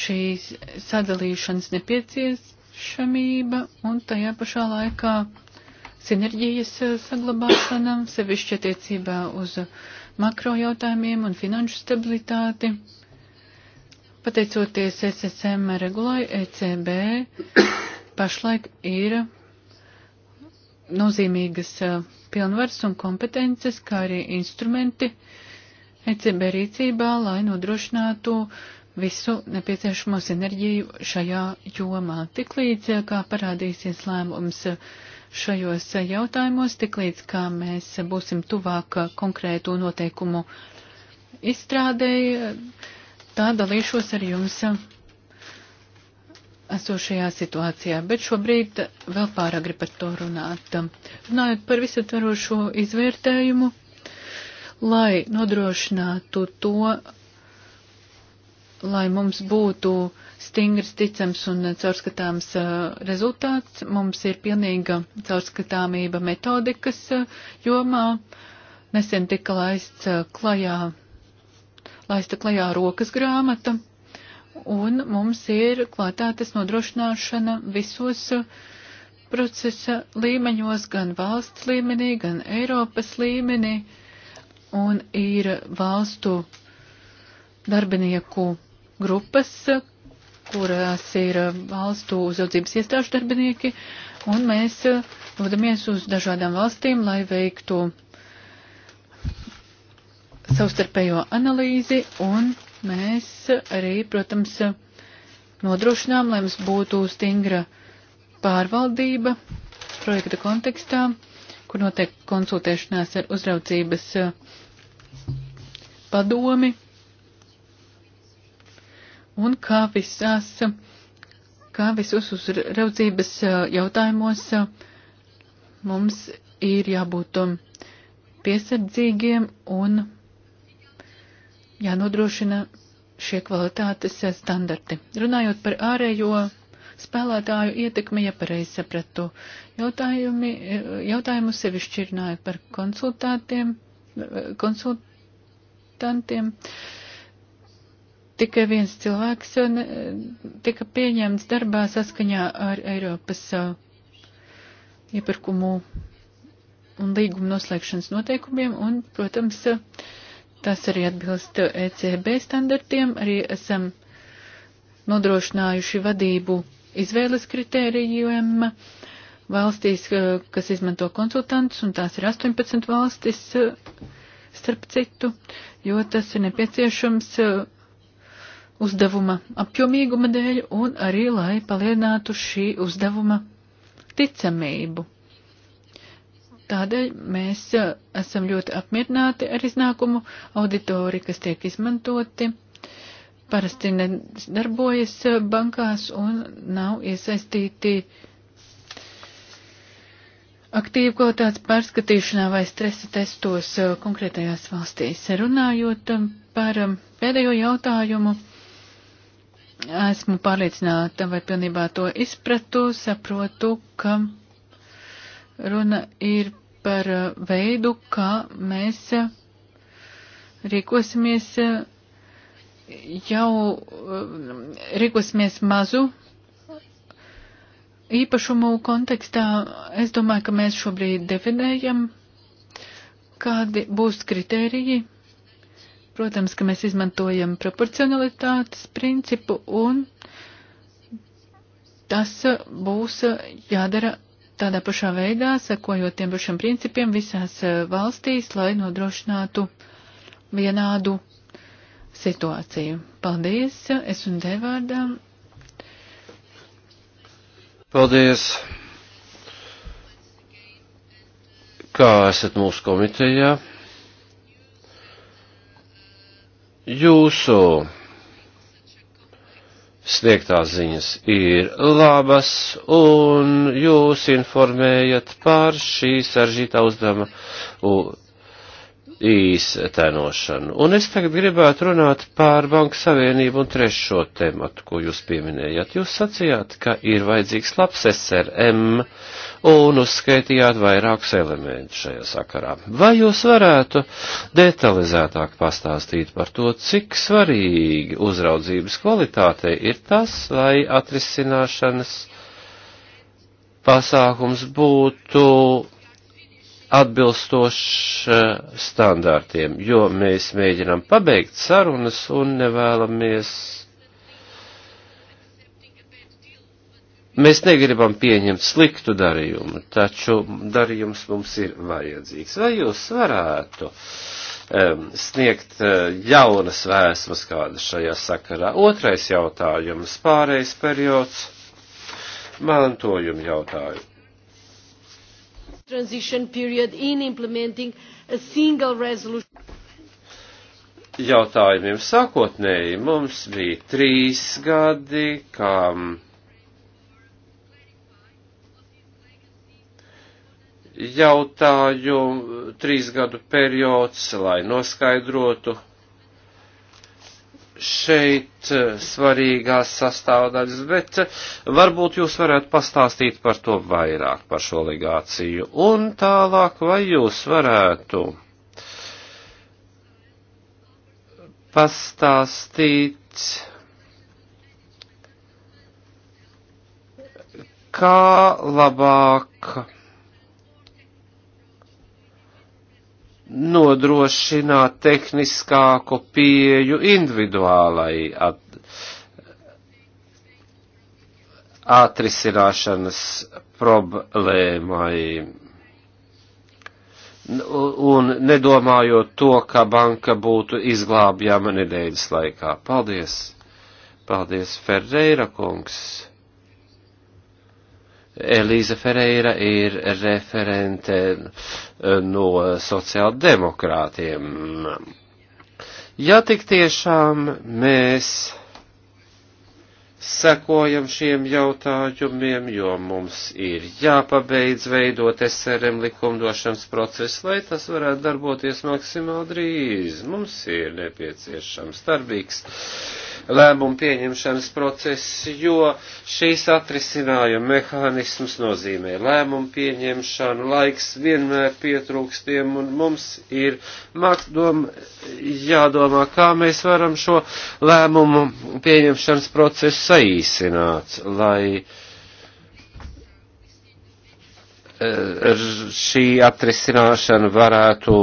šīs sadalīšanas nepieciešamība un tajā pašā laikā sinerģijas saglabāšana, sevišķi attiecībā uz makro jautājumiem un finanšu stabilitāti. Pateicoties SSM regulai, ECB pašlaik ir nozīmīgas pilnvaras un kompetences, kā arī instrumenti ECB rīcībā, lai nodrošinātu visu nepieciešamo sinerģiju šajā jomā. Tiklīdz, kā parādīsies lēmums šajos jautājumos, tiklīdz, kā mēs būsim tuvāk konkrētu noteikumu izstrādēji, tā dalīšos ar jums esošajā situācijā, bet šobrīd vēl pāragri par to runāt. Runājot par visatvarošo izvērtējumu, lai nodrošinātu to, lai mums būtu stingrs, ticams un caurskatāms uh, rezultāts, mums ir pilnīga caurskatāmība metodikas uh, jomā. Nesen tika laists uh, klajā, laista klajā rokas grāmata un mums ir kvalitātes nodrošināšana visos uh, procesa līmeņos, gan valsts līmenī, gan Eiropas līmenī, un ir valstu darbinieku grupas, kurās ir valstu uzraudzības iestāžu darbinieki, un mēs dodamies uh, uz dažādām valstīm, lai veiktu savstarpējo analīzi un mēs arī, protams, nodrošinām, lai mums būtu stingra pārvaldība projekta kontekstā, kur notiek konsultēšanās ar uzraudzības eh, padomi. Un kā visās, kā visus uzraudzības eh, jautājumos eh, mums ir jābūt um, piesardzīgiem un jānodrošina šie kvalitātes standarti. Runājot par ārējo spēlētāju ietekmi, ja pareizi sapratu, jautājumi, jautājumu sevišķi runāja par konsultātiem, konsultantiem. Tikai viens cilvēks tika pieņemts darbā saskaņā ar Eiropas iepirkumu un līguma noslēgšanas noteikumiem, un, protams, uh, Tas arī atbilst ECB standartiem, arī esam nodrošinājuši vadību izvēles kritērijiem valstīs, kas izmanto konsultantus, un tās ir 18 valstis starp citu, jo tas ir nepieciešams uzdevuma apjomīguma dēļ un arī, lai palielinātu šī uzdevuma ticamību. Tādēļ mēs uh, esam ļoti apmierināti ar iznākumu auditori, kas tiek izmantoti. Parasti nedarbojas uh, bankās un nav iesaistīti aktīvi kaut tāds pārskatīšanā vai stresa testos uh, konkrētajās valstīs. Runājot um, par um, pēdējo jautājumu, esmu pārliecināta vai pilnībā to izpratu, saprotu, ka runa ir par eh, veidu, kā mēs eh, rīkosimies eh, jau, rīkosimies mazu īpašumu kontekstā. Es domāju, ka mēs šobrīd definējam, kādi būs kritēriji. Protams, ka mēs izmantojam proporcionalitātes principu un tas būs jādara tādā pašā veidā, sekojot tiem pašiem principiem visās eh, valstīs, lai nodrošinātu vienādu situāciju. Paldies, es un Devārdā. Paldies, kā esat mūsu komitejā. Jūsu sniegtās ziņas ir labas, un jūs informējat par šī saržītā uzdevuma īstenošanu. Un es tagad gribētu runāt par Banku Savienību un trešo tematu, ko jūs pieminējāt. Jūs sacījāt, ka ir vajadzīgs labs SRM un uzskaitījāt vairākus elementus šajā sakarā. Vai jūs varētu detalizētāk pastāstīt par to, cik svarīgi uzraudzības kvalitātei ir tas, lai atrisināšanas pasākums būtu atbilstoši eh, standārtiem, jo mēs mēģinām pabeigt sarunas un nevēlamies. Mēs negribam pieņemt sliktu darījumu, taču darījums mums ir vajadzīgs. Vai jūs varētu um, sniegt uh, jaunas vēsmas kādas šajā sakarā? Otrais jautājums - pārējais periods - mantojuma jautājums transition period in implementing a single resolution. Jautājumiem sākotnēji mums bija trīs gadi, kam jautājumu trīs gadu periods, lai noskaidrotu šeit eh, svarīgās sastāvdaļas, bet eh, varbūt jūs varētu pastāstīt par to vairāk, par šo legāciju. Un tālāk, vai jūs varētu pastāstīt, kā labāk nodrošināt tehniskāku pieju individuālai at, atrisināšanas problēmai. Nu, un nedomājot to, ka banka būtu izglābjama nedēļas laikā. Paldies! Paldies, Ferreira kungs! Elīza Ferreira ir referente eh, no sociāldemokrātiem. Ja tik tiešām mēs sekojam šiem jautājumiem, jo mums ir jāpabeidz veidot SRM likumdošanas procesu, lai tas varētu darboties maksimāli drīz. Mums ir nepieciešams darbīgs lēmumu pieņemšanas process, jo šīs atrisinājuma mehānisms nozīmē lēmumu pieņemšanu, laiks vienmēr pietrūkstiem un mums ir dom, jādomā, kā mēs varam šo lēmumu pieņemšanas procesu saīsināt, lai eh, šī atrisināšana varētu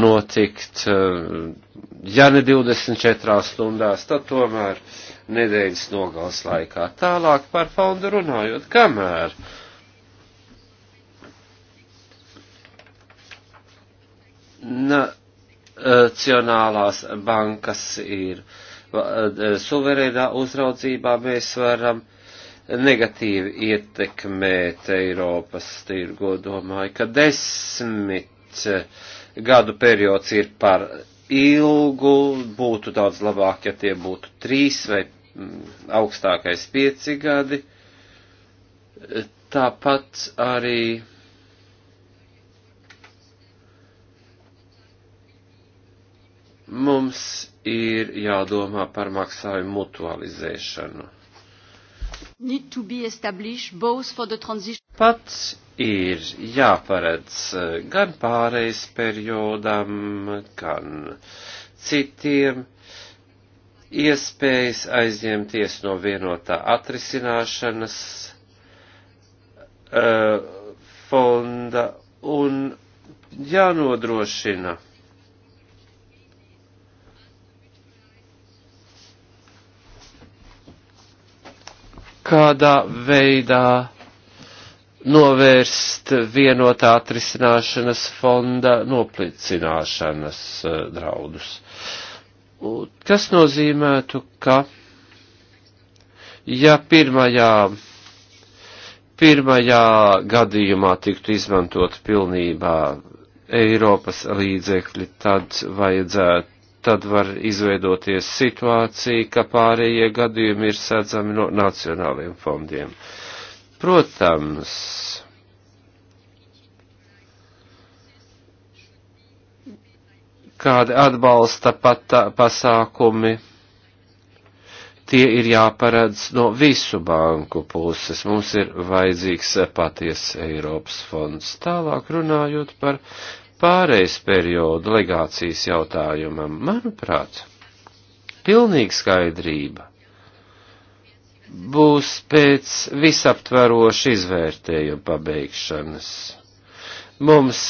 notikt eh, ja ne 24 stundās, tad tomēr nedēļas nogals laikā. Tālāk par fondu runājot, kamēr nacionālās bankas ir e, suverēnā uzraudzībā, mēs varam negatīvi ietekmēt Eiropas tirgo. Domāju, ka desmit gadu periods ir par ilgu, būtu daudz labāk, ja tie būtu trīs vai mm, augstākais pieci gadi. Tāpat arī mums ir jādomā par maksājumu mutualizēšanu need to be established both for the transition. Pat ir jāparedz eh, gan pārejas periodam, gan citiem iespējas aizņemties no vienotā atrisināšanas uh, fonda un jānodrošina. Ja kādā veidā novērst vienotā atrisināšanas fonda noplicināšanas eh, draudus. Kas nozīmētu, ka ja pirmajā pirmajā gadījumā tiktu izmantot pilnībā Eiropas līdzekļi, tad vajadzētu tad var izveidoties situācija, ka pārējie gadījumi ir sēdzami no nacionāliem fondiem. Protams, kādi atbalsta pata, pasākumi, tie ir jāparedz no visu banku puses. Mums ir vajadzīgs paties Eiropas fonds. Tālāk runājot par pārejas periodu legācijas jautājumam, manuprāt, pilnīga skaidrība būs pēc visaptveroša izvērtējuma pabeigšanas. Mums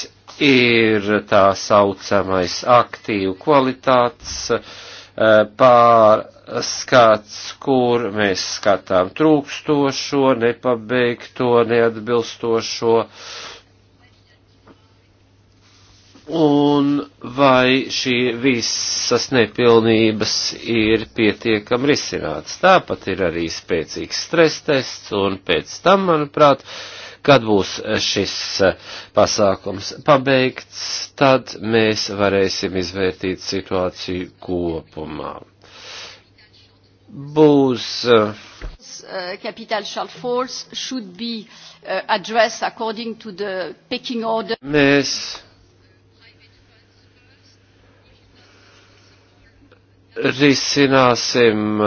ir tā saucamais aktīvu kvalitātes eh, pārskats, kur mēs skatām trūkstošo, nepabeigto, neatbilstošo, uh, un vai šī visas nepilnības ir pietiekami risināts. Tāpat ir arī spēcīgs stres tests, un pēc tam, manuprāt, kad būs šis eh, pasākums pabeigts, tad mēs varēsim izvērtīt situāciju kopumā. Būs. Eh, Capital shortfalls should be uh, addressed according to the pecking order. Mēs risināsim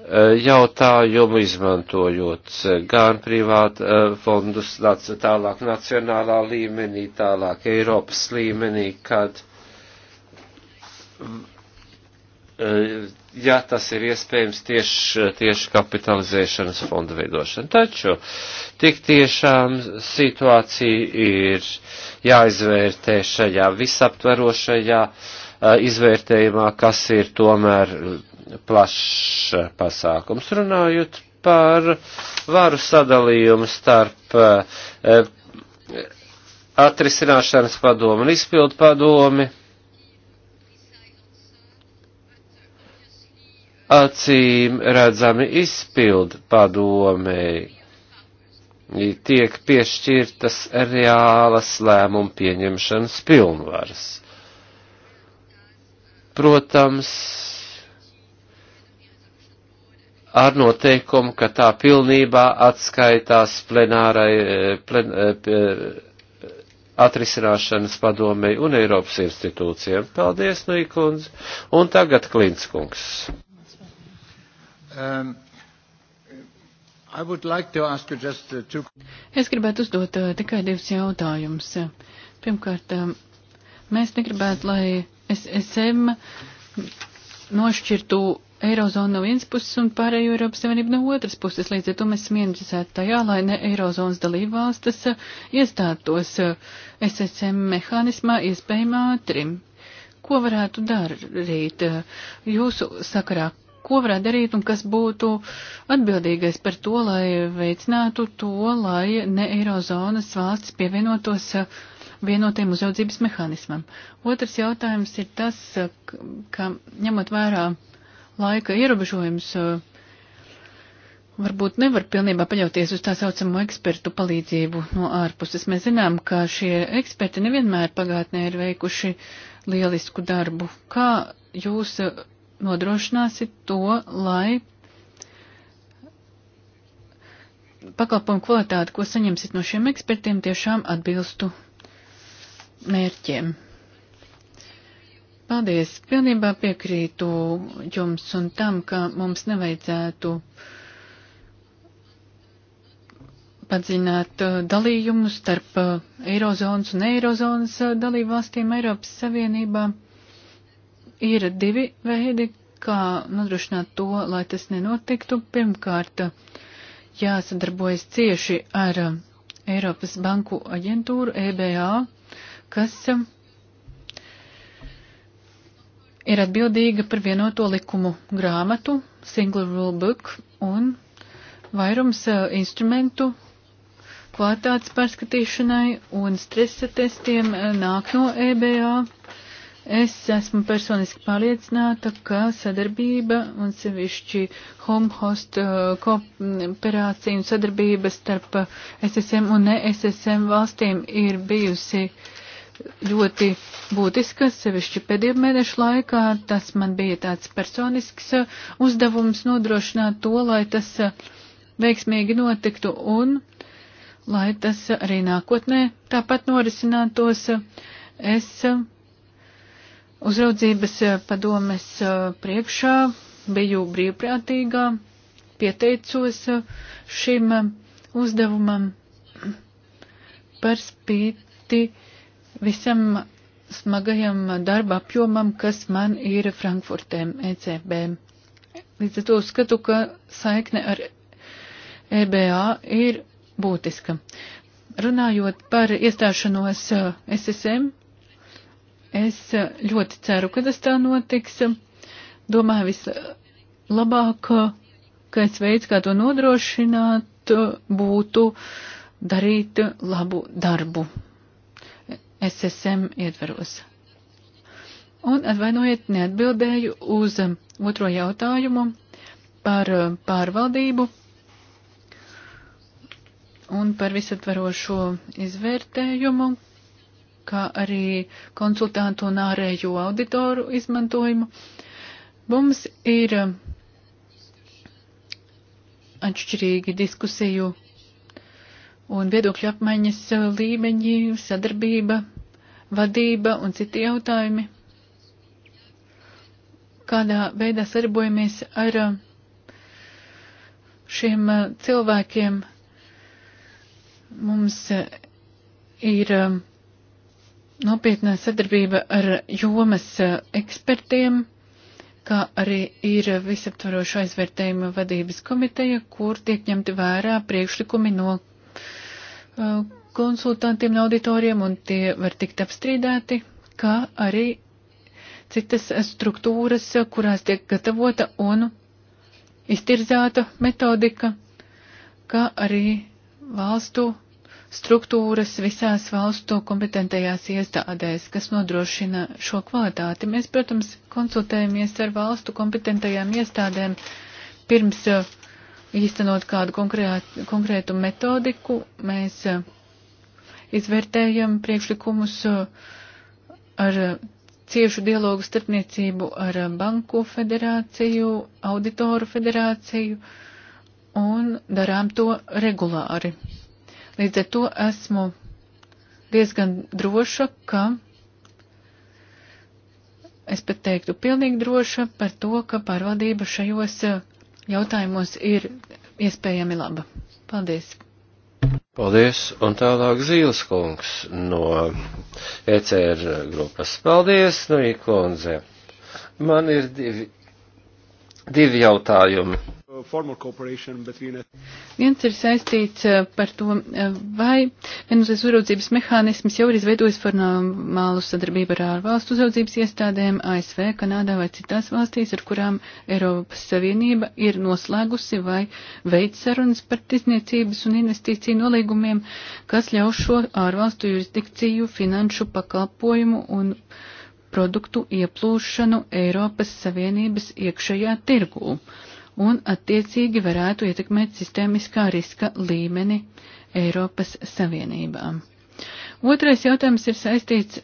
eh, jautājumu izmantojot gan privātu eh, fondus, tālāk nacionālā līmenī, tālāk Eiropas līmenī, kad eh, ja tas ir iespējams tieši, tieši kapitalizēšanas fonda veidošana. Taču tik tiešām situācija ir jāizvērtē šajā visaptverošajā izvērtējumā, kas ir tomēr plašs pasākums. Runājot par varu sadalījumu starp atrisināšanas padomu un izpildu padomi. acīm redzami izpildu padomēji tiek piešķirtas reālas lēmumu pieņemšanas pilnvaras. Protams, ar noteikumu, ka tā pilnībā atskaitās plenārai, plen, atrisināšanas padomei un Eiropas institūcijiem. Paldies, Nīkundze, un tagad Klinskungs. Um, like just, uh, two... Es gribētu uzdot uh, tikai divus jautājumus. Pirmkārt, um, mēs negribētu, lai SSM nošķirtu Eirozonu no vienas puses un pārējo Eiropas Savienību no otras puses. Līdz ar to mēs esam ieinteresēti tajā, lai ne Eirozonas dalībvalstis uh, iestātos uh, SSM mehānismā iespējamā ātrim. Ko varētu darīt uh, jūsu sakarā? ko varētu darīt un kas būtu atbildīgais par to, lai veicinātu to, lai ne Eirozonas valstis pievienotos eh, vienotiem uzraudzības mehānismam. Otrs jautājums ir tas, eh, ka ņemot vērā laika ierobežojums, eh, varbūt nevar pilnībā paļauties uz tā saucamo ekspertu palīdzību no ārpuses. Mēs zinām, ka šie eksperti nevienmēr pagātnē ir veikuši lielisku darbu. Kā jūs nodrošināsit to, lai pakalpojumu kvalitāti, ko saņemsit no šiem ekspertiem, tiešām atbilstu mērķiem. Paldies! Pilnībā piekrītu jums un tam, ka mums nevajadzētu padzināt uh, dalījumus starp uh, Eirozonas un Eirozonas uh, dalībvalstīm Eiropas Savienībā. Ir divi veidi, kā nodrošināt to, lai tas nenotiktu. Pirmkārt, jāsadarbojas cieši ar um, Eiropas banku aģentūru EBA, kas um, ir atbildīga par vienoto likumu grāmatu, Single Rule Book, un vairums uh, instrumentu kvalitātes pārskatīšanai un stresa testiem uh, nāk no EBA Es esmu personiski pārliecināta, ka sadarbība un sevišķi home host uh, kooperācija un sadarbība starp uh, SSM un ne SSM valstīm ir bijusi ļoti būtiska, sevišķi pēdējo mēnešu laikā. Tas man bija tāds personisks uh, uzdevums nodrošināt to, lai tas veiksmīgi notiktu un lai tas arī nākotnē tāpat norisinātos. Es Uzraudzības eh, padomes eh, priekšā biju brīvprātīgā, pieteicos eh, šim uzdevumam par spīti visam smagajam darba apjomam, kas man ir Frankfurtē, ECB. Līdz ar to uzskatu, ka saikne ar EBA ir būtiska. Runājot par iestāšanos SSM, Es eh, ļoti ceru, ka tas tā notiks. Domāju, vislabākais veids, kā to nodrošināt, būtu darīt labu darbu SSM ietveros. Un atvainojiet, neatbildēju uz eh, otro jautājumu par eh, pārvaldību un par visatvarošo izvērtējumu, kā arī konsultantu un ārējo auditoru izmantojumu. Mums ir um, atšķirīgi diskusiju un viedokļu apmaiņas uh, līmeņi, sadarbība, vadība un citi jautājumi. Kādā veidā sarbojamies ar um, šiem uh, cilvēkiem? Mums uh, ir um, nopietnā sadarbība ar jomas eh, ekspertiem, kā arī ir visaptvaroša aizvērtējuma vadības komiteja, kur tiek ņemti vērā priekšlikumi no eh, konsultantiem un auditoriem, un tie var tikt apstrīdēti, kā arī citas struktūras, kurās tiek gatavota un iztirzēta metodika, kā arī valstu struktūras visās valstu kompetentajās iestādēs, kas nodrošina šo kvalitāti. Mēs, protams, konsultējamies ar valstu kompetentajām iestādēm pirms uh, īstenot kādu konkrētu, konkrētu metodiku. Mēs uh, izvērtējam priekšlikumus uh, ar ciešu dialogu starpniecību ar Banku federāciju, auditoru federāciju un darām to regulāri. Līdz ar to esmu diezgan droša, ka es pat teiktu pilnīgi droša par to, ka pārvaldība šajos eh, jautājumos ir iespējami laba. Paldies! Paldies, un tālāk Zīles kungs no ECR grupas. Paldies, nu, ikundze. Man ir divi, divi jautājumi. Viens ir saistīts eh, par to, eh, vai vienas uzraudzības mehānisms jau ir izveidojis formālu sadarbību ar ārvalstu uzraudzības iestādēm ASV, Kanādā vai citās valstīs, ar kurām Eiropas Savienība ir noslēgusi vai veids sarunas par tirzniecības un investīciju nolīgumiem, kas ļauj šo ārvalstu jurisdikciju, finanšu pakalpojumu un produktu ieplūšanu Eiropas Savienības iekšējā tirgū. Uh, un attiecīgi varētu ietekmēt sistēmiskā riska līmeni Eiropas Savienībā. Otrais jautājums ir saistīts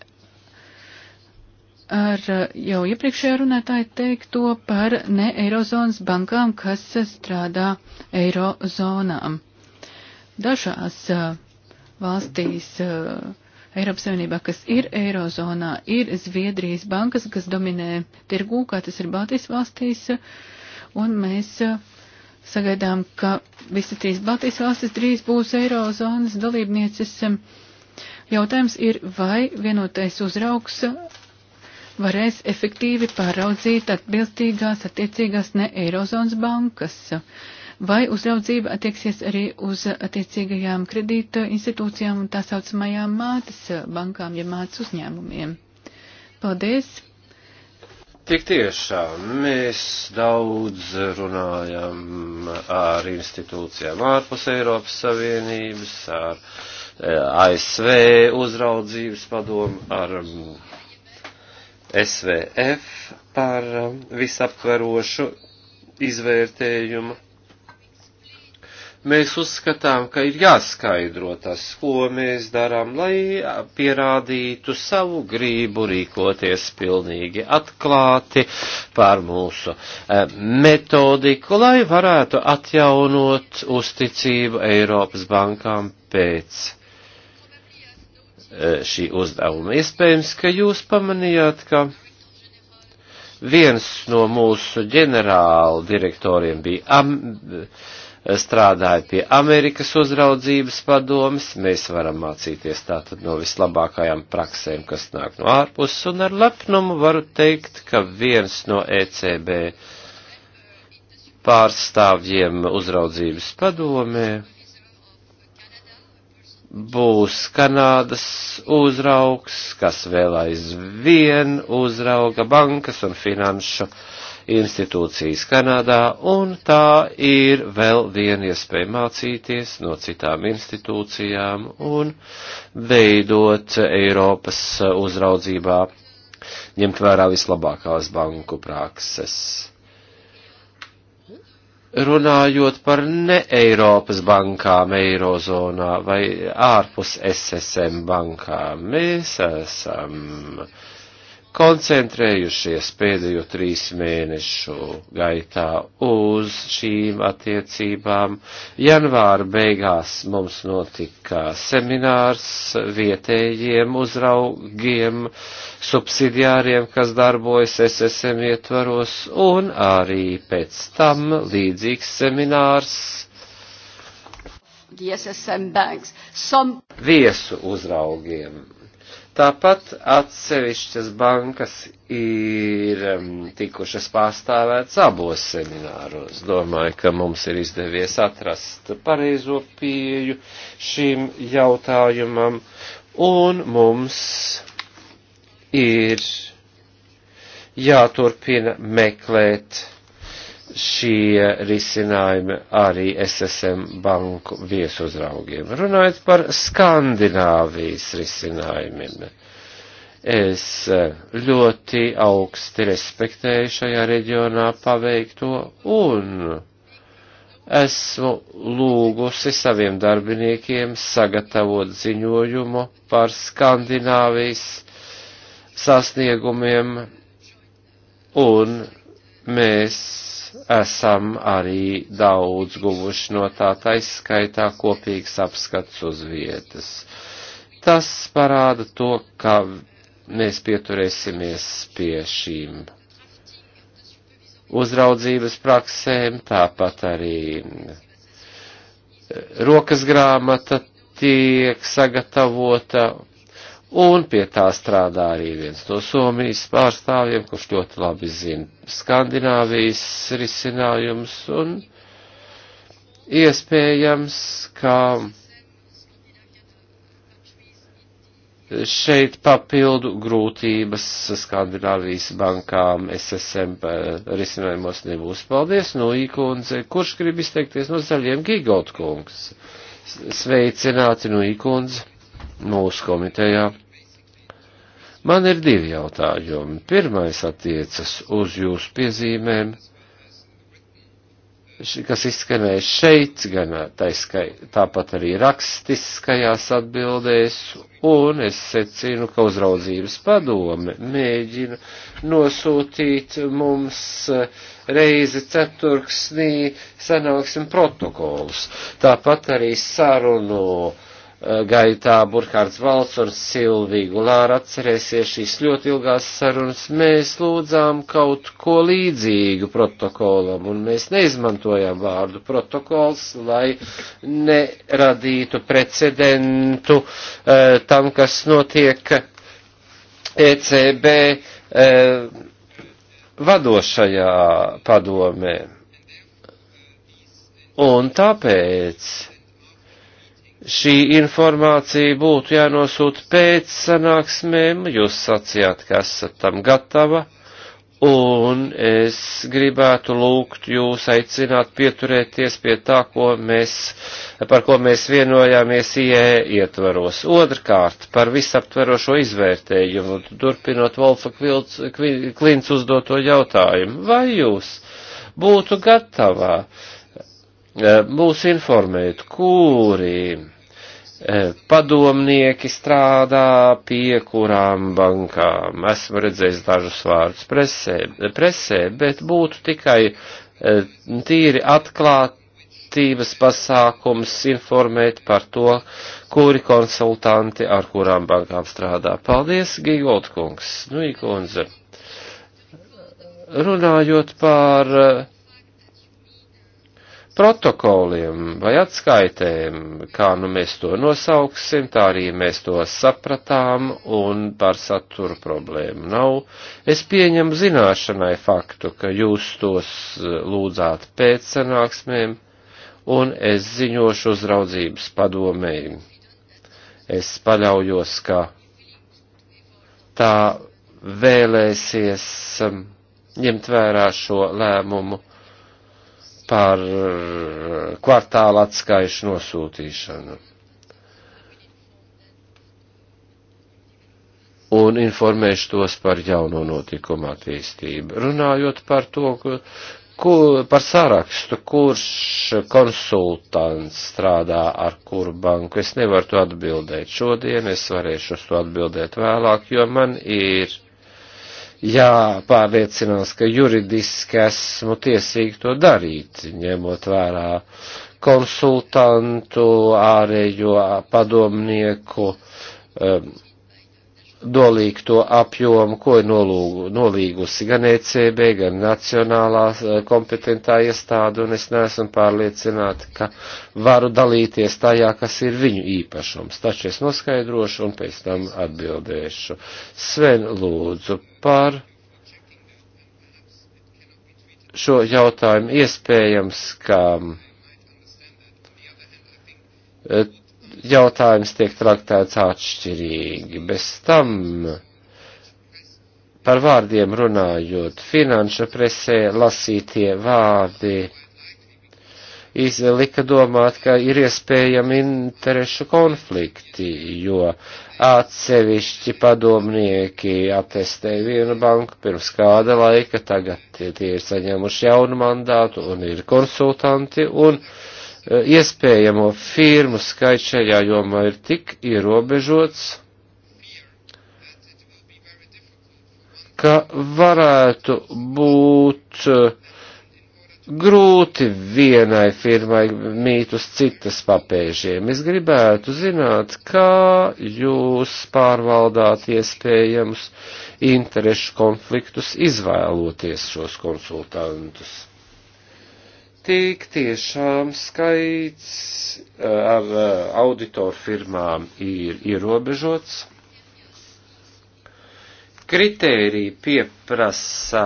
ar jau iepriekšējā runātāja teikto par ne Eirozonas bankām, kas strādā Eirozonām. Dažās uh, valstīs uh, Eiropas Savienībā, kas ir Eirozonā, ir Zviedrijas bankas, kas dominē tirgū, kā tas ir Baltijas valstīs, un mēs e, sagaidām, ka visas trīs Baltijas valstis drīz būs Eirozonas dalībnieces. E, jautājums ir, vai vienotais uzraugs varēs efektīvi pāraudzīt atbilstīgās attiecīgās ne Eirozonas bankas, vai uzraudzība attieksies arī uz attiecīgajām kredīta institūcijām un tā saucamajām mātes bankām, ja mātes uzņēmumiem. Paldies! Tik tiešām mēs daudz runājam ar institūcijām ārpus Eiropas Savienības, ar eh, ASV uzraudzības padomu, ar mm, SVF par mm, visaptverošu izvērtējumu mēs uzskatām, ka ir jāskaidro tas, ko mēs darām, lai pierādītu savu grību rīkoties pilnīgi atklāti pār mūsu e, metodiku, lai varētu atjaunot uzticību Eiropas bankām pēc e, šī uzdevuma. Iespējams, ka jūs pamanījāt, ka viens no mūsu ģenerāla direktoriem bija am, strādāju pie Amerikas uzraudzības padomas, mēs varam mācīties tātad no vislabākajām praksēm, kas nāk no ārpus, un ar lepnumu varu teikt, ka viens no ECB pārstāvjiem uzraudzības padomē būs Kanādas uzraugs, kas vēl aizvien uzrauga bankas un finanšu uh, institūcijas Kanādā, un tā ir vēl viena iespēja mācīties no citām institūcijām un veidot Eiropas uzraudzībā, ņemt vērā vislabākās banku prakses. Runājot par ne Eiropas bankām Eirozonā vai ārpus SSM bankām, mēs esam uh, koncentrējušies pēdējo trīs mēnešu gaitā uz šīm attiecībām. Janvāra beigās mums notika seminārs vietējiem uzraugiem, subsidiāriem, kas darbojas SSM ietvaros, un arī pēc tam līdzīgs seminārs Some... viesu uzraugiem Tāpat atsevišķas bankas ir um, tikušas pārstāvētas abos semināros. Domāju, ka mums ir izdevies atrast pareizo pieju šim jautājumam, un mums ir jāturpina meklēt šie risinājumi arī SSM banku viesuzraugiem. Runājot par Skandināvijas risinājumiem, es eh, ļoti augsti respektēju šajā reģionā paveikto un esmu lūgusi saviem darbiniekiem sagatavot ziņojumu par Skandināvijas sasniegumiem un mēs esam arī daudz guvuši no tā taiskaitā kopīgs apskats uz vietas. Tas parāda to, ka mēs pieturēsimies pie šīm uzraudzības praksēm, tāpat arī eh, rokas grāmata tiek sagatavota Un pie tā strādā arī viens no Somijas pārstāvjiem, kurš ļoti labi zina Skandināvijas risinājums un iespējams, ka šeit papildu grūtības Skandināvijas bankām SSM risinājumos nebūs. Paldies no nu, īkundze, kurš grib izteikties no zaļiem Gigotkungs. Sveicināti no nu, īkundze mūsu komitejā. Man ir divi jautājumi. Pirmais attiecas uz jūsu piezīmēm, kas izskanēja šeit, gan taiskai, tāpat arī rakstiskajās atbildēs, un es secinu, ka uzraudzības padome mēģina nosūtīt mums eh, reizi ceturksnī sanāksim protokols. Tāpat arī sarunu. No Eh, gaitā Burkhards Valts un Silvija Gulāra atcerēsies šīs ļoti ilgās sarunas, mēs lūdzām kaut ko līdzīgu protokolam, un mēs neizmantojām vārdu protokols, lai neradītu precedentu eh, tam, kas notiek ECB eh, vadošajā padomē. Un tāpēc šī informācija būtu jānosūta pēc sanāksmēm, jūs sacījāt, ka esat tam gatava, un es gribētu lūgt jūs aicināt pieturēties pie tā, ko mēs, par ko mēs vienojāmies IE ietvaros. Otrkārt, par visaptverošo izvērtējumu, turpinot Volfa Kvilts, Klints uzdoto jautājumu, vai jūs būtu gatavā? Eh, mūs informēt, kuri eh, padomnieki strādā pie kurām bankām. Esmu redzējis dažus vārdus presē, presē bet būtu tikai eh, tīri atklātības pasākums informēt par to, kuri konsultanti ar kurām bankām strādā. Paldies, Gigotkungs, nu ikundze. Runājot par uh, protokoliem vai atskaitēm, kā nu mēs to nosauksim, tā arī mēs to sapratām un par saturu problēmu nav. Es pieņemu zināšanai faktu, ka jūs tos eh, lūdzāt pēc sanāksmēm un es ziņošu uzraudzības padomēji. Es paļaujos, ka tā vēlēsies um, ņemt vērā šo lēmumu par eh, kvartāla atskaišu nosūtīšanu. Un informēšu tos par jauno notikumu attīstību. Runājot par to, kur, par sarakstu, kurš konsultants strādā ar kuru banku, es nevaru to atbildēt šodien, es varēšu uz to atbildēt vēlāk, jo man ir jāpārliecinās, ka juridiski esmu tiesīgi to darīt, ņemot vērā konsultantu, ārējo padomnieku, um, dolīgu to apjomu, ko ir nolūgu, nolīgusi gan ECB, gan nacionālā uh, kompetentā iestāde, un es neesmu pārliecināta, ka varu dalīties tajā, kas ir viņu īpašums. Taču es noskaidrošu un pēc tam atbildēšu. Sven, lūdzu, par šo jautājumu. Iespējams, ka e, jautājums tiek traktēts atšķirīgi. Bez tam par vārdiem runājot, finanšu presē lasītie vārdi lika domāt, ka ir iespējami interešu konflikti, jo atsevišķi padomnieki attestēja vienu banku pirms kāda laika, tagad tie, tie ir saņēmuši jaunu mandātu un ir konsultanti, un e, iespējamo firmu skaits šajā jomā ir tik ierobežots, ka varētu būt uh, grūti vienai firmai mīt uz citas papēžiem. Es gribētu zināt, kā jūs pārvaldāt iespējams interešu konfliktus, izvēloties šos konsultantus. Tik tiešām skaits eh, ar eh, auditoru firmām ir ierobežots kritēriji pieprasa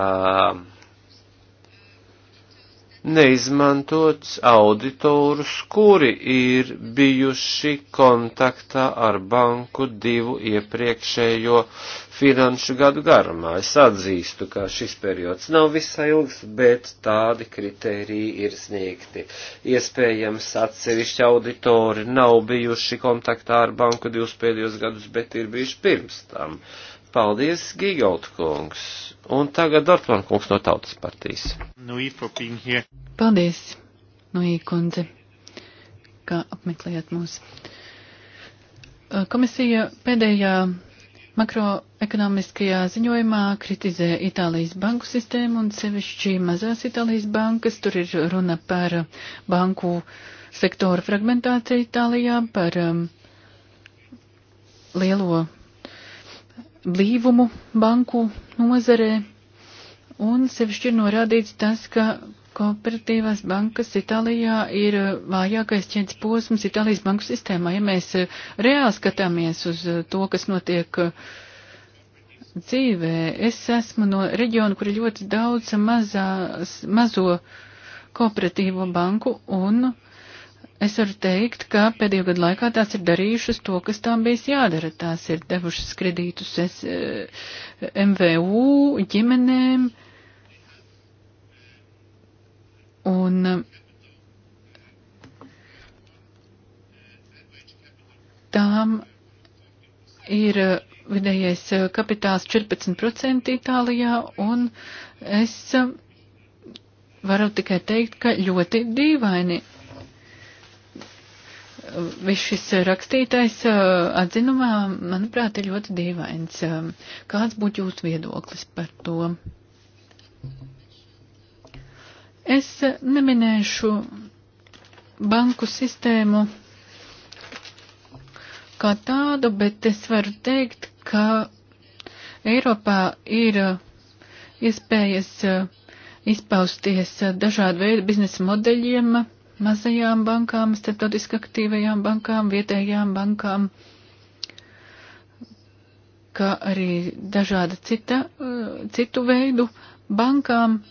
neizmantots auditorus, kuri ir bijuši kontaktā ar banku divu iepriekšējo finanšu gadu garumā. Es atzīstu, ka šis periods nav visai ilgs, bet tādi kriteriji ir sniegti. Iespējams, atsevišķi auditori nav bijuši kontaktā ar banku divus pēdējos gadus, bet ir bijuši pirms tam. Uh, Paldies, Gigaut kungs. Un tagad Dortman kungs no tautas partijas. Nu, Paldies, Nui nu, kundze, kā apmeklējāt mūs. Komisija pēdējā makroekonomiskajā ziņojumā kritizē Itālijas banku sistēmu un sevišķi mazās Itālijas bankas. Tur ir runa par banku sektoru fragmentāciju Itālijā, par um, lielo blīvumu banku nozarē, un sevišķi ir norādīts tas, ka kooperatīvās bankas Itālijā ir vājākais ķēdes posms Itālijas banku sistēmā. Ja mēs reāli skatāmies uz to, kas notiek dzīvē, es esmu no reģiona, kur ir ļoti daudz mazās, mazo kooperatīvo banku, un uh, Es varu teikt, ka pēdējo gadu laikā tās ir darījušas to, kas tām bijis jādara. Tās ir devušas kredītus es, eh, MVU, ģimenēm. Un eh, tām ir eh, vidējais kapitāls 14% Itālijā, un es varu tikai teikt, ka ļoti dīvaini viss šis eh, rakstītais eh, atzinumā, manuprāt, ir ļoti dīvains. Eh, kāds būtu jūsu viedoklis par to? Es neminēšu banku sistēmu kā tādu, bet es varu teikt, ka Eiropā ir iespējas izpausties dažādu veidu biznesa modeļiem mazajām bankām, starptautiski aktīvajām bankām, vietējām bankām, kā arī dažāda cita, eh, citu veidu bankām.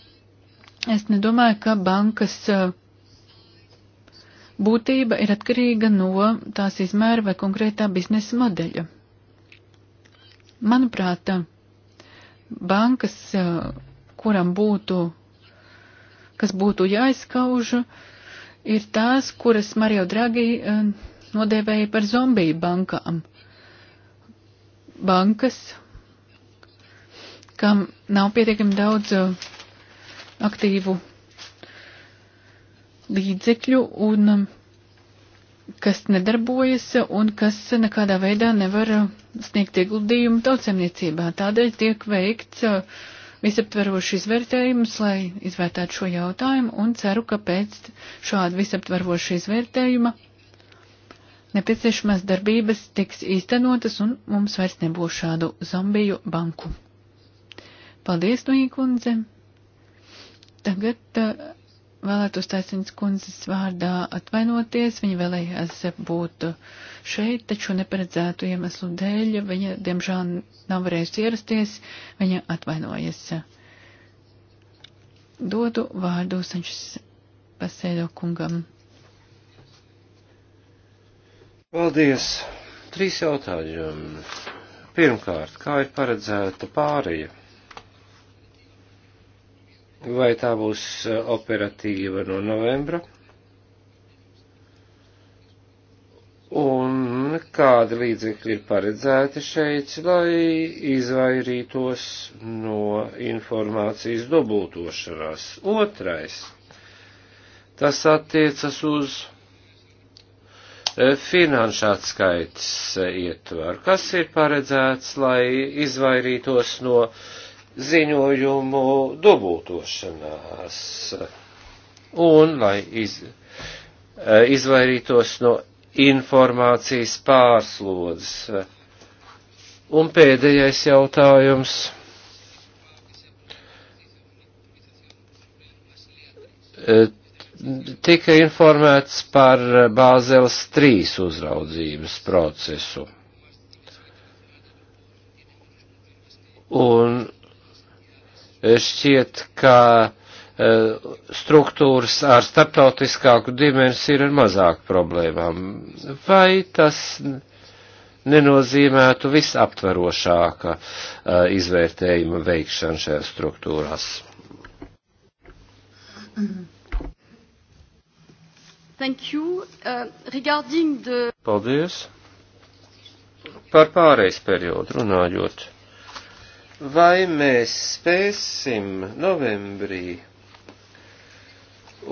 Es nedomāju, ka bankas eh, būtība ir atkarīga no tās izmēra vai konkrētā biznesa modeļa. Manuprāt, bankas, eh, kuram būtu, kas būtu jāizskauž, uh, ir tās, kuras Mario Draghi eh, nodēvēja par zombiju bankām. Bankas, kam nav pietiekami daudz eh, aktīvu līdzekļu un eh, kas nedarbojas un kas nekādā veidā nevar sniegt ieguldījumu tautsemniecībā. Tādēļ tiek veikts uh, visaptverošu izvērtējumus, lai izvērtētu šo jautājumu, un ceru, ka pēc šāda visaptverošu izvērtējuma nepieciešamās darbības tiks īstenotas, un mums vairs nebūs šādu zombiju banku. Paldies, Nīkundze! Tagad uh, vēlētos taisnīgs kundzes vārdā atvainoties. Viņa vēlējās būt šeit, taču neparedzētu iemeslu dēļ. Viņa, diemžēl, nav varējusi ierasties. Viņa atvainojas. Dodu vārdu Sančes Pasēdo kungam. Paldies! Trīs jautājumi. Pirmkārt, kā ir paredzēta pārija? vai tā būs eh, operatīva no novembra, un kādi līdzekļi ir paredzēti šeit, lai izvairītos no informācijas dubultošanās. Otrais. Tas attiecas uz eh, finanšu atskaites eh, ietvaru, kas ir paredzēts, lai izvairītos no uh, ziņojumu dubultošanās. Un, lai iz, e, izvairītos no informācijas pārslodzes. Un pēdējais jautājums. E, tika informēts par Bāzeles 3 uzraudzības procesu. Un šķiet, ka e, struktūras ar starptautiskāku dimensiju ir ar mazāk problēmām. Vai tas nenozīmētu visaptverošāka e, izvērtējuma veikšana šajās struktūrās? Thank you. Uh, regarding the... Paldies. Par pārejas periodu runājot vai mēs spēsim novembrī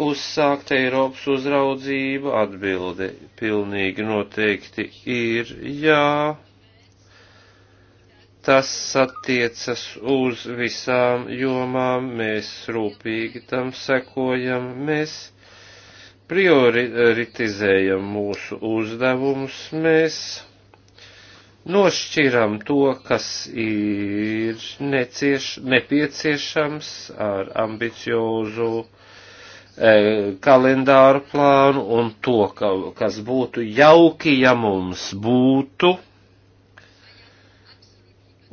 uzsākt Eiropas uzraudzību? Atbilde pilnīgi noteikti ir jā. Tas attiecas uz visām jomām, mēs rūpīgi tam sekojam, mēs prioritizējam mūsu uzdevumus, mēs nošķiram to, kas ir necieš, nepieciešams ar ambiciozu e, kalendāru plānu un to, ka, kas būtu jauki, ja mums būtu.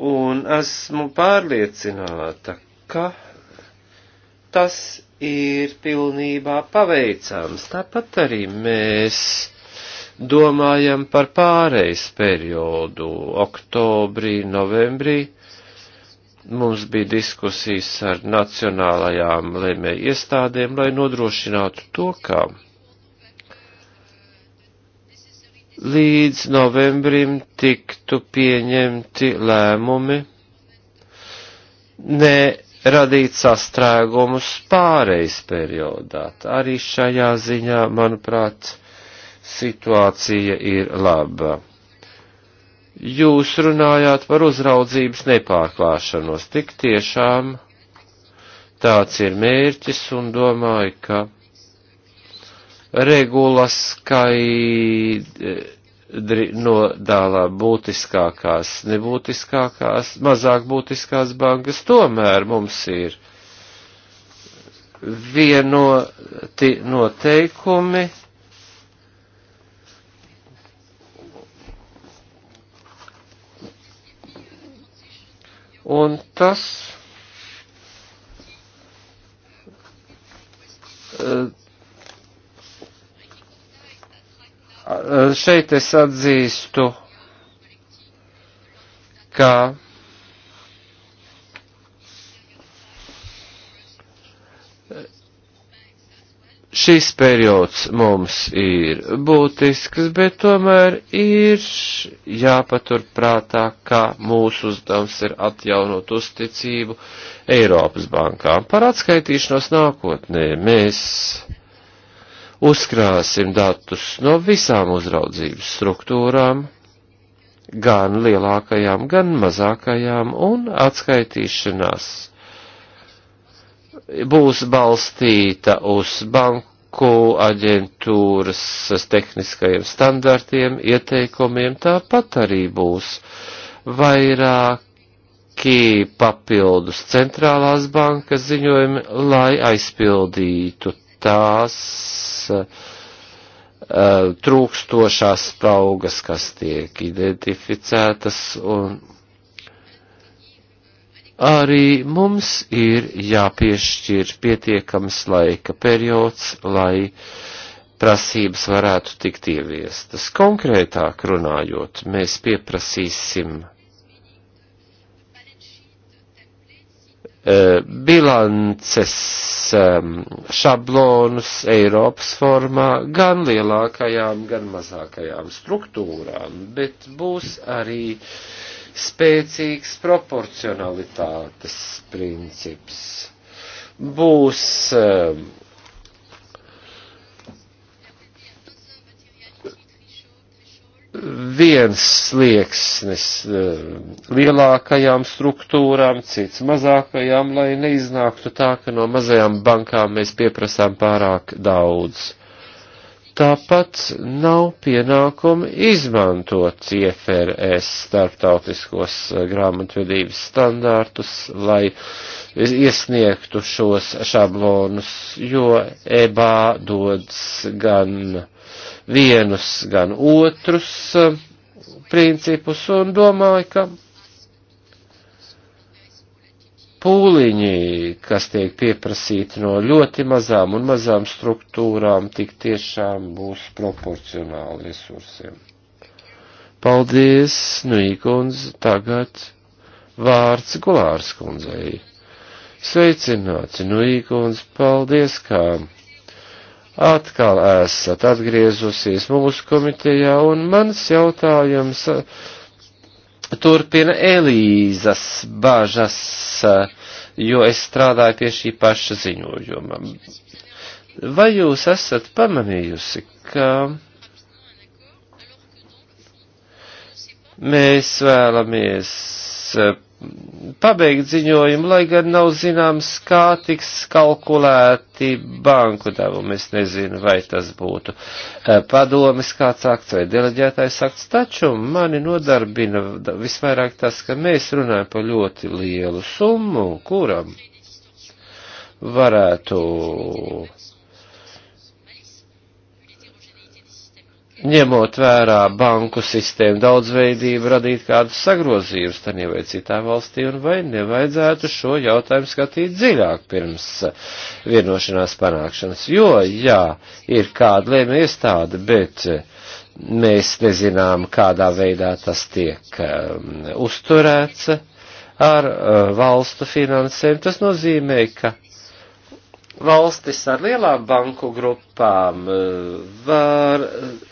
Un esmu pārliecināta, ka tas ir pilnībā paveicams. Tāpat arī mēs domājam par pārejas periodu oktobrī, novembrī. Mums bija diskusijas ar nacionālajām lēmēju iestādēm, lai nodrošinātu to, ka līdz novembrim tiktu pieņemti lēmumi, ne radīt sastrēgumus pārejas periodā. Arī šajā ziņā, manuprāt, situācija ir laba. Jūs runājāt par uzraudzības nepārklāšanos. Tik tiešām tāds ir mērķis un domāju, ka regula skaidri nodālā būtiskākās, nebūtiskākās, mazāk būtiskās bankas. Tomēr mums ir vienoti noteikumi Un tas eh, šeit es atzīstu, ka Šis periods mums ir būtisks, bet tomēr ir jāpatur prātā, ka mūsu uzdevums ir atjaunot uzticību Eiropas bankām par atskaitīšanos nākotnē. Mēs uzkrāsim datus no visām uzraudzības struktūrām, gan lielākajām, gan mazākajām, un atskaitīšanās būs balstīta uz banku banku aģentūras tehniskajiem standartiem, ieteikumiem, tāpat arī būs vairāki papildus centrālās bankas ziņojumi, lai aizpildītu tās uh, trūkstošās spaugas, kas tiek identificētas un Arī mums ir jāpiešķir pietiekams laika periods, lai prasības varētu tikt ieviestas. Konkrētāk runājot, mēs pieprasīsim eh, bilances ehm, šablonus Eiropas formā gan lielākajām, gan mazākajām struktūrām, bet būs arī uh, spēcīgs proporcionalitātes princips. Būs um, viens slieksnis um, lielākajām struktūrām, cits mazākajām, lai neiznāktu tā, ka no mazajām bankām mēs pieprasām pārāk daudz. Tāpat nav pienākumi izmantot IFRS starptautiskos eh, grāmatvedības standārtus, lai iesniegtu šos šablonus, jo EBA dodas gan vienus, gan otrus eh, principus un domāju, ka pūliņi, kas tiek pieprasīti no ļoti mazām un mazām struktūrām, tik tiešām būs proporcionāli resursiem. Paldies, Nīkundz, tagad vārds Gulārs kundzei. Sveicināti, Nīkundz, paldies, kā atkal esat atgriezusies mūsu komitejā, un mans jautājums. Uh, turpina Elīzas bāžas, eh, jo es strādāju pie šī paša ziņojuma. Vai jūs esat pamanījusi, ka mēs vēlamies eh, pabeigt ziņojumu, lai gan nav zināms, kā tiks kalkulēti banku devumi. Es nezinu, vai tas būtu e, padomis kāds akts vai deleģētais akts, taču mani nodarbina visvairāk tas, ka mēs runājam par ļoti lielu summu, kuram varētu ņemot vērā banku sistēmu daudzveidību, radīt kādus sagrozījumus tam vai citā valstī, un vai nevajadzētu šo jautājumu skatīt dziļāk pirms vienošanās panākšanas. Jo, jā, ir kāda lēma iestāde, bet mēs nezinām, kādā veidā tas tiek um, uzturēts ar uh, valstu finansēm. Tas nozīmē, ka valstis ar lielām banku grupām uh, var. Uh,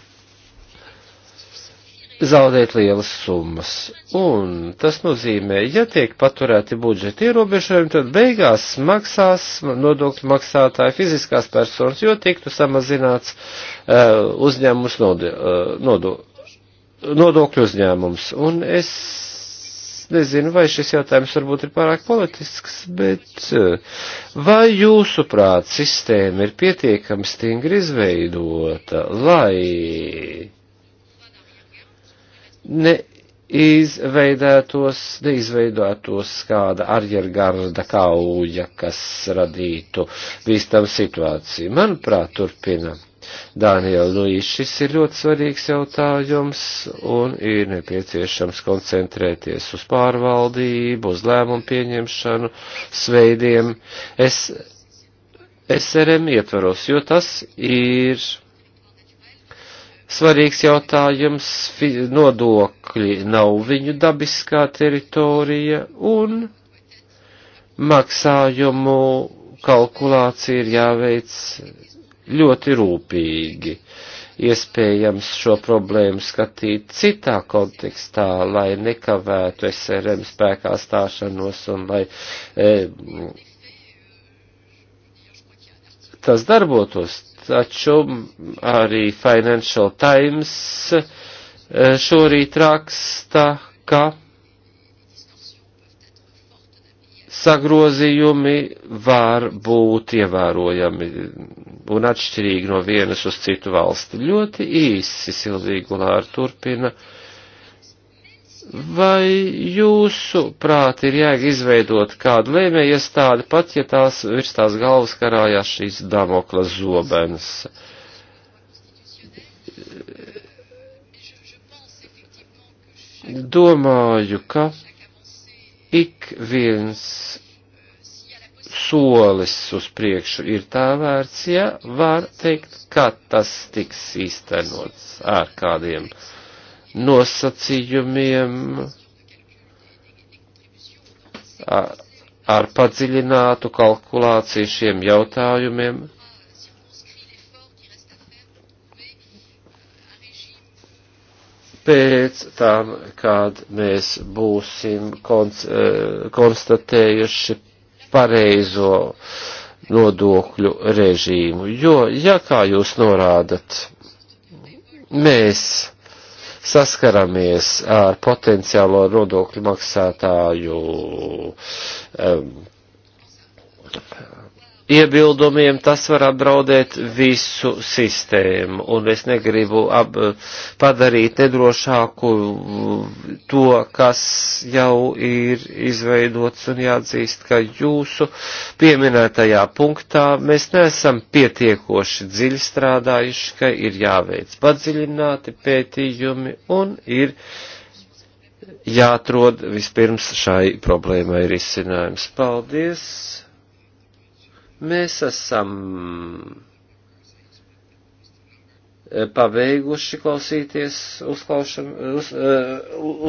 zaudēt lielas summas. Un tas nozīmē, ja tiek paturēti budžeta ierobežojumi, tad beigās maksās nodokļu maksātāji fiziskās personas, jo tiktu samazināts uh, uzņēmums nodi, uh, eh, nodo, nodokļu uzņēmums. Un es nezinu, vai šis jautājums varbūt ir pārāk politisks, bet eh, vai jūsuprāt sistēma ir pietiekami stingri izveidota, lai neizveidētos, neizveidotos kāda arjergarda kauja, kas radītu bīstamu situāciju. Manuprāt, turpina Dānijel Luīs, šis ir ļoti svarīgs jautājums un ir nepieciešams koncentrēties uz pārvaldību, uz lēmumu pieņemšanu, sveidiem. Es SRM ietvaros, jo tas ir svarīgs jautājums. Nodokļi nav viņu dabiskā teritorija un maksājumu kalkulācija ir jāveic ļoti rūpīgi. Iespējams šo problēmu skatīt citā kontekstā, lai nekavētu SRM spēkā stāšanos un lai e, tas darbotos taču arī Financial Times e, šorīt raksta, ka sagrozījumi var būt ievērojami un atšķirīgi no vienas uz citu valsti. Ļoti īsi Silvija Gulāra turpina. Uh, Vai jūsu prāti ir jēga izveidot kādu lēmēju iestādi, pat ja tās virs tās galvas karājās šīs damoklas zobenes? Domāju, ka ik viens solis uz priekšu ir tā vērts, ja var teikt, ka tas tiks īstenots ar kādiem uh, nosacījumiem ar padziļinātu kalkulāciju šiem jautājumiem. Pēc tam, kad mēs būsim e, konstatējuši pareizo nodokļu režīmu, jo, ja kā jūs norādat, mēs saskaramies ar potenciālo nodokļu maksātāju um, iebildumiem, tas var apdraudēt visu sistēmu, un es negribu ap, padarīt nedrošāku to, kas jau ir izveidots, un jāatzīst, ka jūsu pieminētajā punktā mēs neesam pietiekoši dziļi strādājuši, ka ir jāveic padziļināti pētījumi un ir jāatrod vispirms šai problēmai risinājums. Paldies! Mēs esam e, pabeiguši klausīties uzklaušanu, uz, e,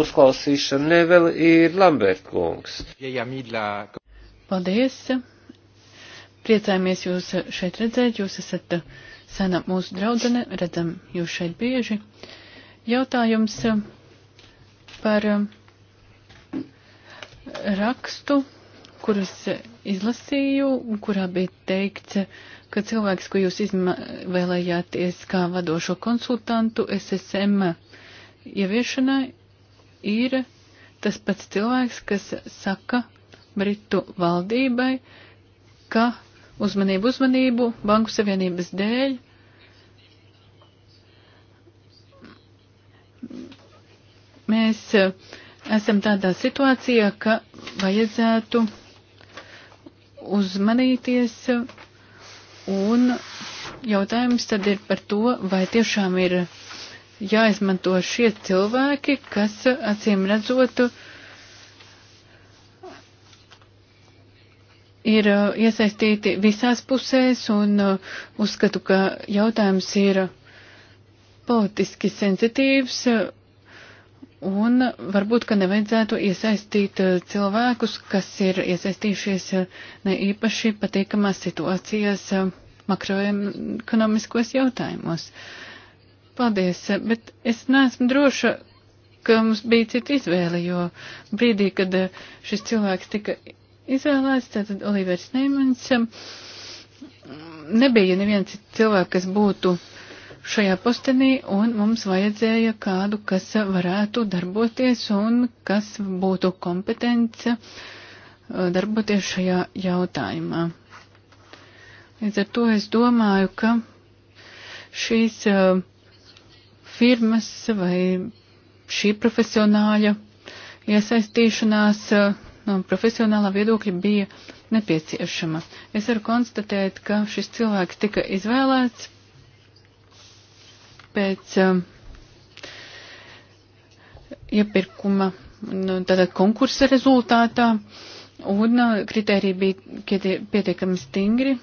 uzklausīšanu. Ne vēl ir Lambert kungs. Paldies. Priecājamies jūs šeit redzēt. Jūs esat sena mūsu draudzene. Redzam jūs šeit bieži. Jautājums par e, rakstu kurus izlasīju, kurā bija teikts, ka cilvēks, ko jūs izvēlējāties kā vadošo konsultantu SSM ieviešanai, ir tas pats cilvēks, kas saka Britu valdībai, ka uzmanību, uzmanību Banku Savienības dēļ mēs esam tādā situācijā, ka vajadzētu uzmanīties. Un jautājums tad ir par to, vai tiešām ir jāizmanto šie cilvēki, kas acīm redzot ir uh, iesaistīti visās pusēs un uh, uzskatu, ka jautājums ir politiski sensitīvs Un varbūt, ka nevajadzētu iesaistīt eh, cilvēkus, kas ir iesaistījušies eh, ne īpaši patīkamās situācijās eh, makroekonomiskos jautājumos. Paldies, bet es neesmu droša, ka mums bija cita izvēle, jo brīdī, kad šis cilvēks tika izvēlēts, tātad Olivers Neimans, nebija neviens cilvēks, kas būtu šajā postenī, un mums vajadzēja kādu, kas varētu darboties un kas būtu kompetence uh, darboties šajā jautājumā. Līdz ar to es domāju, ka šīs uh, firmas vai šī profesionāļa iesaistīšanās uh, no profesionālā viedokļa bija nepieciešama. Es varu konstatēt, ka šis cilvēks tika izvēlēts pēc um, iepirkuma nu, tātad konkursa rezultātā, un uh, kriteriji bija pietiekami stingri.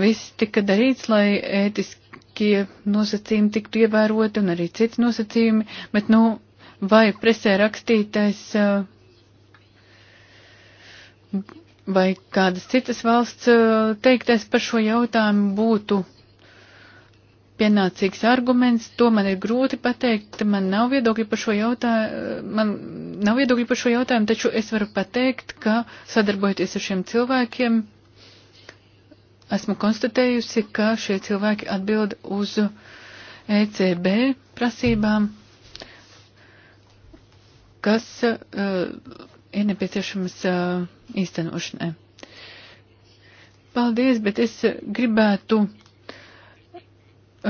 Viss tika darīts, lai ētiskie nosacījumi tiktu ievēroti un arī citi nosacījumi, bet, nu, vai presē rakstītais uh, vai kādas citas valsts uh, teiktais par šo jautājumu būtu pienācīgs arguments, to man ir grūti pateikt, man nav viedokļi par šo jautājumu, man nav viedokļi par šo jautājumu, taču es varu pateikt, ka sadarbojoties ar šiem cilvēkiem, esmu konstatējusi, ka šie cilvēki atbild uz ECB prasībām, kas uh, ir nepieciešamas īstenošanai. Paldies, bet es gribētu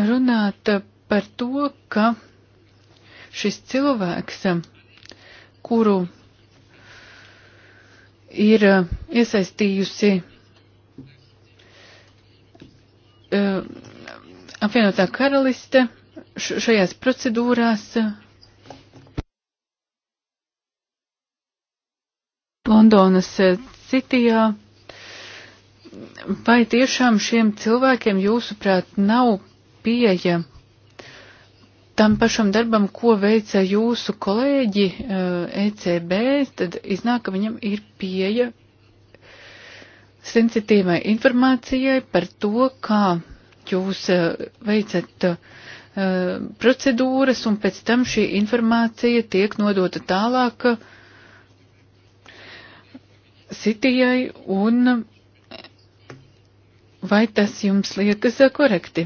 runāt par to, ka šis cilvēks, kuru ir iesaistījusi apvienotā karaliste šajās procedūrās, Londonas eh, citijā. Vai tiešām šiem cilvēkiem, jūsuprāt, nav pieeja tam pašam darbam, ko veica jūsu kolēģi ECB, eh, e tad iznāk, ka viņam ir pieeja sensitīvai informācijai par to, kā jūs eh, veicat procedūras, un pēc tam šī informācija tiek nodota tālāk Sitijai un vai tas jums liekas uh, korekti?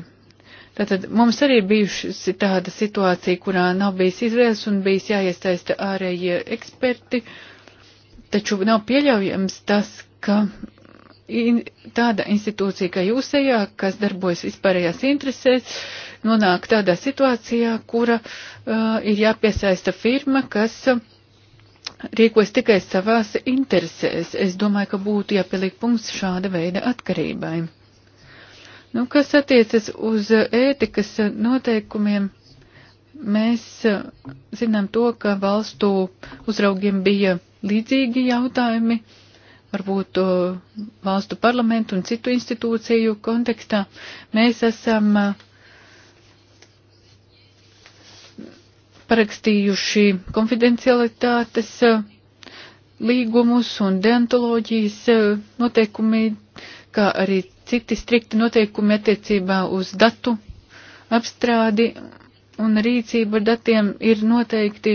Tātad mums arī bijuši tāda situācija, kurā nav bijis izvēles un bijis jāiesaista ārējie eksperti, taču nav pieļaujams tas, ka in, tāda institūcija kā jūsējā, kas darbojas vispārējās interesēs, nonāk tādā situācijā, kura uh, ir jāpiesaista firma, kas uh, rīkos tikai savās interesēs. Es domāju, ka būtu jāpieliek punkts šāda veida atkarībai. Nu, kas attiecas uz ētikas noteikumiem, mēs zinām to, ka valstu uzraugiem bija līdzīgi jautājumi, varbūt valstu parlamentu un citu institūciju kontekstā. Mēs esam uh, parakstījuši konfidencialitātes eh, līgumus un deontoloģijas eh, noteikumi, kā arī citi strikti noteikumi attiecībā uz datu apstrādi un rīcība ar datiem ir noteikti,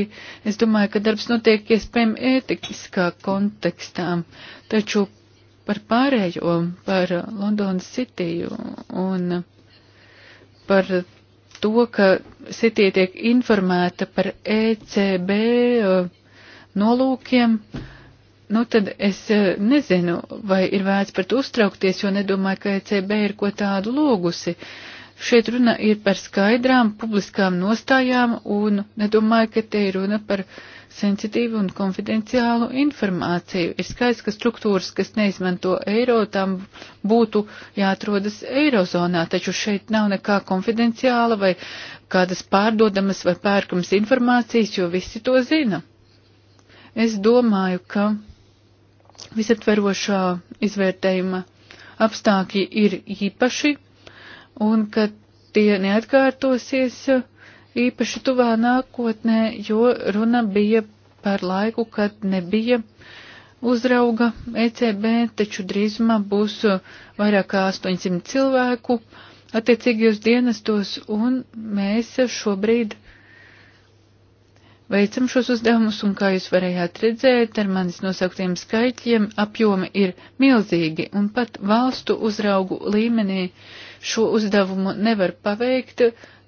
es domāju, ka darbs notiek iespējami ētiskā kontekstā, taču par pārējo, par Londonas City un par to, ka City tiek informēta par ECB uh, nolūkiem, nu tad es uh, nezinu, vai ir vērts par to uztraukties, jo nedomāju, ka ECB ir ko tādu lūgusi. Šeit runa ir par skaidrām publiskām nostājām un nedomāju, ka te ir runa par uh, sensitīvu un konfidenciālu informāciju. Ir skaidrs, ka struktūras, kas neizmanto eiro, tam būtu jāatrodas eirozonā, taču šeit nav nekā konfidenciāla vai kādas pārdodamas vai pērkams informācijas, jo visi to zina. Es domāju, ka visatverošā izvērtējuma apstākļi ir īpaši un ka tie neatkārtosies īpaši tuvā nākotnē, jo runa bija par laiku, kad nebija uzrauga ECB, taču drīzumā būs vairāk kā 800 cilvēku attiecīgajos dienestos, un mēs šobrīd veicam šos uzdevumus, un kā jūs varējāt redzēt, ar manis nosauktiem skaitļiem apjomi ir milzīgi, un pat valstu uzraugu līmenī šo uzdevumu nevar paveikt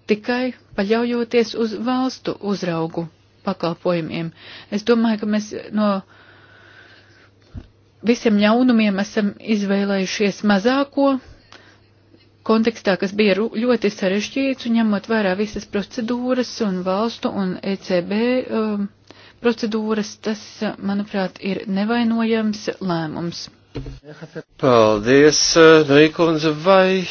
tikai paļaujoties uz valstu uzraugu pakalpojumiem. Es domāju, ka mēs no visiem ļaunumiem esam izvēlējušies mazāko kontekstā, kas bija ļoti sarežģīts un ņemot vērā visas procedūras un valstu un ECB um, procedūras, tas, manuprāt, ir nevainojams lēmums. Paldies, uh, Rīkundze, vai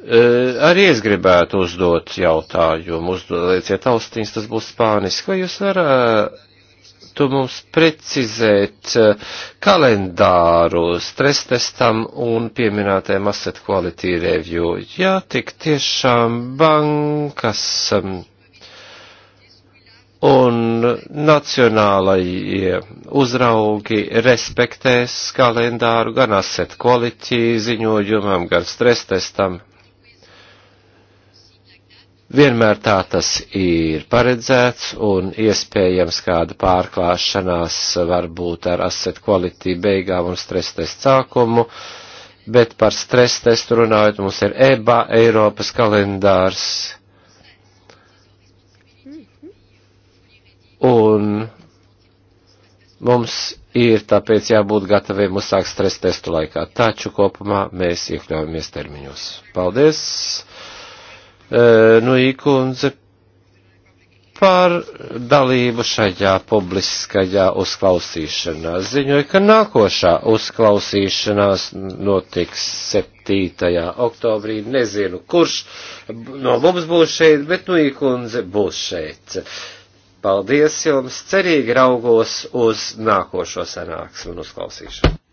Arī es gribētu uzdot jautājumu, uzdodiet austiņas, tas būs spāniski, vai jūs varētu tu mums precizēt kalendāru stres testam un pieminētajam asset quality review. Jā, tik tiešām bankas un nacionālajie uzraugi respektēs kalendāru gan asset quality ziņojumam, gan stres testam. Vienmēr tā tas ir paredzēts un iespējams kāda pārklāšanās var būt ar asset quality beigām un stresa testu sākumu, bet par stresa testu runājot mums ir EBA, Eiropas kalendārs. Un mums ir tāpēc jābūt gataviem uzsākt stresa testu laikā, taču kopumā mēs iekļaujamies termiņos. Paldies! Eh, no nu, īkundze par dalību šajā publiskajā uzklausīšanā. Ziņoja, ka nākošā uzklausīšanās notiks 7. oktobrī. Nezinu, kurš no mums būs šeit, bet nu īkundze būs šeit. Paldies jums, cerīgi raugos uz nākošo sanāksmu un uzklausīšanu.